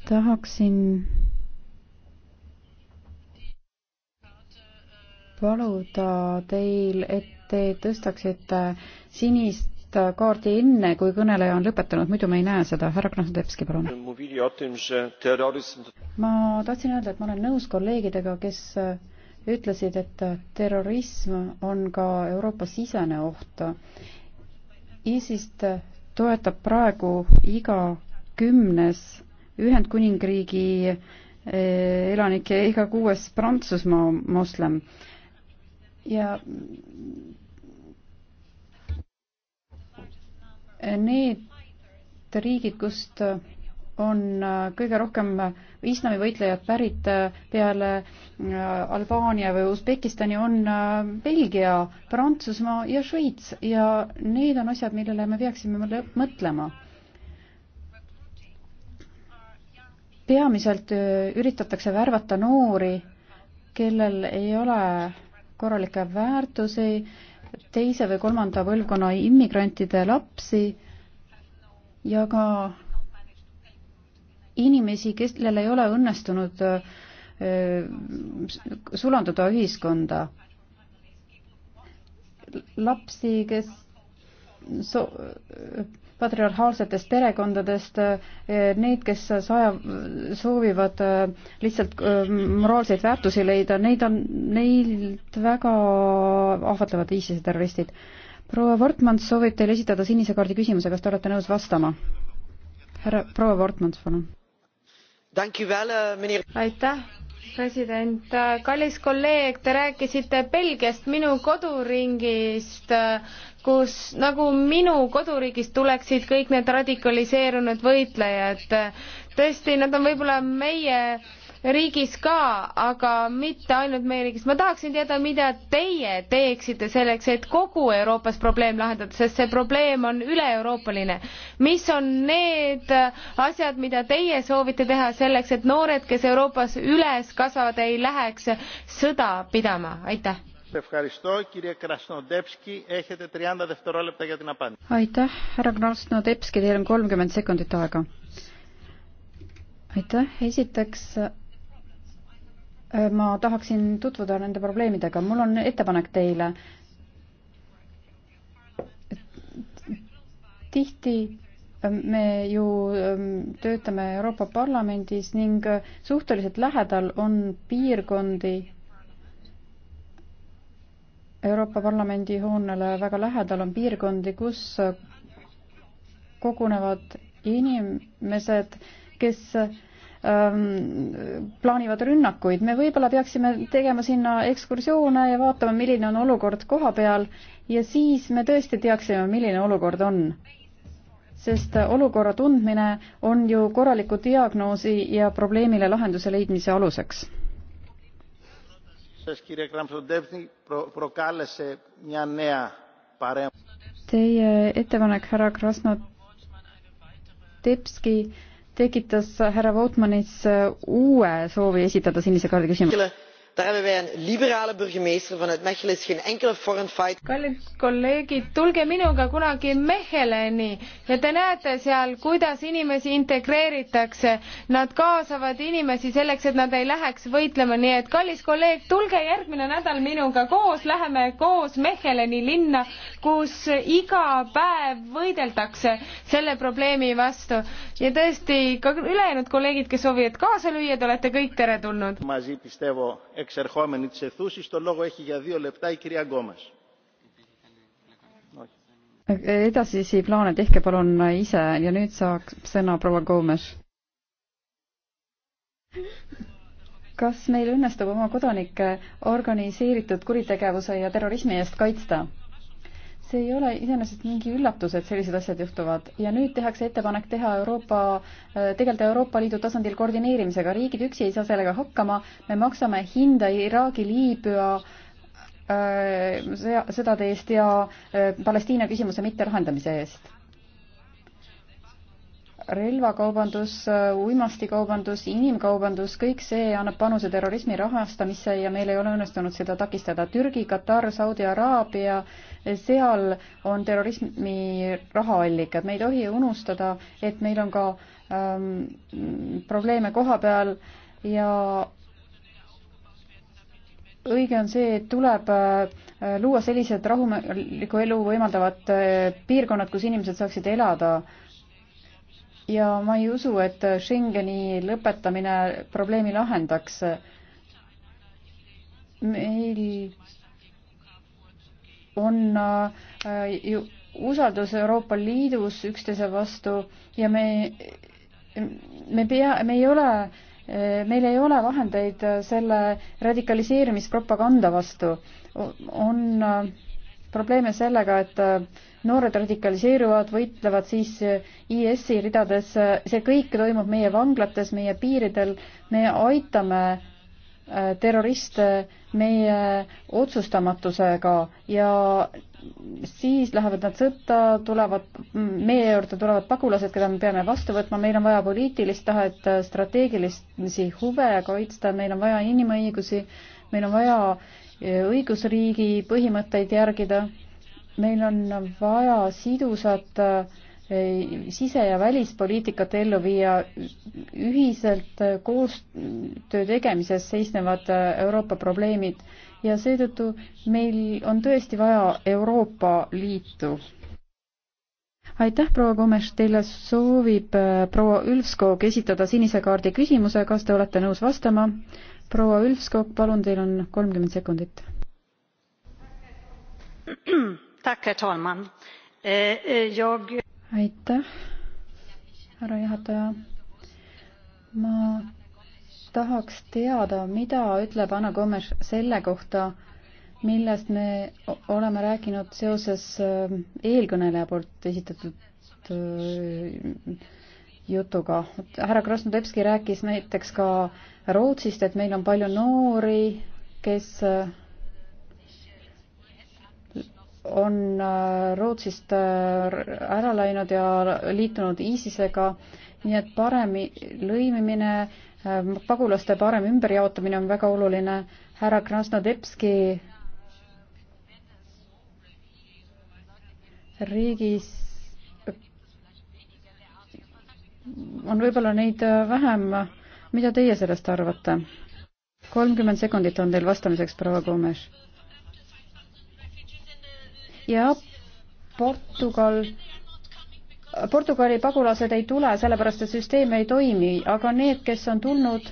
tahaksin paluda teil, et te tõstaksite sinist kaardi enne, kui kõneleja on lõpetanud, muidu me ei näe seda. härra Krasnodebski, palun. ma tahtsin öelda, et ma olen nõus kolleegidega, kes ütlesid, et terrorism on ka Euroopa-sisene oht. ISIS-t toetab praegu iga kümnes Ühendkuningriigi eh, elanik ja iga kuues Prantsusmaa moslem ja need riigid, kust on kõige rohkem islamivõitlejad pärit peale Albaania või Usbekistani, on Belgia, Prantsusmaa ja Šveits ja need on asjad, millele me peaksime mõtlema. peamiselt üritatakse värvata noori, kellel ei ole korralikke väärtusi, teise või kolmanda põlvkonna immigrantide lapsi ja ka inimesi, kellel ei ole õnnestunud äh, sulanduda ühiskonda. lapsi, kes so patriarhaalsetest perekondadest, eh, need, kes saja, soovivad eh, lihtsalt eh, moraalseid väärtusi leida, neid on, neilt väga ahvatlevad ISISe terroristid. proua Wortmans soovib teile esitada sinise kaardi küsimuse, kas te olete nõus vastama? härra, proua Wortmans, palun. aitäh president, kallis kolleeg, te rääkisite Belgiast, minu koduringist, kus nagu minu koduriigist tuleksid kõik need radikaliseerunud võitlejad. tõesti, nad on võib-olla meie riigis ka, aga mitte ainult meie riigis. ma tahaksin teada, mida teie teeksite selleks, et kogu Euroopas probleem lahendada, sest see probleem on üle-euroopaline. mis on need asjad, mida teie soovite teha selleks, et noored, kes Euroopas üles kasvavad, ei läheks sõda pidama? aitäh aitäh, härra Krasnodebski, teil on kolmkümmend sekundit aega. aitäh, esiteks ma tahaksin tutvuda nende probleemidega. mul on ettepanek teile. tihti me ju ähm, töötame Euroopa Parlamendis ning suhteliselt lähedal on piirkondi Euroopa Parlamendi hoonele väga lähedal on piirkondi, kus kogunevad inimesed, kes Ähm, plaanivad rünnakuid. me võib-olla peaksime tegema sinna ekskursioone ja vaatama, milline on olukord koha peal ja siis me tõesti teaksime, milline olukord on. sest olukorra tundmine on ju korraliku diagnoosi ja probleemile lahenduse leidmise aluseks. Teie ettepanek, härra Krasnodebski, tekitas härra Voutmanis äh, uue soovi esitada sinise kaardi küsimuse daar hebben wij een liberale burgemeester vanuit mechelen is geen enkele foreign fighter. kallid kolleegid tulge minuga kunagi mecheleni ja te näete seal kuidas inimesi integreeritakse nad kaasavad inimesi selleks et nad ei läheks võitlema nii et kallis kolleeg tulge järgmine nädal minuga koos läheme koos mecheleni linna kus iga päev võideldakse selle probleemi vastu ja tõesti ka ülejäänud kolleegid kes soovivad kaasa lüüa te olete kõik teretulnud εξερχόμενη της αιθούσης. Το λόγο έχει για δύο λεπτά η κυρία Γκόμας. edasisi plaane tehke palun ise ja nüüd saab sõna proua Gomes. kas meil õnnestub oma kodanikke organiseeritud kuritegevuse ja terrorismi eest kaitsta? see ei ole iseenesest mingi üllatus, et sellised asjad juhtuvad ja nüüd tehakse ettepanek teha Euroopa, äh, tegeleda Euroopa Liidu tasandil koordineerimisega, riigid üksi ei saa sellega hakkama, me maksame hinda Iraagi, Liibüa äh, sõja, sõdade eest ja äh, Palestiina küsimuse mittelahendamise eest relvakaubandus, uimastikaubandus, inimkaubandus, kõik see annab panuse terrorismi rahastamisse ja meil ei ole õnnestunud seda takistada. Türgi, Katar, Saudi Araabia, seal on terrorismi rahaallikad. me ei tohi unustada, et meil on ka ähm, probleeme koha peal ja õige on see, et tuleb äh, luua sellised rahulikku elu võimaldavad äh, piirkonnad, kus inimesed saaksid elada ja ma ei usu, et Schengeni lõpetamine probleemi lahendaks. meil on äh, ju usaldus Euroopa Liidus üksteise vastu ja me, me pea, me ei ole, meil ei ole vahendeid selle radikaliseerimispropaganda vastu. on äh, probleeme sellega, et äh, noored radikaliseeruvad, võitlevad siis IS-i ridades, see kõik toimub meie vanglates, meie piiridel, me aitame äh, terroriste meie otsustamatusega ja siis lähevad nad sõtta, tulevad mm, meie juurde tulevad pagulased, keda me peame vastu võtma, meil on vaja poliitilist tahet, strateegilisi huve kaitsta, meil on vaja inimõigusi, meil on vaja õigusriigi põhimõtteid järgida meil on vaja sidusat eh, sise- ja välispoliitikat ellu viia ühiselt koostöö tegemises seisnevad eh, Euroopa probleemid ja seetõttu meil on tõesti vaja Euroopa Liitu. aitäh, proua Komes, teile soovib eh, proua Ülfskog esitada sinise kaardi küsimuse, kas te olete nõus vastama? proua Ülfskog, palun, teil on kolmkümmend sekundit Eh, eh, aitäh, härra juhataja. ma tahaks teada, mida ütleb Anna Komes selle kohta, millest me oleme rääkinud seoses äh, eelkõneleja poolt esitatud äh, jutuga. härra Krasnodebski rääkis näiteks ka Rootsist, et meil on palju noori, kes äh, on äh, Rootsist äh, ära läinud ja liitunud ISISega, nii et parem lõimimine, äh, pagulaste parem ümberjaotamine on väga oluline. härra Krasnodebski riigis on võib-olla neid vähem. mida teie sellest arvate? kolmkümmend sekundit on teil vastamiseks, proua Gomes ja Portugal Portugali pagulased ei tule, sellepärast et süsteem ei toimi, aga need, kes on tulnud,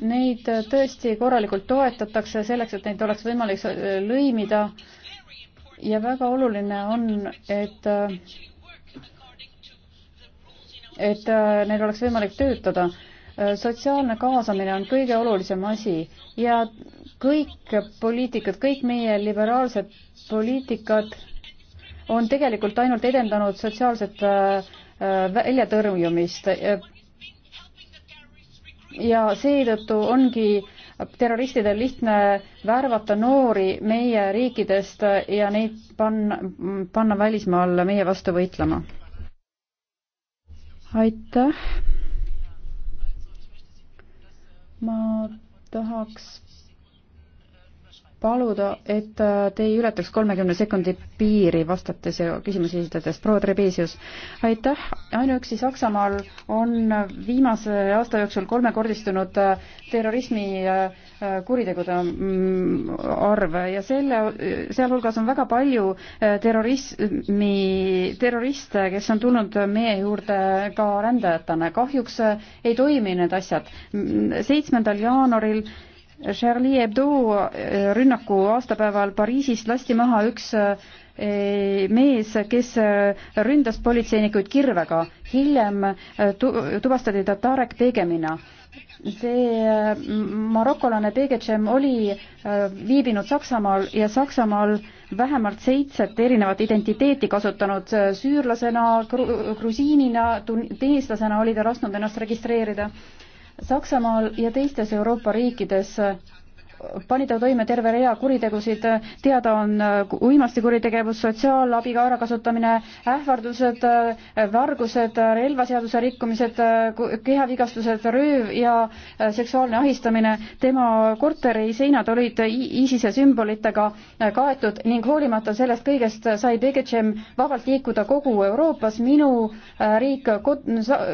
neid tõesti korralikult toetatakse selleks, et neid oleks võimalik lõimida ja väga oluline on, et et neil oleks võimalik töötada. sotsiaalne kaasamine on kõige olulisem asi ja kõik poliitikad, kõik meie liberaalsed poliitikad on tegelikult ainult edendanud sotsiaalset äh, äh, väljatõrjumist. ja seetõttu ongi terroristidel lihtne värvata noori meie riikidest ja neid panna, panna välismaal meie vastu võitlema. aitäh. ma tahaks paluda, et äh, te ei ületaks kolmekümne sekundi piiri vastates ja küsimusi esitades. proua Trebesius, aitäh, ainuüksi Saksamaal on viimase aasta jooksul kolmekordistunud äh, terrorismi äh, kuritegude mm, arv ja selle, sealhulgas on väga palju terrorismi, terroriste, kes on tulnud meie juurde ka rändajatena. kahjuks ei toimi need asjad. Mm, seitsmendal jaanuaril Charlie Hebdo äh, rünnaku aastapäeval Pariisis lasti maha üks äh, mees, kes äh, ründas politseinikuid kirvega. hiljem tu-, tuvastati ta Tarek Peegemina. see marokolane Peegetšem oli viibinud Saksamaal ja Saksamaal vähemalt seitset erinevat identiteeti kasutanud süürlasena, grusiinina, tuneeslasena oli ta lasknud ennast registreerida Saksamaal ja teistes Euroopa riikides pani ta toime terve rea kuritegusid, teada on äh, uimastikuritegevus, sotsiaalabi kaara kasutamine, ähvardused, äh, vargused, äh, relvaseaduse rikkumised, kehavigastused, rööv ja seksuaalne ahistamine. tema korteri seinad olid ISISe sümbolitega kaetud ning hoolimata sellest kõigest sai Begecem vabalt liikuda kogu Euroopas. minu riik,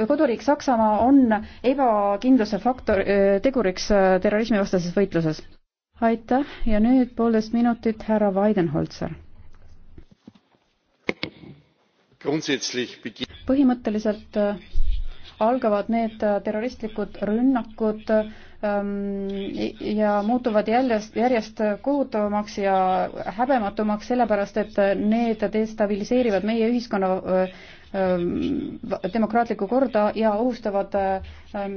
koduriik Saksamaa on ebakindluse faktor, teguriks terrorismivastases võitluses aitäh ja nüüd poolteist minutit härra Weidenholzer. põhimõtteliselt äh, algavad need äh, terroristlikud rünnakud ähm, ja muutuvad jäljest, järjest kohutavamaks ja häbematumaks, sellepärast et äh, need destabiliseerivad meie ühiskonna Ähm, demokraatlikku korda ja ohustavad ähm,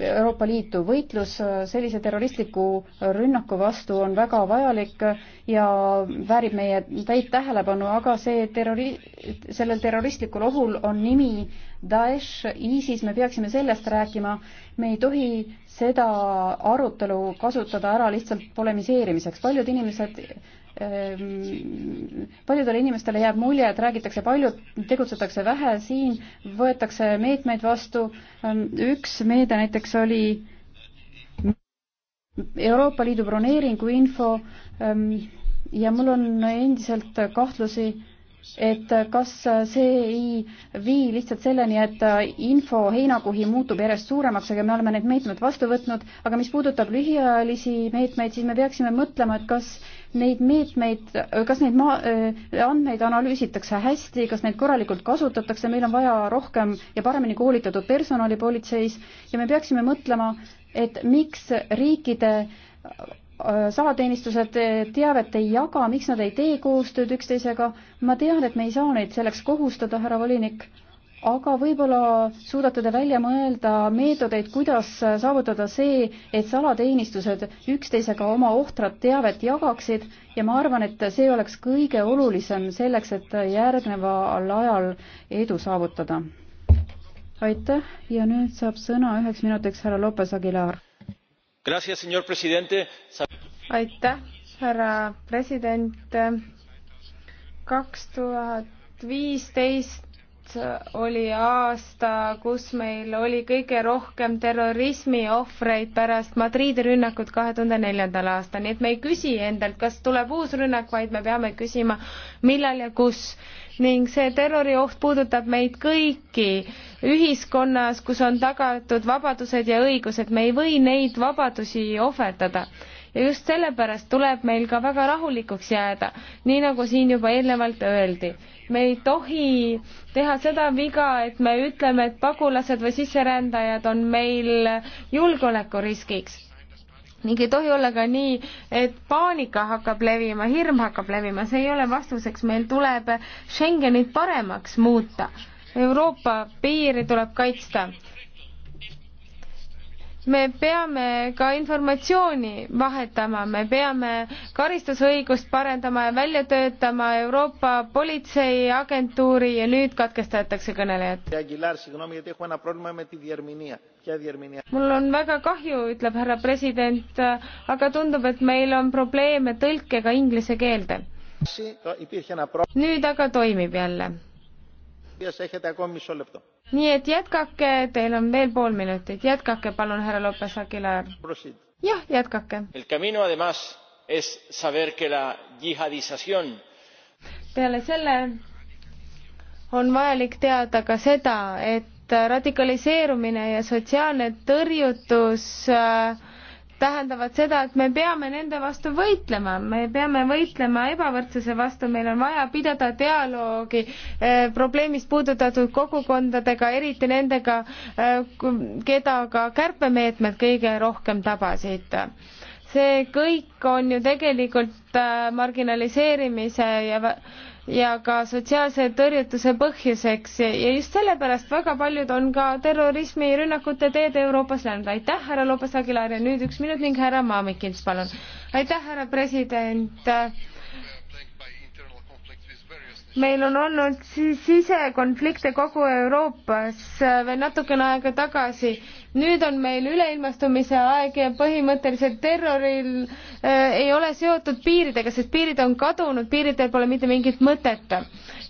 Euroopa Liitu. võitlus äh, sellise terroristliku rünnaku vastu on väga vajalik ja väärib meie täit tähelepanu, aga see terrori-, sellel terroristlikul ohul on nimi Daesh, ISIS, me peaksime sellest rääkima, me ei tohi seda arutelu kasutada ära lihtsalt polemiseerimiseks, paljud inimesed Ehm, paljudele inimestele jääb mulje, et räägitakse palju, tegutsetakse vähe, siin võetakse meetmeid vastu, ähm, üks meede näiteks oli Euroopa Liidu broneeringu info ähm, ja mul on endiselt kahtlusi, et kas see ei vii lihtsalt selleni, et info heinakuhi muutub järjest suuremaks, aga me oleme need meetmed vastu võtnud, aga mis puudutab lühiajalisi meetmeid, siis me peaksime mõtlema, et kas neid meetmeid, kas neid maa, äh, andmeid analüüsitakse hästi, kas neid korralikult kasutatakse, meil on vaja rohkem ja paremini koolitatud personali politseis ja me peaksime mõtlema, et miks riikide äh, salateenistused äh, teavet ei jaga, miks nad ei tee koostööd üksteisega. ma tean, et me ei saa neid selleks kohustada, härra volinik aga võib-olla suudate te välja mõelda meetodeid, kuidas saavutada see, et salateenistused üksteisega oma ohtrat teavet jagaksid ja ma arvan, et see oleks kõige olulisem selleks, et järgneval ajal edu saavutada. aitäh ja nüüd saab sõna üheks minutiks härra Lopez Aguilar. aitäh, härra president. kaks tuhat viisteist oli aasta, kus meil oli kõige rohkem terrorismiohvreid pärast Madriidi rünnakut kahe tuhande neljandal aastal, nii et me ei küsi endalt, kas tuleb uus rünnak, vaid me peame küsima, millal ja kus. ning see terrorioht puudutab meid kõiki ühiskonnas, kus on tagatud vabadused ja õigused, me ei või neid vabadusi ohverdada ja just sellepärast tuleb meil ka väga rahulikuks jääda, nii nagu siin juba eelnevalt öeldi. me ei tohi teha seda viga, et me ütleme, et pagulased või sisserändajad on meil julgeolekuriskiks ning ei tohi olla ka nii, et paanika hakkab levima, hirm hakkab levima, see ei ole vastuseks, meil tuleb Schengenit paremaks muuta. Euroopa piiri tuleb kaitsta me peame ka informatsiooni vahetama, me peame karistusõigust parendama ja välja töötama Euroopa Politseiagentuuri ja nüüd katkestatakse kõnelejad. mul on väga kahju, ütleb härra president, aga tundub, et meil on probleeme tõlkega inglise keelde. nüüd aga toimib jälle nii et jätkake, teil on veel pool minutit, jätkake palun, härra Lopez Aguilar. jah, jätkake. peale selle on vajalik teada ka seda, et radikaliseerumine ja sotsiaalne tõrjutus äh, tähendavad seda, et me peame nende vastu võitlema, me peame võitlema ebavõrdsuse vastu, meil on vaja pidada dialoogi eh, probleemist puudutatud kogukondadega, eriti nendega, eh, keda ka kärpemeetmed kõige rohkem tabasid see kõik on ju tegelikult eh, marginaliseerimise ja ja ka sotsiaalse tõrjutuse põhjuseks ja just sellepärast väga paljud on ka terrorismirünnakute teed Euroopas läinud. aitäh, härra Lopes Aguilar ja nüüd üks minut ning härra Maamikins, palun. aitäh, härra president meil on olnud sisekonflikte kogu Euroopas äh, veel natukene aega tagasi. nüüd on meil üleilmastumise aeg ja põhimõtteliselt terroril äh, ei ole seotud piiridega, sest piirid on kadunud, piiridel pole mitte mingit mõtet.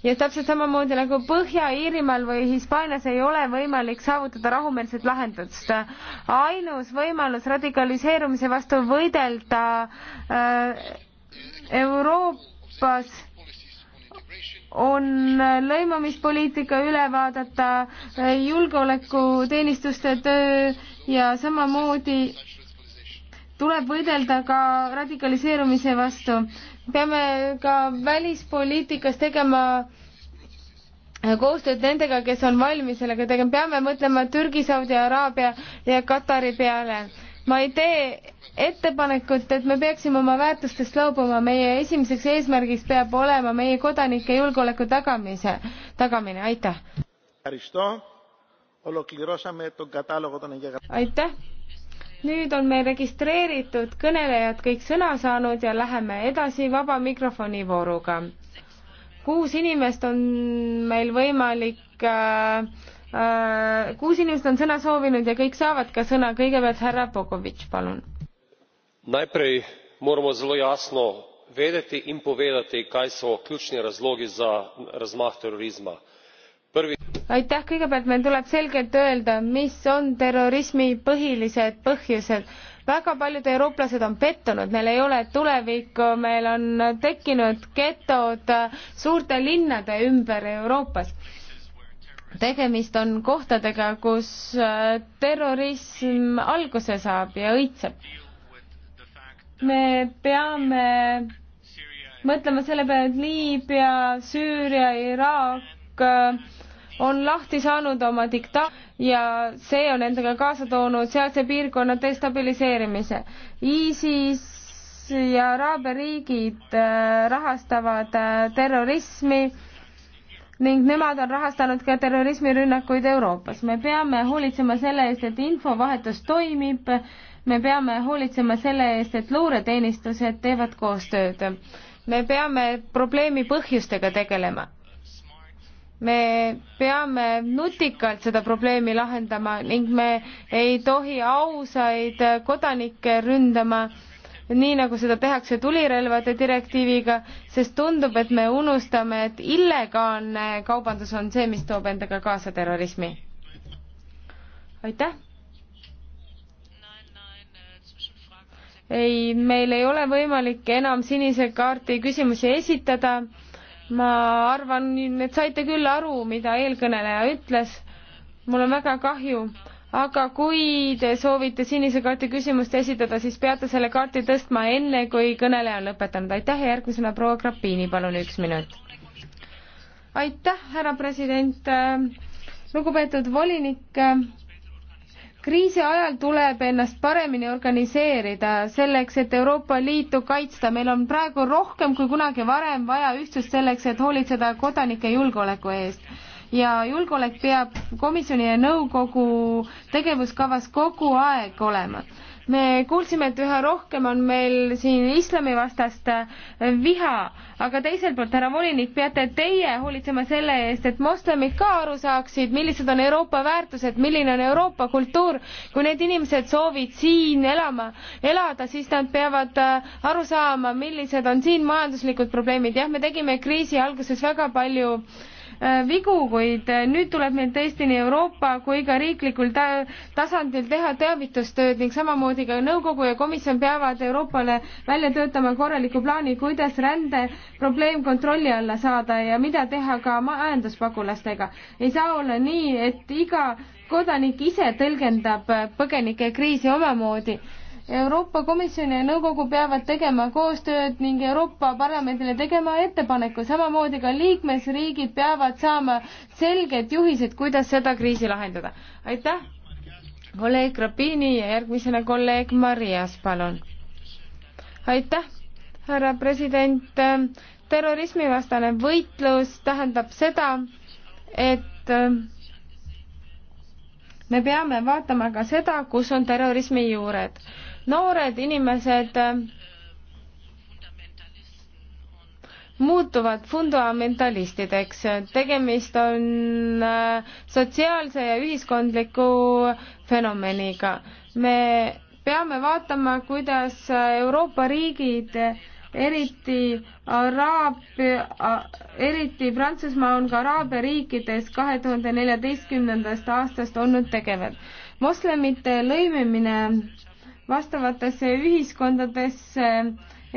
ja täpselt samamoodi nagu Põhja-Iirimaal või Hispaanias ei ole võimalik saavutada rahumeelset lahendust. ainus võimalus radikaliseerumise vastu võidelda äh, Euroopas on lõimamispoliitika üle vaadata, julgeolekuteenistuste töö ja samamoodi tuleb võidelda ka radikaliseerumise vastu. peame ka välispoliitikas tegema koostööd nendega, kes on valmis sellega tegema, peame mõtlema Türgi, Saudi Araabia ja Katari peale ma ei tee ettepanekut, et me peaksime oma väärtustest loobuma, meie esimeseks eesmärgiks peab olema meie kodanike julgeoleku tagamise, tagamine, aitäh. aitäh, nüüd on meil registreeritud kõnelejad kõik sõna saanud ja läheme edasi vaba mikrofoni vooruga. kuus inimest on meil võimalik äh, Äh, kuus inimest on sõna soovinud ja kõik saavad ka sõna. kõigepealt härra Bogovič, palun. najprej moramo zelo jasno vedeti in povedati kaj so ključni razlogi za razmah terorizma. Prvi... aitäh, kõigepealt meil tuleb selgelt öelda, mis on terrorismi põhilised põhjused väga paljud eurooplased on pettunud, neil ei ole tulevikku, meil on tekkinud getod suurte linnade ümber Euroopas tegemist on kohtadega, kus äh, terrorism alguse saab ja õitseb. me peame mõtlema selle peale, et Liibüa, Süüria, Iraak äh, on lahti saanud oma dikta- ja see on endaga kaasa toonud sealse piirkonna destabiliseerimise. ISIS ja Araabia riigid äh, rahastavad terrorismi ning nemad on rahastanud ka terrorismirünnakuid Euroopas. me peame hoolitsema selle eest, et infovahetus toimib, me peame hoolitsema selle eest, et luureteenistused teevad koostööd. me peame probleemi põhjustega tegelema. me peame nutikalt seda probleemi lahendama ning me ei tohi ausaid kodanikke ründama nii nagu seda tehakse tulirelvade direktiiviga, sest tundub, et me unustame, et illegaalne kaubandus on see, mis toob endaga kaasa terrorismi. aitäh! ei, meil ei ole võimalik enam sinise kaardi küsimusi esitada. ma arvan, et saite küll aru, mida eelkõneleja ütles. mul on väga kahju aga kui te soovite sinise kaarti küsimust esitada, siis peate selle kaarti tõstma enne, kui kõneleja on lõpetanud. aitäh ja järgmisena proua Grappini, palun üks minut. aitäh, härra president. lugupeetud volinik, kriisi ajal tuleb ennast paremini organiseerida selleks, et Euroopa Liitu kaitsta. meil on praegu rohkem kui kunagi varem vaja ühtsust selleks, et hoolitseda kodanike julgeoleku eest ja julgeolek peab komisjoni ja nõukogu tegevuskavas kogu aeg olema me kuulsime, et üha rohkem on meil siin islamivastast äh, viha, aga teiselt poolt, härra volinik, peate teie hoolitsema selle eest, et moslemid ka aru saaksid, millised on Euroopa väärtused, milline on Euroopa kultuur. kui need inimesed soovid siin elama, elada, siis nad peavad äh, aru saama, millised on siin majanduslikud probleemid. jah, me tegime kriisi alguses väga palju äh, Äh, vigu, kuid äh, nüüd tuleb meil tõesti nii Euroopa kui ka riiklikul ta tasandil teha teavitustööd ning samamoodi ka nõukogu ja komisjon peavad Euroopale välja töötama korraliku plaani, kuidas rände probleem kontrolli alla saada ja mida teha ka majanduspagulastega. ei saa olla nii, et iga kodanik ise tõlgendab põgenikekriisi omamoodi Euroopa Komisjon ja nõukogu peavad tegema koostööd ning Euroopa Parlamendile tegema ettepaneku, samamoodi ka liikmesriigid peavad saama selged juhised, kuidas seda kriisi lahendada. aitäh, kolleeg Rabini ja järgmisena kolleeg Marias, palun. aitäh, härra president. terrorismivastane võitlus tähendab seda, et me peame vaatama ka seda, kus on terrorismi juured noored inimesed äh, muutuvad fundamentalistideks. tegemist on äh, sotsiaalse ja ühiskondliku fenomeniga. me peame vaatama, kuidas Euroopa riigid eriti Araabia, eriti Prantsusmaa on ka Araabia riikides kahe tuhande neljateistkümnendast aastast olnud tegevad. moslemite lõimimine vastavatesse ühiskondadesse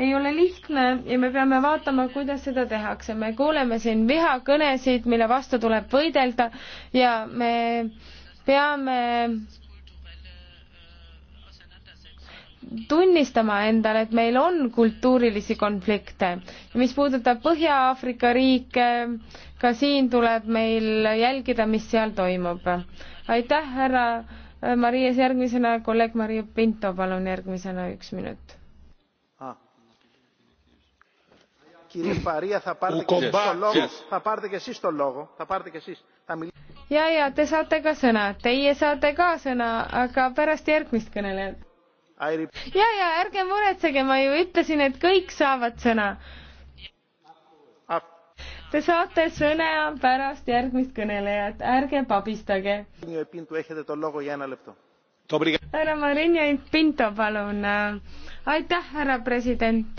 ei ole lihtne ja me peame vaatama, kuidas seda tehakse. me kuuleme siin vihakõnesid, mille vastu tuleb võidelda ja me peame tunnistama endale, et meil on kultuurilisi konflikte. mis puudutab Põhja-Aafrika riike, ka siin tuleb meil jälgida, mis seal toimub. aitäh, härra Äh, Marias järgmisena, kolleeg Maria Pinto, palun järgmisena üks minut. Ah. ja, ja te saate ka sõna, teie saate ka sõna, aga pärast järgmist kõnelejat. ja, ja ärge muretsege, ma ju ütlesin, et kõik saavad sõna Te saate sõna pärast järgmist kõnelejat, ärge pabistage. härra Marinjai Pinto, palun. aitäh, härra president.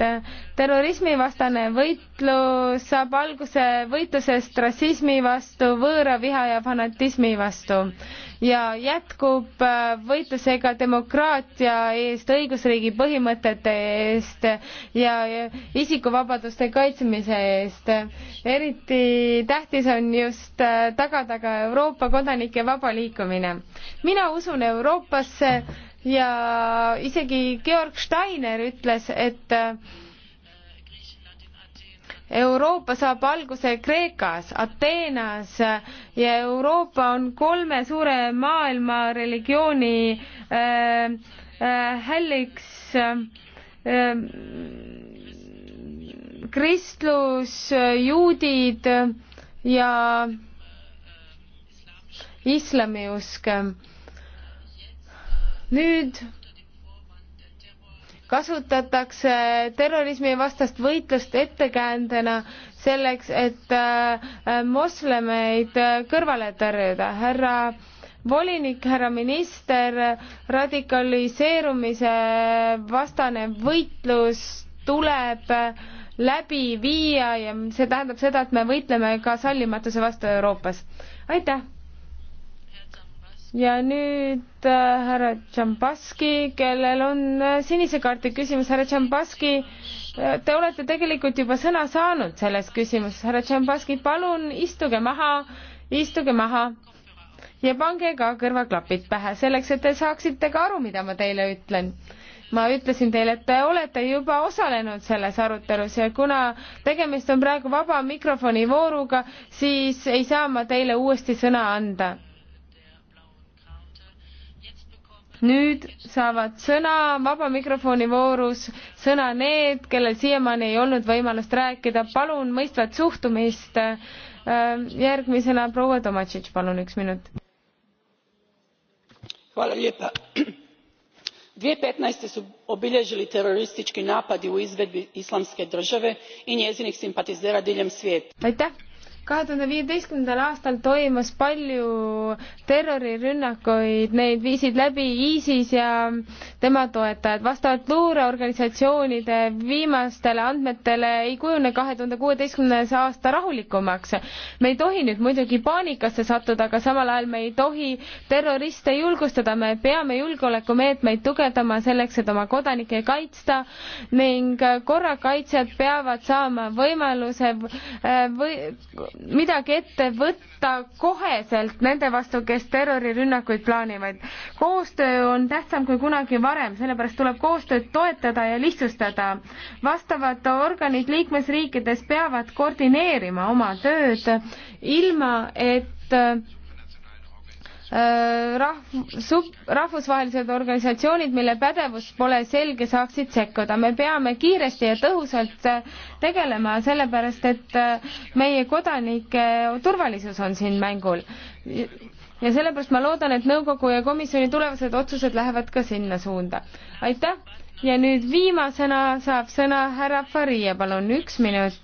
terrorismivastane võitlus saab alguse võitlusest rassismi vastu, võõraviha ja fanatismi vastu ja jätkub äh, võitlusega demokraatia eest, õigusriigi põhimõtete eest ja isikuvabaduste kaitsmise eest. eriti tähtis on just äh, tagada ka Euroopa kodanike vaba liikumine. mina usun Euroopasse ja isegi Georg Steiner ütles, et äh, Euroopa saab alguse Kreekas, Ateenas ja Euroopa on kolme suure maailma religiooni äh, äh, hälliks äh, kristlus, juudid ja islamiusk. nüüd kasutatakse terrorismivastast võitlust ettekäändena selleks, et äh, moslemeid äh, kõrvale tõrjuda. härra volinik, härra minister, radikaliseerumise vastane võitlus tuleb äh, läbi viia ja see tähendab seda, et me võitleme ka sallimatuse vastu Euroopas. aitäh! ja nüüd äh, härra Tšambaski, kellel on äh, sinise kaardi küsimus, härra Tšambaski, äh, te olete tegelikult juba sõna saanud selles küsimuses, härra Tšambaski, palun istuge maha, istuge maha ja pange ka kõrvaklapid pähe, selleks et te saaksite ka aru, mida ma teile ütlen ma ütlesin teile, et te olete juba osalenud selles arutelus ja kuna tegemist on praegu vaba mikrofoni vooruga, siis ei saa ma teile uuesti sõna anda nüüd saavad sõna vaba mikrofoni voorus, sõna need, kellel siiamaani ei olnud võimalust rääkida, palun mõistvat suhtumist. Ähm, järgmisena proua Tomatšitš, palun üks minut. Hvala lijepa. 2015. su obilježili teroristički napadi u izvedbi islamske države i njezinih simpatizera diljem svijeta. Aitäh! kahe tuhande viieteistkümnendal aastal toimus palju terrorirünnakuid, neid viisid läbi ISIS ja tema toetajad. vastavalt luureorganisatsioonide viimastele andmetele ei kujune kahe tuhande kuueteistkümnes aasta rahulikumaks. me ei tohi nüüd muidugi paanikasse sattuda, aga samal ajal me ei tohi terroriste julgustada, me peame julgeolekumeetmeid tugevdama selleks, et oma kodanikke kaitsta ning korrakaitsjad peavad saama võimaluse äh, või midagi ette võtta koheselt nende vastu, kes terrorirünnakuid plaanivad. koostöö on tähtsam kui kunagi varem, sellepärast tuleb koostööd toetada ja lihtsustada. vastavad organid liikmesriikides peavad koordineerima oma tööd ilma, et Äh, rahv-, sub-, rahvusvahelised organisatsioonid, mille pädevus pole selge, saaksid sekkuda. me peame kiiresti ja tõhusalt äh, tegelema, sellepärast et äh, meie kodanike turvalisus on siin mängul. ja sellepärast ma loodan, et nõukogu ja komisjoni tulevased otsused lähevad ka sinna suunda. aitäh ja nüüd viimasena saab sõna härra Faria, palun, üks minut.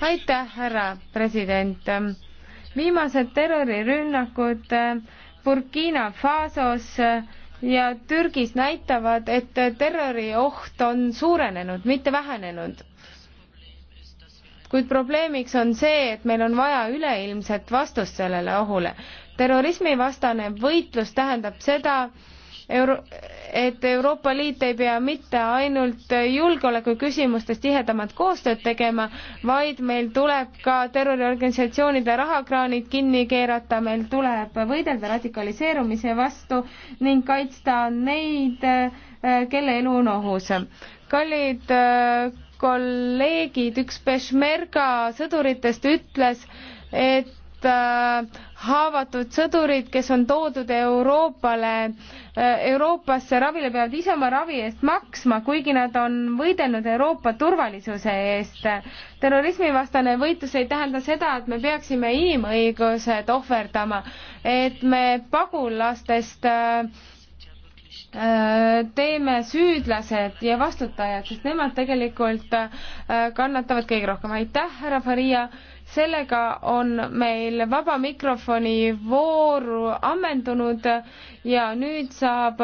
aitäh, härra president. viimased terrorirünnakud äh, Burkina Fasos ja Türgis näitavad, et terrorioht on suurenenud, mitte vähenenud. kuid probleemiks on see, et meil on vaja üleilmset vastust sellele ohule. terrorismivastane võitlus tähendab seda, Euro-, et Euroopa Liit ei pea mitte ainult julgeoleku küsimustes tihedamat koostööd tegema, vaid meil tuleb ka terroriorganisatsioonide rahakraanid kinni keerata, meil tuleb võidelda radikaliseerumise vastu ning kaitsta neid, kelle elu on ohus. kallid kolleegid, üks Peshmerga sõduritest ütles, et haavatud sõdurid, kes on toodud Euroopale, äh, Euroopasse ravile, peavad ise oma ravi eest maksma, kuigi nad on võidelnud Euroopa turvalisuse eest. terrorismivastane võitlus ei tähenda seda, et me peaksime inimõigused ohverdama, et me pagulastest äh, äh, teeme süüdlased ja vastutajad, sest nemad tegelikult kannatavad kõige rohkem. aitäh, härra Faria sellega on meil vaba mikrofoni voor ammendunud ja nüüd saab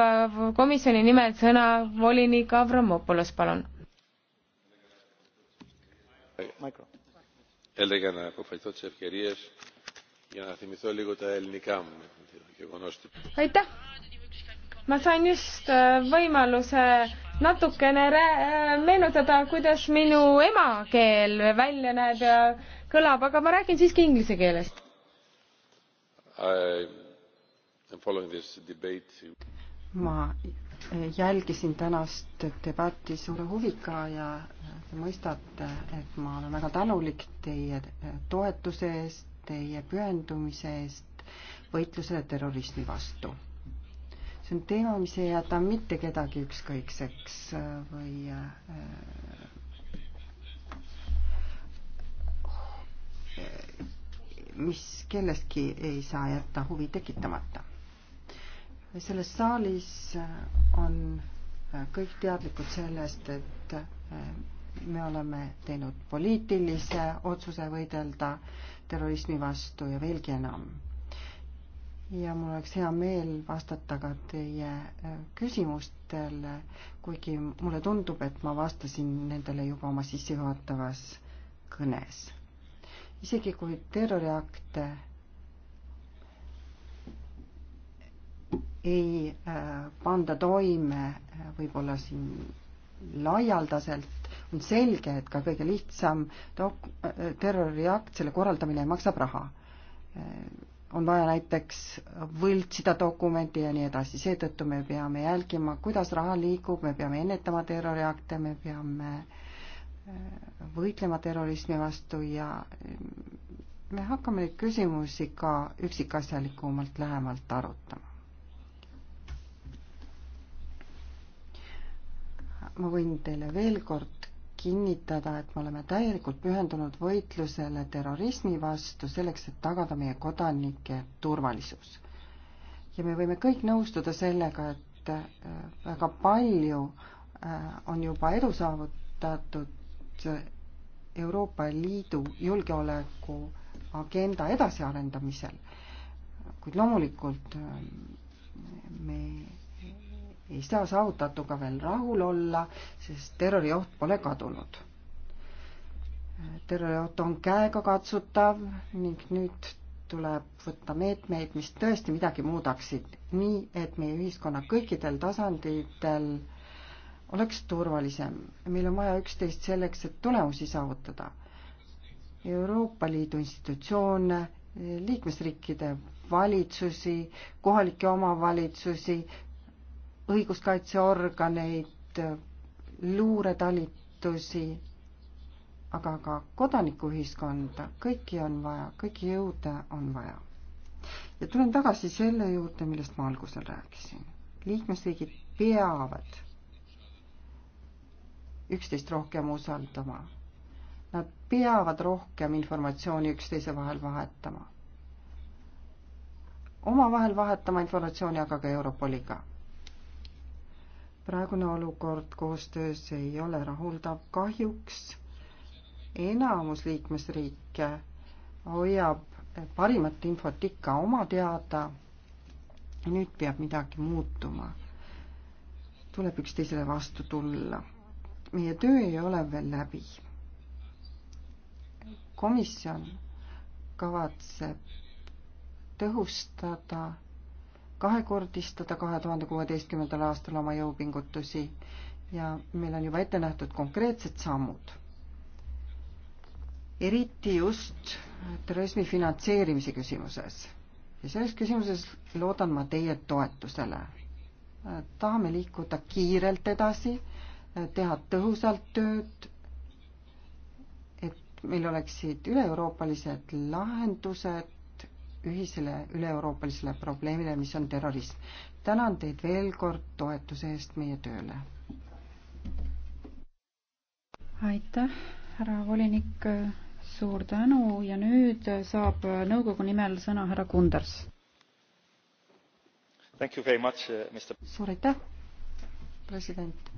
komisjoni nimel sõna volinik Avramopoulos, palun. aitäh, ma sain just äh, võimaluse natukene äh, meenutada, kuidas minu emakeel välja näeb ja kõlab, aga ma räägin siiski inglise keelest. ma jälgisin tänast debatti suure huviga ja te mõistate, et ma olen väga tänulik teie toetuse eest, teie pühendumise eest võitlusele terrorismi vastu. see on teema, mis ei jäta mitte kedagi ükskõikseks või äh, mis kellestki ei saa jätta huvi tekitamata. selles saalis on kõik teadlikud sellest, et eh, me oleme teinud poliitilise otsuse võidelda terrorismi vastu ja veelgi enam. ja mul oleks hea meel vastata ka teie eh, küsimustele, kuigi mulle tundub, et ma vastasin nendele juba oma sissejuhatavas kõnes isegi kui terroriakte ei äh, panda toime äh, võib-olla siin laialdaselt, on selge, et ka kõige lihtsam dok-, äh, terroriakt, selle korraldamine maksab raha. on vaja näiteks võltsida dokumendi ja nii edasi, seetõttu me peame jälgima, kuidas raha liigub, me peame ennetama terroriakte, me peame äh, võitlema terrorismi vastu ja mm, me hakkame neid küsimusi ka üksikasjalikumalt lähemalt arutama. ma võin teile veel kord kinnitada, et me oleme täielikult pühendunud võitlusele terrorismi vastu selleks, et tagada meie kodanike turvalisus. ja me võime kõik nõustuda sellega, et äh, väga palju äh, on juba edu saavutatud Euroopa Liidu julgeoleku agenda edasiarendamisel. kuid loomulikult ähm, me ei saa saavutatuga veel rahul olla, sest terrorioht pole kadunud. terrorioht on käegakatsutav ning nüüd tuleb võtta meetmeid, mis tõesti midagi muudaksid, nii et meie ühiskonna kõikidel tasanditel äh, oleks turvalisem. meil on vaja üksteist selleks, et tulemusi saavutada. Euroopa Liidu institutsioone, liikmesriikide valitsusi, kohalikke omavalitsusi, õiguskaitseorganeid, luuretalitusi, aga ka kodanikuühiskonda, kõiki on vaja, kõiki jõude on vaja. ja tulen tagasi selle juurde, millest ma algusel rääkisin. liikmesriigid peavad üksteist rohkem usaldama. Nad peavad rohkem informatsiooni üksteise vahel vahetama. omavahel vahetama informatsiooni aga ka Europoliga. praegune olukord koostöös ei ole rahuldav, kahjuks enamus liikmesriike hoiab parimat infot ikka oma teada. nüüd peab midagi muutuma. tuleb üksteisele vastu tulla meie töö ei ole veel läbi. komisjon kavatseb tõhustada, kahekordistada kahe tuhande kuueteistkümnendal aastal oma jõupingutusi ja meil on juba ette nähtud konkreetsed sammud. eriti just terrorismi finantseerimise küsimuses ja selles küsimuses loodan ma teie toetusele. tahame liikuda kiirelt edasi teha tõhusalt tööd, et meil oleksid üle-euroopalised lahendused ühisele üle-euroopalisele probleemile, mis on terrorism. tänan teid veel kord toetuse eest meie tööle. aitäh, härra volinik, suur tänu ja nüüd saab nõukogu nimel sõna härra Kunders. Uh, suur aitäh, president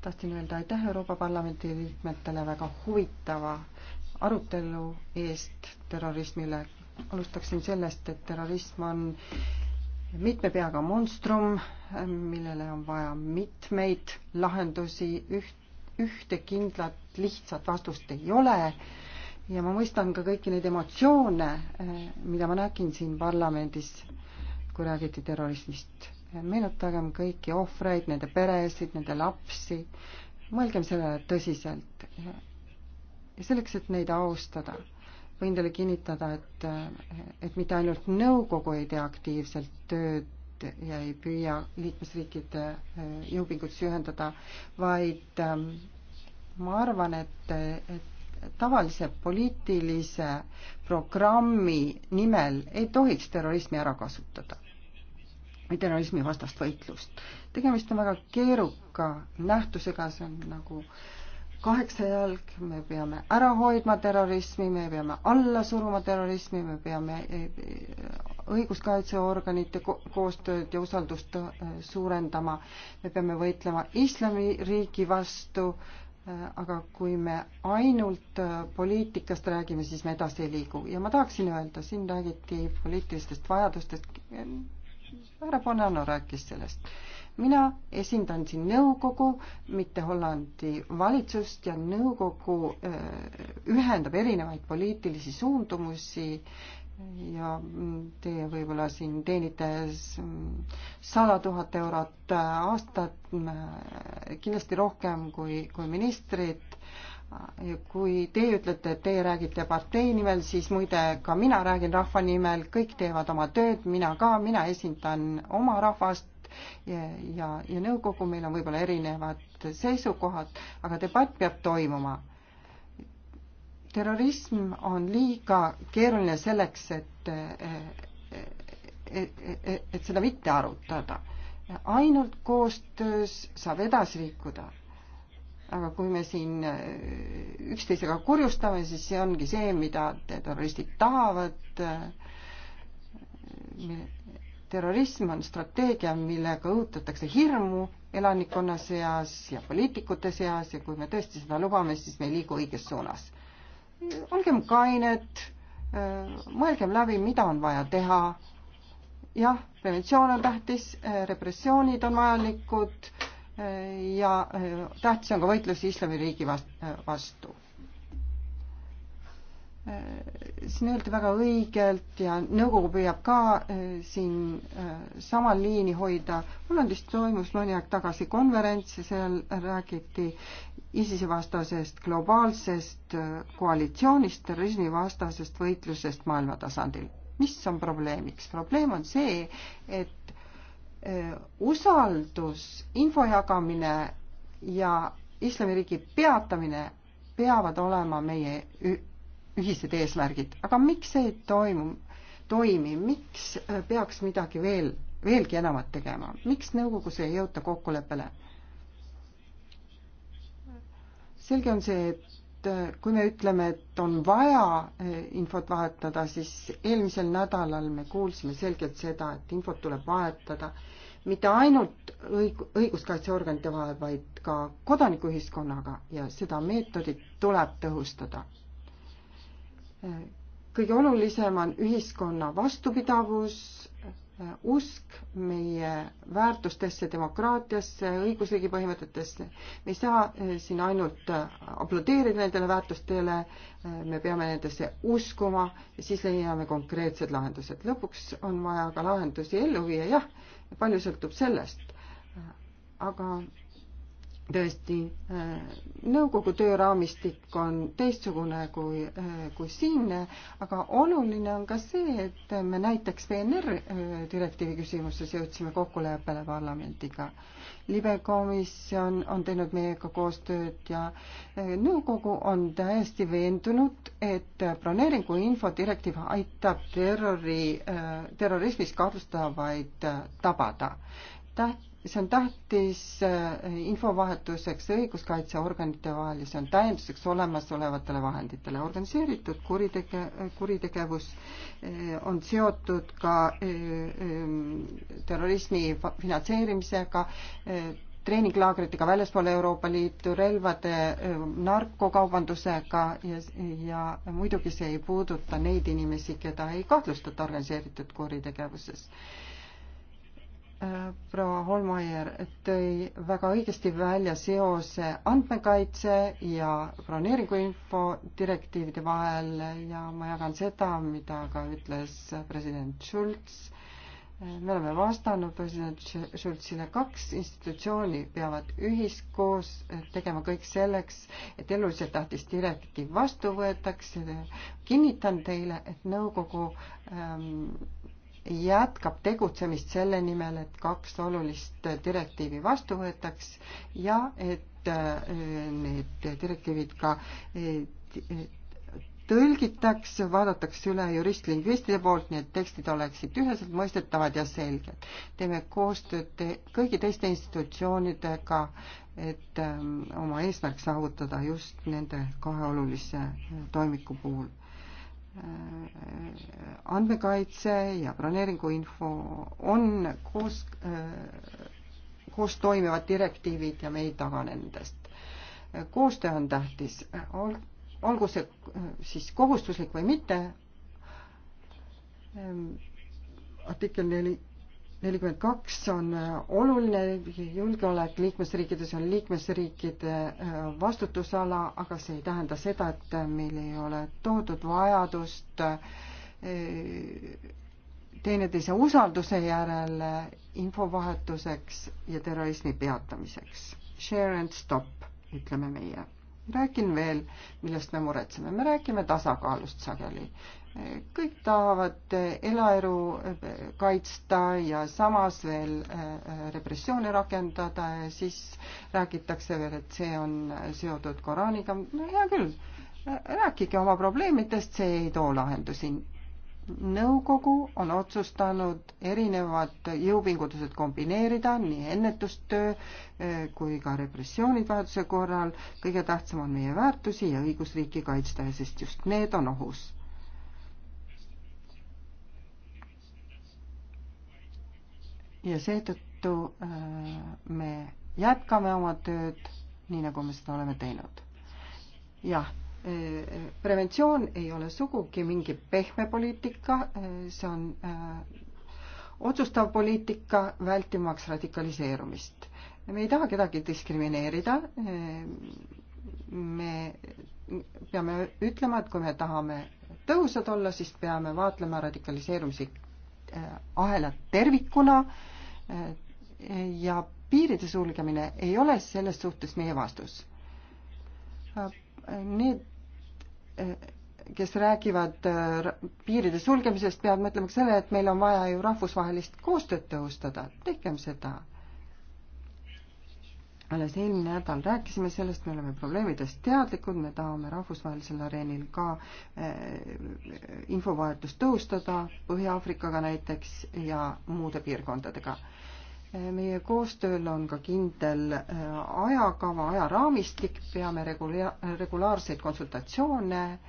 tahtsin öelda aitäh Euroopa Parlamendi liikmetele väga huvitava arutelu eest terrorismile. alustaksin sellest, et terrorism on mitme peaga monstrum, millele on vaja mitmeid lahendusi, üht, ühte kindlat lihtsat vastust ei ole ja ma mõistan ka kõiki neid emotsioone, eh, mida ma nägin siin parlamendis, kui räägiti terrorismist meenutagem kõiki ohvreid, nende peresid, nende lapsi, mõelgem sellele tõsiselt. ja selleks, et neid austada, võin teile kinnitada, et, et mitte ainult nõukogu ei tee aktiivselt tööd ja ei püüa liikmesriikide eh, jõupingutusi ühendada, vaid ehm, ma arvan, et, et tavalise poliitilise programmi nimel ei tohiks terrorismi ära kasutada või terrorismi vastast võitlust. tegemist on väga keeruka nähtusega, see on nagu kaheksajalg, me peame ära hoidma terrorismi, me peame alla suruma terrorismi, me peame e, e, õiguskaitseorganite koostööd ja usaldust e, suurendama, me peame võitlema islamiriigi vastu, aga kui me ainult poliitikast räägime, siis me edasi ei liigu ja ma tahaksin öelda, siin räägiti poliitilistest vajadustest, härra Bonanno rääkis sellest. mina esindan siin nõukogu, mitte Hollandi valitsust ja nõukogu äh, ühendab erinevaid poliitilisi suundumusi ja teie võib-olla siin teenite sada tuhat eurot aastat, äh, kindlasti rohkem kui, kui ministrid, kui teie ütlete, et teie räägite partei nimel, siis muide ka mina räägin rahva nimel, kõik teevad oma tööd, mina ka, mina esindan oma rahvast ja, ja, ja nõukogu, meil on võib-olla erinevad seisukohad, aga debatt peab toimuma. terrorism on liiga keeruline selleks, et, et, et, et seda mitte arutada. ainult koostöös saab edasi liikuda aga kui me siin äh, üksteisega kurjustame, siis see ongi see, mida terroristid tahavad. terrorism on strateegia, millega õhutatakse hirmu elanikkonna seas ja poliitikute seas ja kui me tõesti seda lubame, siis me ei liigu õiges suunas. olgem kained, äh, mõelgem läbi, mida on vaja teha. jah, preventsioon on tähtis, äh, repressioonid on vajalikud ja äh, tähtis on ka võitlus islamiriigi äh, vastu. Äh, siin öeldi väga õigelt ja nõukogu püüab ka siin sama liini hoida. Hollandis toimus mõni aeg tagasi konverents ja seal räägiti ISISe-vastasest globaalsest koalitsioonist, terrorismivastasest võitlusest maailma tasandil mis on probleemiks? probleem on see, et usaldus, info jagamine ja islamiriigi peatamine peavad olema meie ühised eesmärgid, aga miks see ei toimu, toimi, miks peaks midagi veel, veelgi enamat tegema, miks nõukogus ei jõuta kokkuleppele? selge on see, et Äh, kui me ütleme, et on vaja äh, infot vahetada, siis eelmisel nädalal me kuulsime selgelt seda, et infot tuleb vahetada mitte ainult õig-, õiguskaitseorganite vahel, vaid ka kodanikuühiskonnaga ja seda meetodit tuleb tõhustada. Äh, kõige olulisem on ühiskonna vastupidavus usk meie väärtustesse, demokraatiasse, õigusriigi põhimõtetesse. me ei saa eh, siin ainult eh, aplodeerida nendele väärtustele, eh, me peame nendesse uskuma ja siis leiame konkreetsed lahendused. lõpuks on vaja ka lahendusi ellu viia, jah, palju sõltub sellest, aga tõesti, äh, nõukogu tööraamistik on teistsugune kui, äh, kui siin, aga oluline on ka see, et me näiteks PNR äh, direktiivi küsimuses jõudsime kokkuleppele parlamendiga. libekomisjon on teinud meiega koostööd ja nõukogu on täiesti veendunud, et broneeringu infodirektiiv aitab terrori, terrorismis kahtlustavaid tabada. täht-, see on tähtis äh, infovahetuseks õiguskaitseorganite vahel ja see on täienduseks olemasolevatele vahenditele. organiseeritud kuritege-, kuritegevus äh, on seotud ka äh, terrorismi finantseerimisega, treeninglaagritega väljaspool Euroopa Liitu, relvade, narkokaubandusega ja, ja muidugi see ei puuduta neid inimesi, keda ei kahtlustata organiseeritud kuritegevuses proua Holmaier tõi väga õigesti välja seose andmekaitse ja broneeringuinfo direktiivide vahel ja ma jagan seda, mida ka ütles president Schulz. me oleme vastanud president Schulzile, kaks institutsiooni peavad ühiskoos tegema kõik selleks, et eluliselt tähtis direktiiv vastu võetakse. kinnitan teile, et nõukogu ähm, jätkab tegutsemist selle nimel, et kaks olulist direktiivi vastu võetaks ja et äh, need direktiivid ka äh, tõlgitaks, vaadatakse üle juristlingvistide poolt, nii et tekstid oleksid üheselt mõistetavad ja selged. teeme koostööd te kõigi teiste institutsioonidega, et ähm, oma eesmärk saavutada just nende kahe olulise äh, toimiku puhul. Äh, äh, andmekaitse ja broneeringuinfo on koos, äh, koos toimivad direktiivid ja me ei taga nendest. koostöö on tähtis, olgu see siis kohustuslik või mitte. Ähm, artikkel neli nelikümmend kaks on äh, oluline, julgeolek liikmesriikides on liikmesriikide äh, vastutusala, aga see ei tähenda seda, et äh, meil ei ole tohutut vajadust teineteise usalduse järele infovahetuseks ja terrorismi peatamiseks. Share and stop, ütleme meie räägin veel, millest me muretseme, me räägime tasakaalust sageli kõik tahavad elaeru kaitsta ja samas veel äh, repressioone rakendada ja siis räägitakse veel, et see on seotud Koraaniga. no hea küll, rääkige oma probleemidest, see ei too lahendusi. nõukogu on otsustanud erinevad jõupingutused kombineerida, nii ennetustöö äh, kui ka repressioonid vajaduse korral. kõige tähtsam on meie väärtusi ja õigusriiki kaitsta, sest just need on ohus ja seetõttu äh, me jätkame oma tööd nii, nagu me seda oleme teinud. jah, äh, preventsioon ei ole sugugi mingi pehme poliitika, äh, see on otsustav poliitika, vältimaks radikaliseerumist. me ei taha kedagi diskrimineerida, me peame ütlema, et kui me tahame tõhusad olla, siis peame vaatlema radikaliseerumisi Äh, ahelat tervikuna äh, ja piiride sulgemine ei ole selles suhtes meie vastus. Äh, need, kes räägivad piiride sulgemisest, peavad mõtlema ka selle, et meil on vaja ju rahvusvahelist koostööd tõhustada, tehkem seda alles eelmine nädal rääkisime sellest, me oleme probleemidest teadlikud, me tahame rahvusvahelisel areenil ka äh, infovahetust tõhustada Põhja-Aafrikaga näiteks ja muude piirkondadega. Äh, meie koostööl on ka kindel äh, ajakava, ajaraamistik, peame regula-, regulaarseid konsultatsioone äh,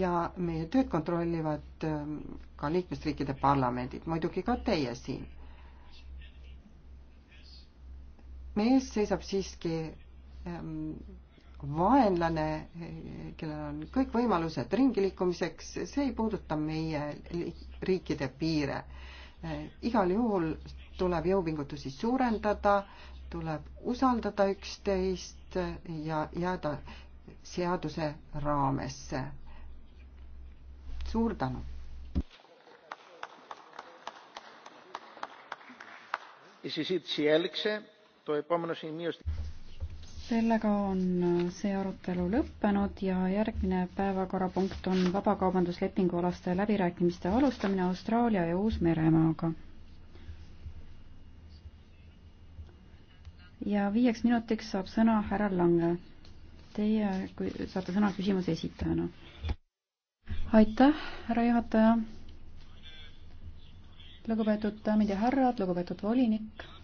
ja meie tööd kontrollivad äh, ka liikmesriikide parlamendid, muidugi ka teie siin meie ees seisab siiski vaenlane, kellel on kõik võimalused ringi liikumiseks, see ei puuduta meie riikide piire. igal juhul tuleb jõupingutusi suurendada, tuleb usaldada üksteist ja jääda seaduse raamesse. suur tänu! η συζήτηση έληξε sellega on see arutelu lõppenud ja järgmine päevakorrapunkt on vabakaubanduslepingu alaste läbirääkimiste alustamine Austraalia ja Uus-Meremaaga. ja viieks minutiks saab sõna härra Lange. Teie kui, saate sõna küsimuse esitajana. aitäh, härra juhataja. lugupeetud daamid ja härrad, lugupeetud volinik